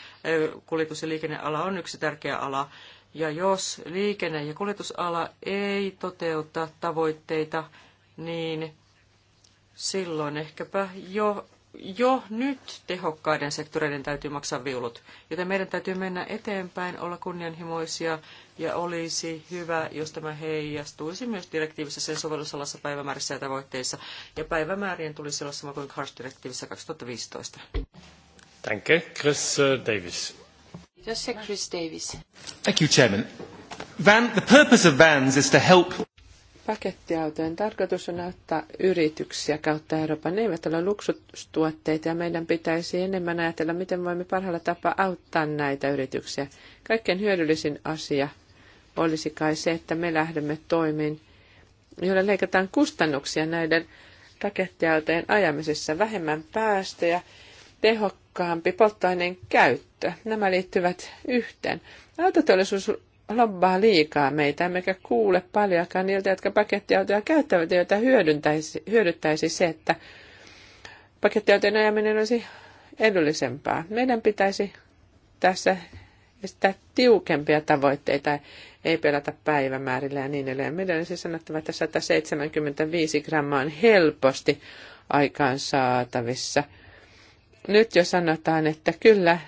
Kuljetus- ja liikenneala on yksi tärkeä ala. Ja jos liikenne- ja kuljetusala ei toteuta tavoitteita, niin silloin ehkäpä jo, jo nyt tehokkaiden sektoreiden täytyy maksaa viulut. Joten meidän täytyy mennä eteenpäin, olla kunnianhimoisia ja olisi hyvä, jos tämä heijastuisi myös direktiivissä sen sovellusalassa päivämäärissä ja tavoitteissa. Ja päivämäärien tulisi olla sama kuin CARS-direktiivissä 2015. you, Chris uh, Davis. Kiitos, Chris Davis. Thank you, Chairman. Van, the purpose of vans is to help Pakettiautojen tarkoitus on auttaa yrityksiä kautta Euroopan. Ne eivät ole luksustuotteita ja meidän pitäisi enemmän ajatella, miten voimme parhaalla tapaa auttaa näitä yrityksiä. Kaikkein hyödyllisin asia olisi kai se, että me lähdemme toimiin, joilla leikataan kustannuksia näiden pakettiautojen ajamisessa. Vähemmän päästöjä, tehokkaampi polttoaineen käyttö. Nämä liittyvät yhteen. Autoteollisuus lobbaa liikaa meitä, emmekä kuule paljonkaan niiltä, jotka pakettiautoja käyttävät, joita hyödyntäisi, hyödyttäisi se, että pakettiautojen ajaminen olisi edullisempaa. Meidän pitäisi tässä sitä tiukempia tavoitteita, ei pelata päivämäärillä ja niin edelleen. Meidän olisi sanottava, että 175 grammaa on helposti aikaan saatavissa. Nyt jo sanotaan, että kyllä,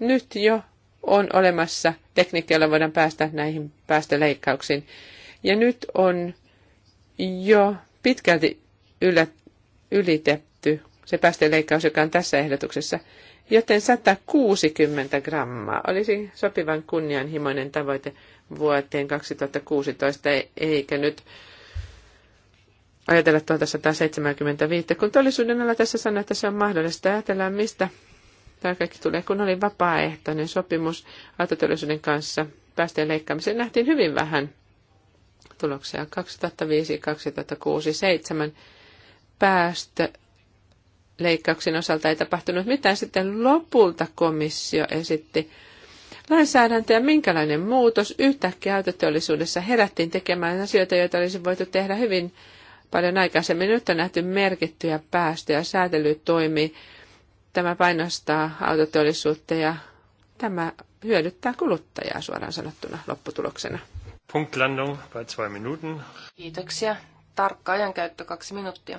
nyt jo on olemassa tekniikka, jolla voidaan päästä näihin päästöleikkauksiin. Ja nyt on jo pitkälti ylä, ylitetty se päästöleikkaus, joka on tässä ehdotuksessa. Joten 160 grammaa olisi sopivan kunnianhimoinen tavoite vuoteen 2016, e- eikä nyt ajatella tuota 175, kun teollisuuden ala tässä sanoo, että se on mahdollista. Ajatellaan, mistä Tämä kaikki tulee, kun oli vapaaehtoinen sopimus autoteollisuuden kanssa päästöjen leikkaamiseen. Nähtiin hyvin vähän tuloksia 2005, 2006, 2007 päästöleikkauksen osalta ei tapahtunut mitään. Sitten lopulta komissio esitti ja minkälainen muutos yhtäkkiä autoteollisuudessa herättiin tekemään asioita, joita olisi voitu tehdä hyvin paljon aikaisemmin. Nyt on nähty merkittyjä päästöjä, säätely toimii Tämä painostaa autoteollisuutta ja tämä hyödyttää kuluttajaa suoraan sanottuna lopputuloksena. Punktlandung bei zwei Minuten. Kiitoksia. Tarkka ajankäyttö kaksi minuuttia.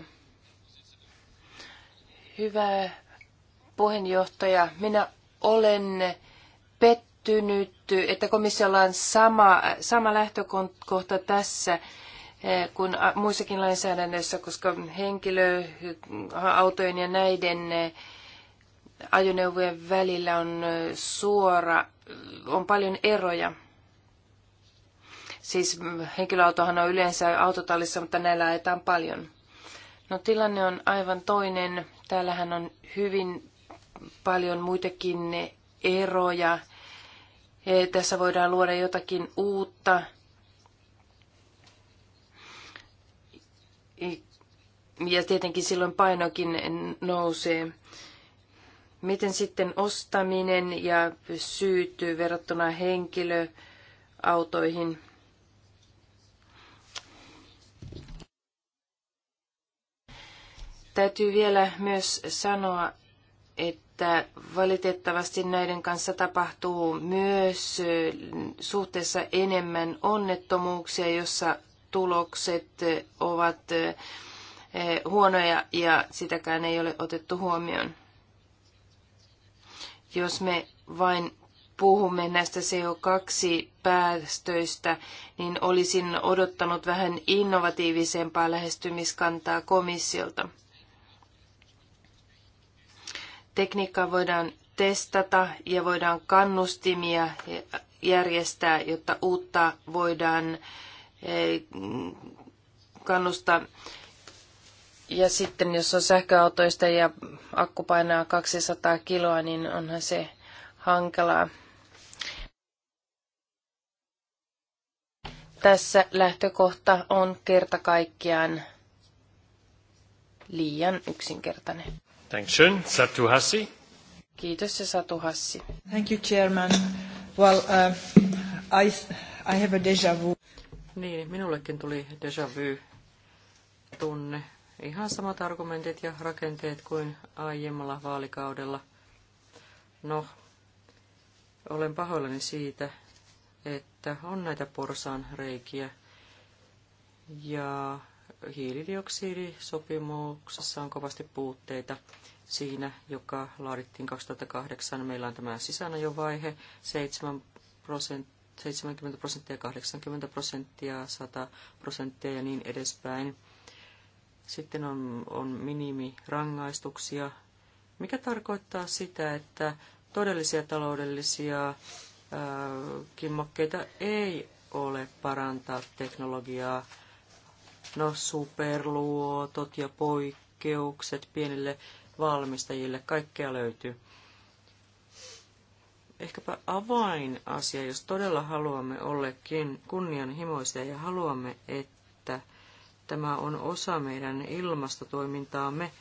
Hyvä puheenjohtaja, minä olen pettynyt, että komissiolla on sama, sama lähtökohta tässä eh, kuin muissakin lainsäädännöissä, koska henkilöautojen ja näiden eh, ajoneuvojen välillä on suora, on paljon eroja. Siis henkilöautohan on yleensä autotallissa, mutta näillä ajetaan paljon. No tilanne on aivan toinen. Täällähän on hyvin paljon muitakin eroja. E, tässä voidaan luoda jotakin uutta. E, ja tietenkin silloin painokin nousee. Miten sitten ostaminen ja syytyy verrattuna henkilöautoihin? Täytyy vielä myös sanoa, että valitettavasti näiden kanssa tapahtuu myös suhteessa enemmän onnettomuuksia, jossa tulokset ovat huonoja ja sitäkään ei ole otettu huomioon. Jos me vain puhumme näistä CO2-päästöistä, niin olisin odottanut vähän innovatiivisempaa lähestymiskantaa komissiolta. Tekniikkaa voidaan testata ja voidaan kannustimia järjestää, jotta uutta voidaan eh, kannustaa ja sitten jos on sähköautoista ja akku painaa 200 kiloa, niin onhan se hankalaa. Tässä lähtökohta on kerta kaikkiaan liian yksinkertainen. you, Satu Hassi. Kiitos ja Satu Hassi. Thank you, Chairman. Well, uh, I, I have a déjà vu. Niin, minullekin tuli déjà vu tunne ihan samat argumentit ja rakenteet kuin aiemmalla vaalikaudella. No, olen pahoillani siitä, että on näitä porsaan reikiä. Ja hiilidioksidisopimuksessa on kovasti puutteita siinä, joka laadittiin 2008. Meillä on tämä sisäänajovaihe, 7 prosenttia 70 prosenttia, 80 prosenttia, 100 prosenttia ja niin edespäin. Sitten on, on minimirangaistuksia, mikä tarkoittaa sitä, että todellisia taloudellisia ää, kimmokkeita ei ole parantaa teknologiaa. No superluotot ja poikkeukset pienille valmistajille, kaikkea löytyy. Ehkäpä avainasia, jos todella haluamme ollekin kunnianhimoisia ja haluamme, että tämä on osa meidän ilmastotoimintaamme,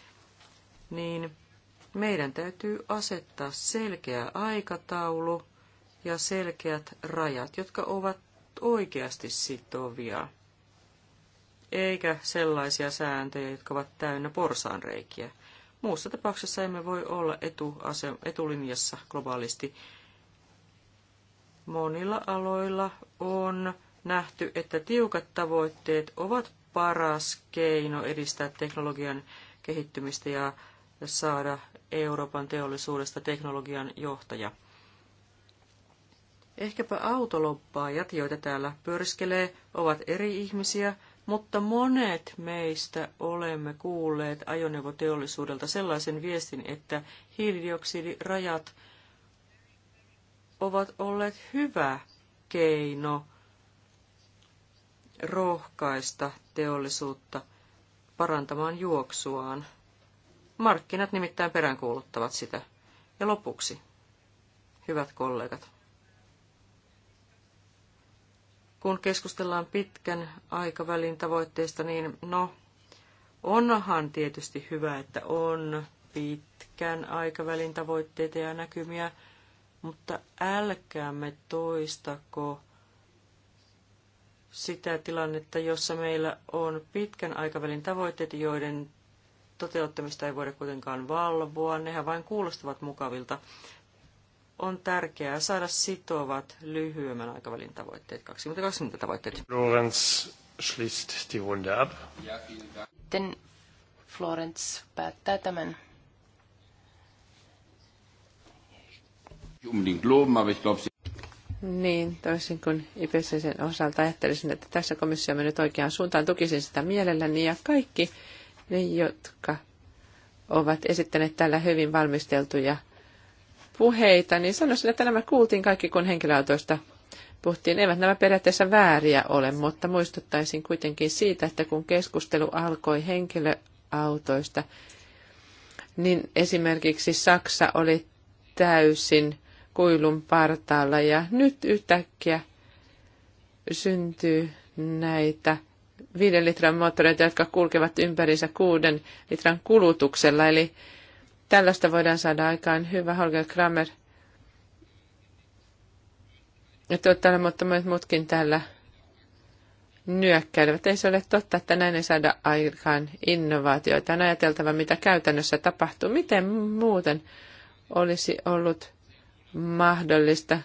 niin meidän täytyy asettaa selkeä aikataulu ja selkeät rajat, jotka ovat oikeasti sitovia, eikä sellaisia sääntöjä, jotka ovat täynnä porsaanreikiä. Muussa tapauksessa emme voi olla etuase- etulinjassa globaalisti. Monilla aloilla on nähty, että tiukat tavoitteet ovat paras keino edistää teknologian kehittymistä ja saada Euroopan teollisuudesta teknologian johtaja. Ehkäpä autoloppaajat, joita täällä pyöriskelee, ovat eri ihmisiä, mutta monet meistä olemme kuulleet ajoneuvoteollisuudelta sellaisen viestin, että hiilidioksidirajat ovat olleet hyvä keino rohkaista teollisuutta parantamaan juoksuaan. Markkinat nimittäin peräänkuuluttavat sitä. Ja lopuksi, hyvät kollegat, kun keskustellaan pitkän aikavälin tavoitteista, niin no, onhan tietysti hyvä, että on pitkän aikavälin tavoitteita ja näkymiä, mutta älkäämme toistako sitä tilannetta, jossa meillä on pitkän aikavälin tavoitteet, joiden toteuttamista ei voida kuitenkaan valvoa. Nehän vain kuulostavat mukavilta. On tärkeää saada sitovat lyhyemmän aikavälin tavoitteet, 2020 tavoitteet. Florence schließt die Runde ab. Sitten Florence päättää tämän. ich unbedingt loben, aber glaube, niin, toisin kuin IPCCn osalta ajattelisin, että tässä komissio on mennyt oikeaan suuntaan. Tukisin sitä mielelläni ja kaikki ne, jotka ovat esittäneet täällä hyvin valmisteltuja puheita, niin sanoisin, että nämä kuultiin kaikki, kun henkilöautoista puhuttiin. Eivät nämä periaatteessa vääriä ole, mutta muistuttaisin kuitenkin siitä, että kun keskustelu alkoi henkilöautoista, niin esimerkiksi Saksa oli täysin kuilun partaalla ja nyt yhtäkkiä syntyy näitä viiden litran moottoreita, jotka kulkevat ympärinsä kuuden litran kulutuksella. Eli tällaista voidaan saada aikaan. Hyvä Holger Kramer. Ja täällä, mutta myös muutkin täällä nyökkäilevät. Ei se ole totta, että näin ei saada aikaan innovaatioita. On ajateltava, mitä käytännössä tapahtuu. Miten muuten olisi ollut mahdollista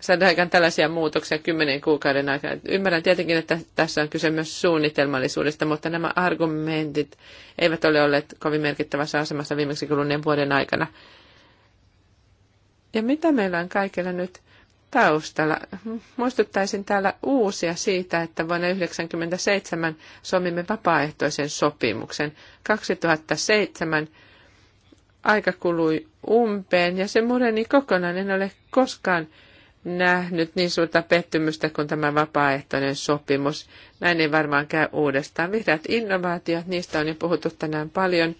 saada aikaan tällaisia muutoksia kymmenen kuukauden aikana. Ymmärrän tietenkin, että tässä on kyse myös suunnitelmallisuudesta, mutta nämä argumentit eivät ole olleet kovin merkittävässä asemassa viimeksi kuluneen vuoden aikana. Ja mitä meillä on kaikilla nyt taustalla? Muistuttaisin täällä uusia siitä, että vuonna 1997 sovimme vapaaehtoisen sopimuksen. 2007 aika kului umpeen ja se mureni kokonaan. En ole koskaan nähnyt niin suurta pettymystä kuin tämä vapaaehtoinen sopimus. Näin ei varmaan käy uudestaan. Vihreät innovaatiot, niistä on jo puhuttu tänään paljon.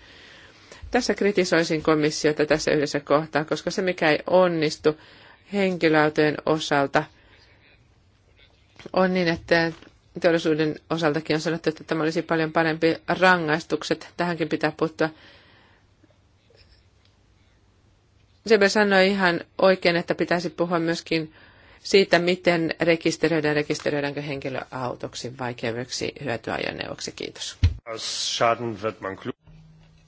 Tässä kritisoisin komissiota tässä yhdessä kohtaa, koska se mikä ei onnistu henkilöautojen osalta on niin, että teollisuuden osaltakin on sanottu, että tämä olisi paljon parempi rangaistukset. Tähänkin pitää puuttua Sebe sanoi ihan oikein, että pitäisi puhua myöskin siitä, miten rekisteröidään, rekisteröidäänkö henkilöautoksi vai vaikeudeksi, hyötyajoneuvoksi. Kiitos.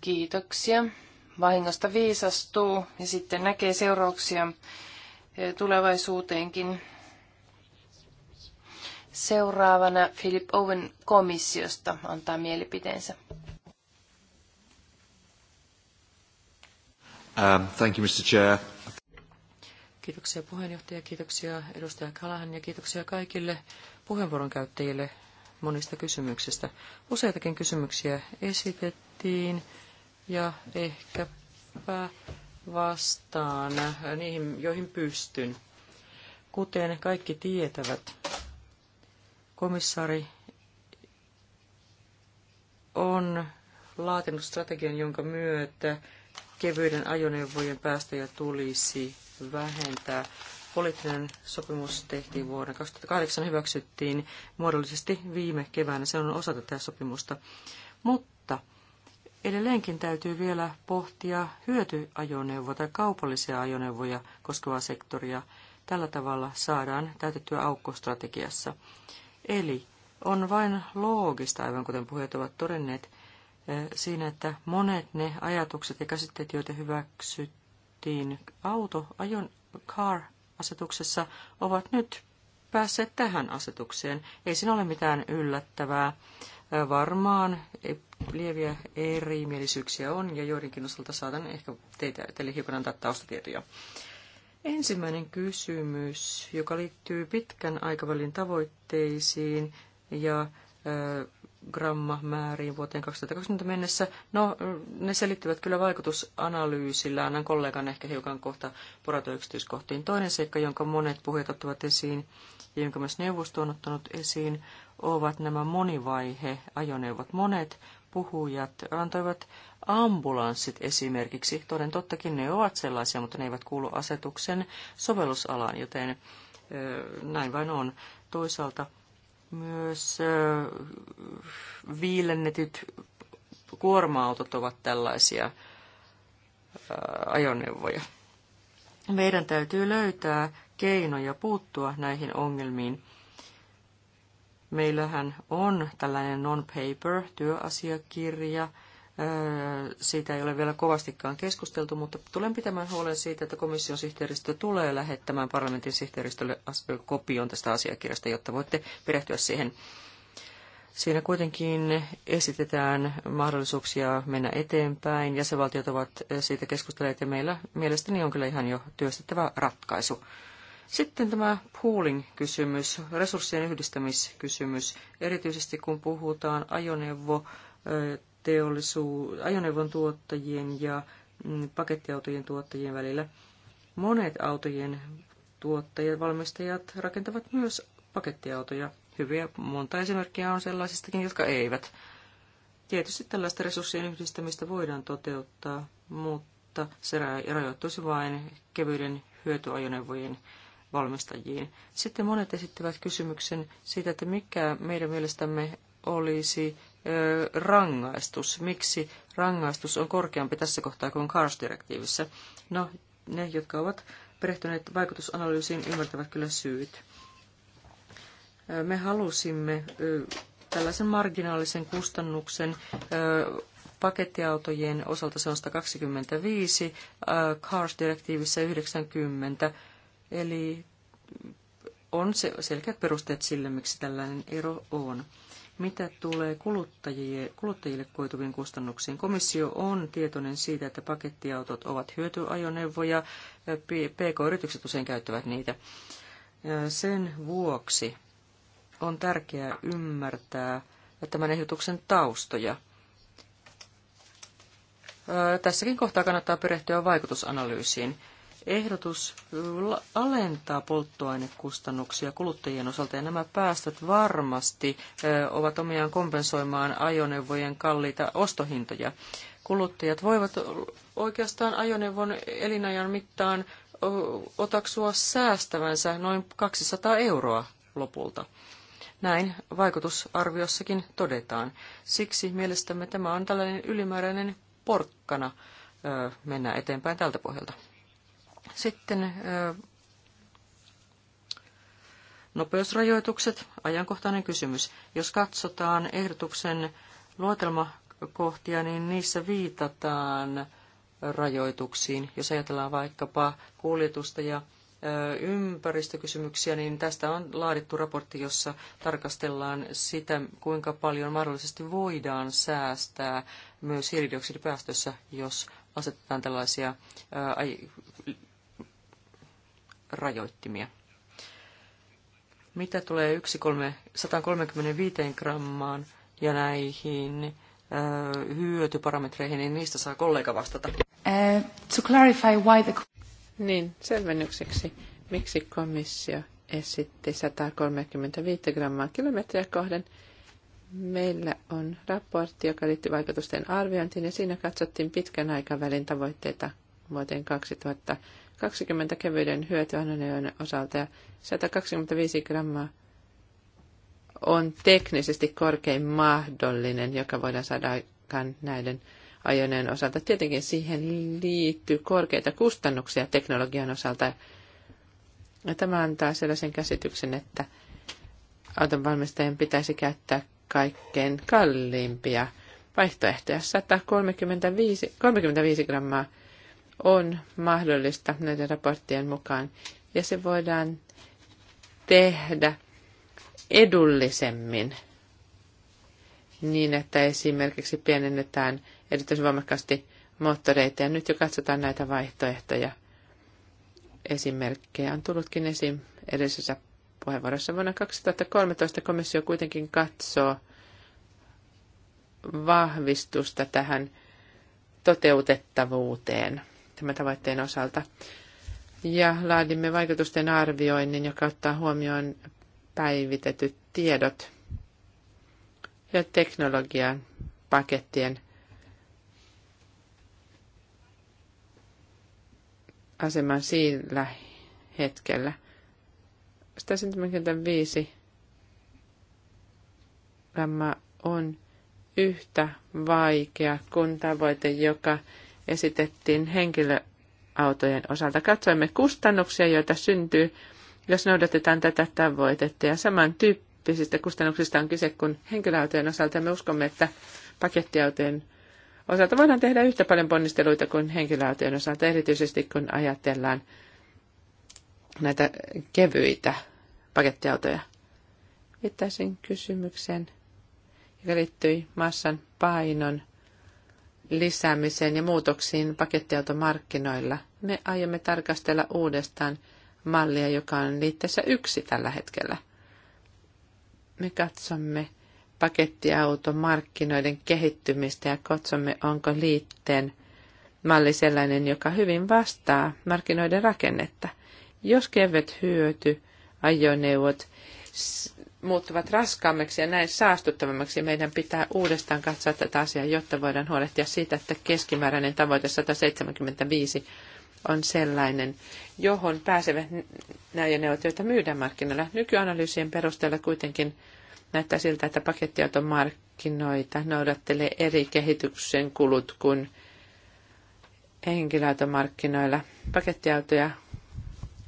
Kiitoksia. Vahingosta viisastuu ja sitten näkee seurauksia eh, tulevaisuuteenkin. Seuraavana Philip Owen komissiosta antaa mielipiteensä. Um, thank you, Mr. Chair. Kiitoksia puheenjohtaja, kiitoksia edustaja Kalahan ja kiitoksia kaikille puheenvuoron käyttäjille monista kysymyksistä. Useitakin kysymyksiä esitettiin ja ehkäpä vastaan niihin, joihin pystyn. Kuten kaikki tietävät, komissaari on laatinut strategian, jonka myötä kevyiden ajoneuvojen päästöjä tulisi vähentää. Poliittinen sopimus tehtiin vuonna 2008, hyväksyttiin muodollisesti viime keväänä, se on osa tätä sopimusta. Mutta edelleenkin täytyy vielä pohtia hyötyajoneuvoja tai kaupallisia ajoneuvoja koskevaa sektoria. Tällä tavalla saadaan täytettyä aukkostrategiassa. Eli on vain loogista, aivan kuten puheet ovat todenneet, siinä, että monet ne ajatukset ja käsitteet, joita hyväksyttiin auto, ajon, car-asetuksessa, ovat nyt päässeet tähän asetukseen. Ei siinä ole mitään yllättävää. Varmaan e- lieviä erimielisyyksiä on, ja joidenkin osalta saatan ehkä teitä, teille hiukan antaa taustatietoja. Ensimmäinen kysymys, joka liittyy pitkän aikavälin tavoitteisiin ja grammamääriin vuoteen 2020 mennessä. No, ne selittyvät kyllä vaikutusanalyysillä. Annan kollegan ehkä hiukan kohta porata yksityiskohtiin. Toinen seikka, jonka monet puhujat ottavat esiin ja jonka myös neuvosto on ottanut esiin, ovat nämä monivaihe-ajoneuvot. Monet puhujat antoivat ambulanssit esimerkiksi. Toden tottakin ne ovat sellaisia, mutta ne eivät kuulu asetuksen sovellusalaan, joten näin vain on. Toisaalta myös viilennetyt kuorma-autot ovat tällaisia ajoneuvoja. Meidän täytyy löytää keinoja puuttua näihin ongelmiin. Meillähän on tällainen non-paper työasiakirja, siitä ei ole vielä kovastikaan keskusteltu, mutta tulen pitämään huolen siitä, että komission sihteeristö tulee lähettämään parlamentin sihteeristölle kopion tästä asiakirjasta, jotta voitte perehtyä siihen. Siinä kuitenkin esitetään mahdollisuuksia mennä eteenpäin. Jäsenvaltiot ovat siitä keskustelleet ja meillä mielestäni on kyllä ihan jo työstettävä ratkaisu. Sitten tämä pooling-kysymys, resurssien yhdistämiskysymys, erityisesti kun puhutaan ajoneuvo teollisuu, ajoneuvon tuottajien ja mm, pakettiautojen tuottajien välillä. Monet autojen tuottajat, valmistajat rakentavat myös pakettiautoja. Hyviä monta esimerkkiä on sellaisistakin, jotka eivät. Tietysti tällaista resurssien yhdistämistä voidaan toteuttaa, mutta se rajoittuisi vain kevyiden hyötyajoneuvojen valmistajiin. Sitten monet esittävät kysymyksen siitä, että mikä meidän mielestämme olisi rangaistus. Miksi rangaistus on korkeampi tässä kohtaa kuin CARS-direktiivissä? No, ne, jotka ovat perehtyneet vaikutusanalyysiin, ymmärtävät kyllä syyt. Me halusimme tällaisen marginaalisen kustannuksen pakettiautojen osalta se on 125, CARS-direktiivissä 90, eli on se selkeät perusteet sille, miksi tällainen ero on. Mitä tulee kuluttajille, koituviin kustannuksiin? Komissio on tietoinen siitä, että pakettiautot ovat hyötyajoneuvoja. PK-yritykset usein käyttävät niitä. Sen vuoksi on tärkeää ymmärtää tämän ehdotuksen taustoja. Tässäkin kohtaa kannattaa perehtyä vaikutusanalyysiin ehdotus alentaa polttoainekustannuksia kuluttajien osalta, ja nämä päästöt varmasti ovat omiaan kompensoimaan ajoneuvojen kalliita ostohintoja. Kuluttajat voivat oikeastaan ajoneuvon elinajan mittaan otaksua säästävänsä noin 200 euroa lopulta. Näin vaikutusarviossakin todetaan. Siksi mielestämme tämä on tällainen ylimääräinen porkkana mennä eteenpäin tältä pohjalta. Sitten nopeusrajoitukset, ajankohtainen kysymys. Jos katsotaan ehdotuksen luotelmakohtia, niin niissä viitataan rajoituksiin. Jos ajatellaan vaikkapa kuljetusta ja ympäristökysymyksiä, niin tästä on laadittu raportti, jossa tarkastellaan sitä, kuinka paljon mahdollisesti voidaan säästää myös hiilidioksidipäästössä, jos asetetaan tällaisia rajoittimia. Mitä tulee 135 grammaan ja näihin ö, hyötyparametreihin, niin niistä saa kollega vastata. Uh, to clarify why the... Niin, selvennykseksi. Miksi komissio esitti 135 grammaa kilometriä kohden? Meillä on raportti, joka liittyy vaikutusten arviointiin, ja siinä katsottiin pitkän aikavälin tavoitteita vuoteen 2000. 20 kevyiden hyötyaineiden osalta ja 125 grammaa on teknisesti korkein mahdollinen, joka voidaan saada aikaan näiden ajoneen osalta. Tietenkin siihen liittyy korkeita kustannuksia teknologian osalta. Ja tämä antaa sellaisen käsityksen, että auton valmistajan pitäisi käyttää kaikkein kalliimpia vaihtoehtoja. 135 35 grammaa on mahdollista näiden raporttien mukaan. Ja se voidaan tehdä edullisemmin niin, että esimerkiksi pienennetään erityisen voimakkaasti moottoreita. Ja nyt jo katsotaan näitä vaihtoehtoja. Esimerkkejä on tullutkin esiin edellisessä puheenvuorossa. Vuonna 2013 komissio kuitenkin katsoo vahvistusta tähän toteutettavuuteen – 7 tavoitteen osalta. Ja laadimme vaikutusten arvioinnin, joka ottaa huomioon päivitetyt tiedot ja teknologian pakettien aseman sillä hetkellä. 175 lamma on yhtä vaikea kuin tavoite, joka esitettiin henkilöautojen osalta. Katsoimme kustannuksia, joita syntyy, jos noudatetaan tätä tavoitetta. Ja samantyyppisistä kustannuksista on kyse kuin henkilöautojen osalta. Me uskomme, että pakettiautojen osalta voidaan tehdä yhtä paljon ponnisteluita kuin henkilöautojen osalta, erityisesti kun ajatellaan näitä kevyitä pakettiautoja. Viittaisin kysymyksen, joka liittyi massan painon lisäämiseen ja muutoksiin pakettiautomarkkinoilla, me aiomme tarkastella uudestaan mallia, joka on liitteessä yksi tällä hetkellä. Me katsomme pakettiautomarkkinoiden kehittymistä ja katsomme, onko liitteen malli sellainen, joka hyvin vastaa markkinoiden rakennetta. Jos kevyt hyöty, ajoneuvot, muuttuvat raskaammiksi ja näin saastuttavammiksi. Meidän pitää uudestaan katsoa tätä asiaa, jotta voidaan huolehtia siitä, että keskimääräinen tavoite 175 on sellainen, johon pääsevät näijaneuvot, joita myydään markkinoilla. Nykyanalyysien perusteella kuitenkin näyttää siltä, että pakettiautomarkkinoita noudattelee eri kehityksen kulut kuin henkilöautomarkkinoilla. Pakettiautoja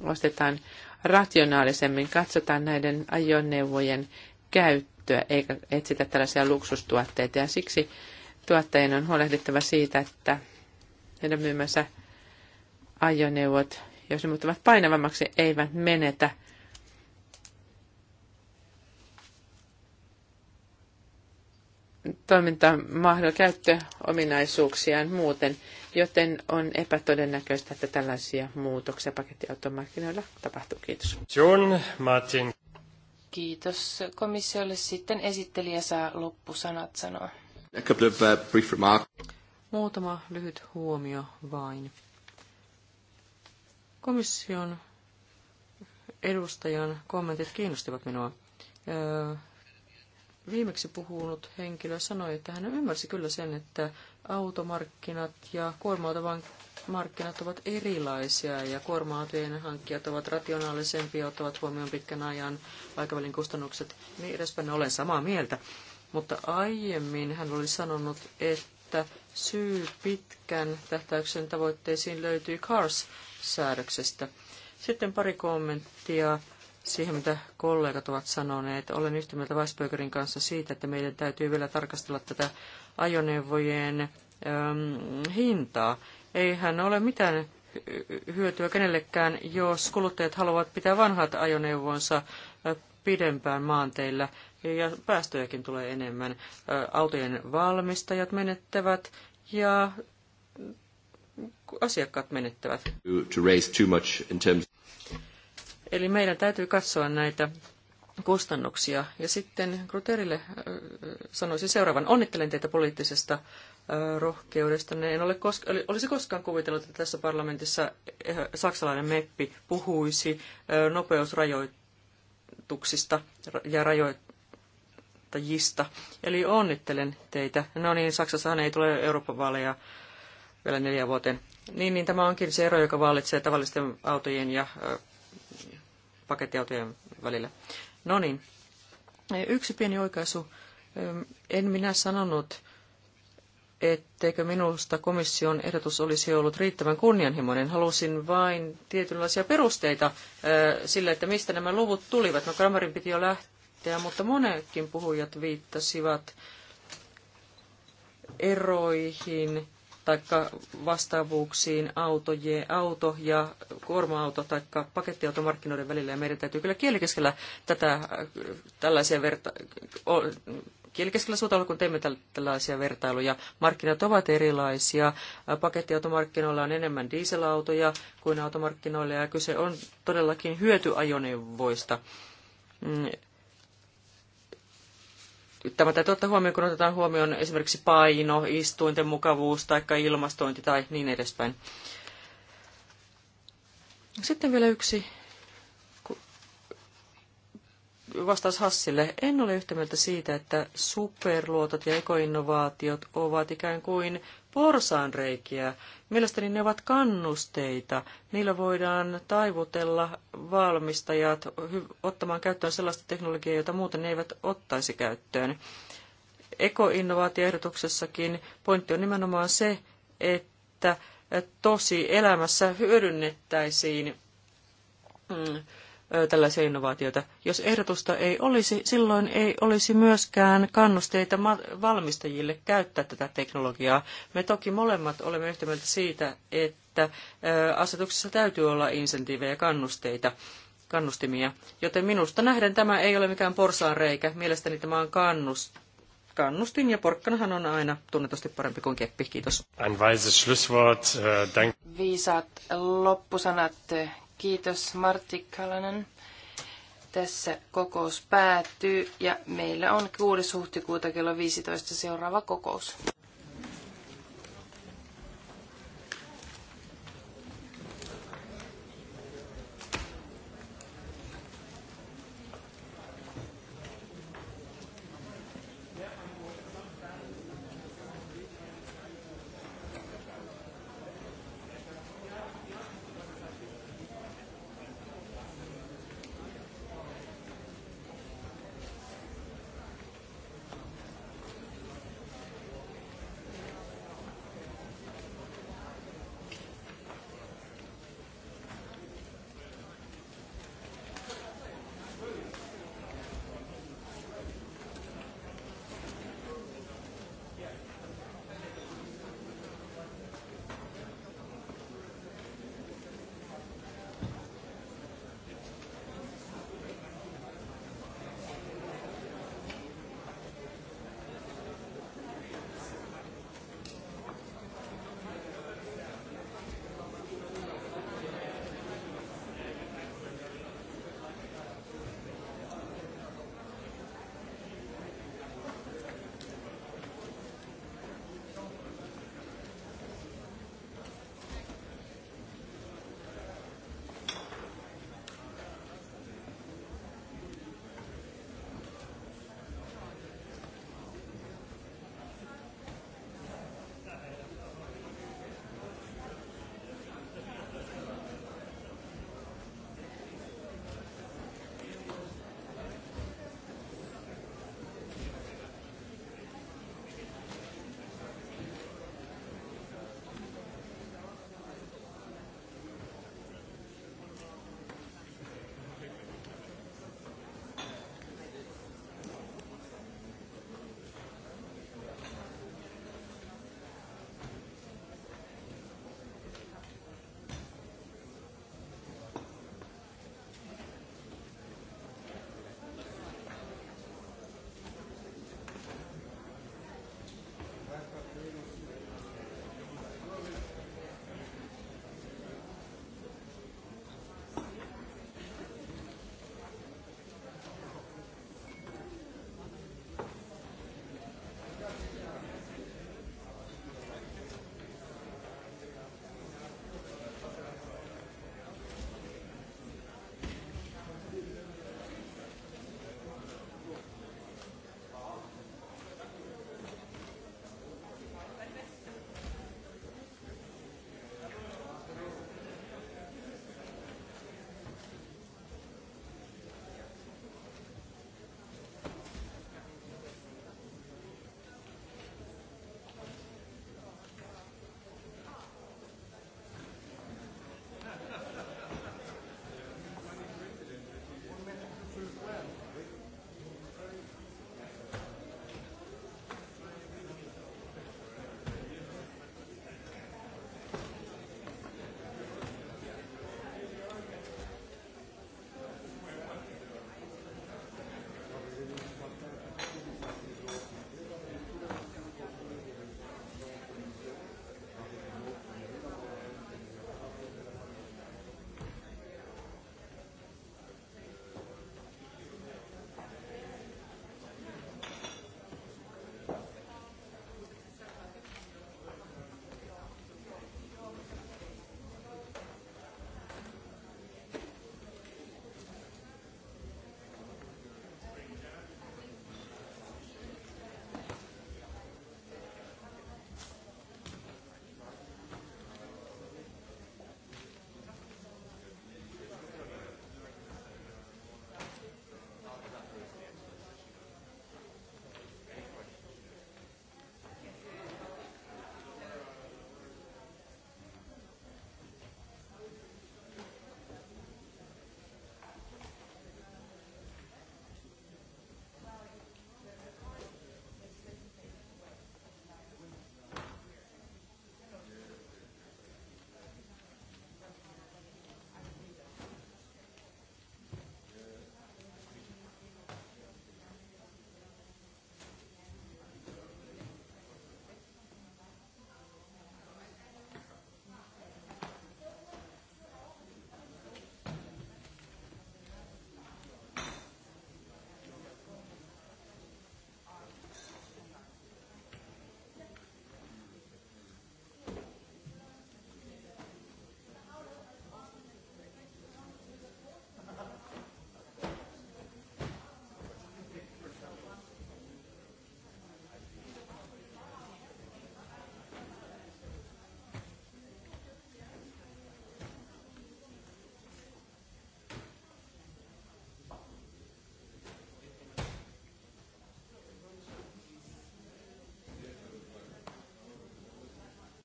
ostetaan rationaalisemmin katsotaan näiden ajoneuvojen käyttöä, eikä etsitä tällaisia luksustuotteita. Ja siksi tuottajien on huolehdittava siitä, että heidän myymänsä ajoneuvot, jos ne muuttuvat painavammaksi, eivät menetä toimintamahdollisuuksia, käyttöominaisuuksiaan muuten joten on epätodennäköistä, että tällaisia muutoksia pakettiautomarkkinoilla tapahtuu. Kiitos. John Martin. Kiitos komissiolle. Sitten esittelijä saa loppusanat sanoa. A couple of uh, brief remarks. Muutama lyhyt huomio vain. Komission edustajan kommentit kiinnostivat minua. Viimeksi puhunut henkilö sanoi, että hän ymmärsi kyllä sen, että automarkkinat ja kuorma markkinat ovat erilaisia ja kuorma-autojen hankkijat ovat rationaalisempia, ottavat huomioon pitkän ajan aikavälin kustannukset niin edespäin. Olen samaa mieltä. Mutta aiemmin hän oli sanonut, että syy pitkän tähtäyksen tavoitteisiin löytyy CARS-säädöksestä. Sitten pari kommenttia siihen, mitä kollegat ovat sanoneet. Olen yhtä mieltä Weisbergerin kanssa siitä, että meidän täytyy vielä tarkastella tätä ajoneuvojen hintaa. Eihän ole mitään hyötyä kenellekään, jos kuluttajat haluavat pitää vanhat ajoneuvonsa pidempään maanteilla ja päästöjäkin tulee enemmän. Autojen valmistajat menettävät ja asiakkaat menettävät. Eli meidän täytyy katsoa näitä kustannuksia. Ja sitten Gruterille äh, äh, sanoisin seuraavan. Onnittelen teitä poliittisesta äh, rohkeudesta. En ole koska, olisi koskaan kuvitellut, että tässä parlamentissa saksalainen meppi puhuisi nopeusrajoituksista ja rajoittajista. Eli onnittelen teitä. No niin, Saksassahan ei tule Euroopan vaaleja vielä neljä vuoteen. Niin, niin tämä onkin se ero, joka vallitsee tavallisten autojen ja pakettiautojen välillä. No niin, yksi pieni oikaisu. En minä sanonut, etteikö minusta komission ehdotus olisi ollut riittävän kunnianhimoinen. Halusin vain tietynlaisia perusteita sille, että mistä nämä luvut tulivat. No Kramerin piti jo lähteä, mutta monetkin puhujat viittasivat eroihin tai vastaavuuksiin autoje, auto- ja kuorma-auto- tai pakettiautomarkkinoiden välillä. Ja meidän täytyy kyllä kielikeskellä tätä, äh, tällaisia verta, kielikeskellä suuta olla, kun teemme tällaisia vertailuja. Markkinat ovat erilaisia. Äh, pakettiautomarkkinoilla on enemmän dieselautoja kuin automarkkinoilla ja kyse on todellakin hyötyajoneuvoista mm, Tämä täytyy ottaa huomioon, kun otetaan huomioon esimerkiksi paino, istuinten mukavuus tai ilmastointi tai niin edespäin. Sitten vielä yksi vastaus Hassille. En ole yhtä mieltä siitä, että superluotot ja ekoinnovaatiot ovat ikään kuin porsaanreikiä. Mielestäni ne ovat kannusteita. Niillä voidaan taivutella valmistajat ottamaan käyttöön sellaista teknologiaa, jota muuten ne eivät ottaisi käyttöön. Ekoinnovaatioehdotuksessakin pointti on nimenomaan se, että tosi elämässä hyödynnettäisiin mm, tällaisia innovaatioita. Jos ehdotusta ei olisi, silloin ei olisi myöskään kannusteita valmistajille käyttää tätä teknologiaa. Me toki molemmat olemme yhtä mieltä siitä, että asetuksessa täytyy olla insentiivejä ja kannusteita kannustimia. Joten minusta nähden tämä ei ole mikään porsaanreikä. Mielestäni tämä on kannustin ja porkkanahan on aina tunnetusti parempi kuin keppi. Kiitos. Ein weises Schlusswort. Äh, dank. Viisaat loppusanat. Kiitos Martti Kalanen. Tässä kokous päättyy ja meillä on 6. huhtikuuta kello 15 seuraava kokous.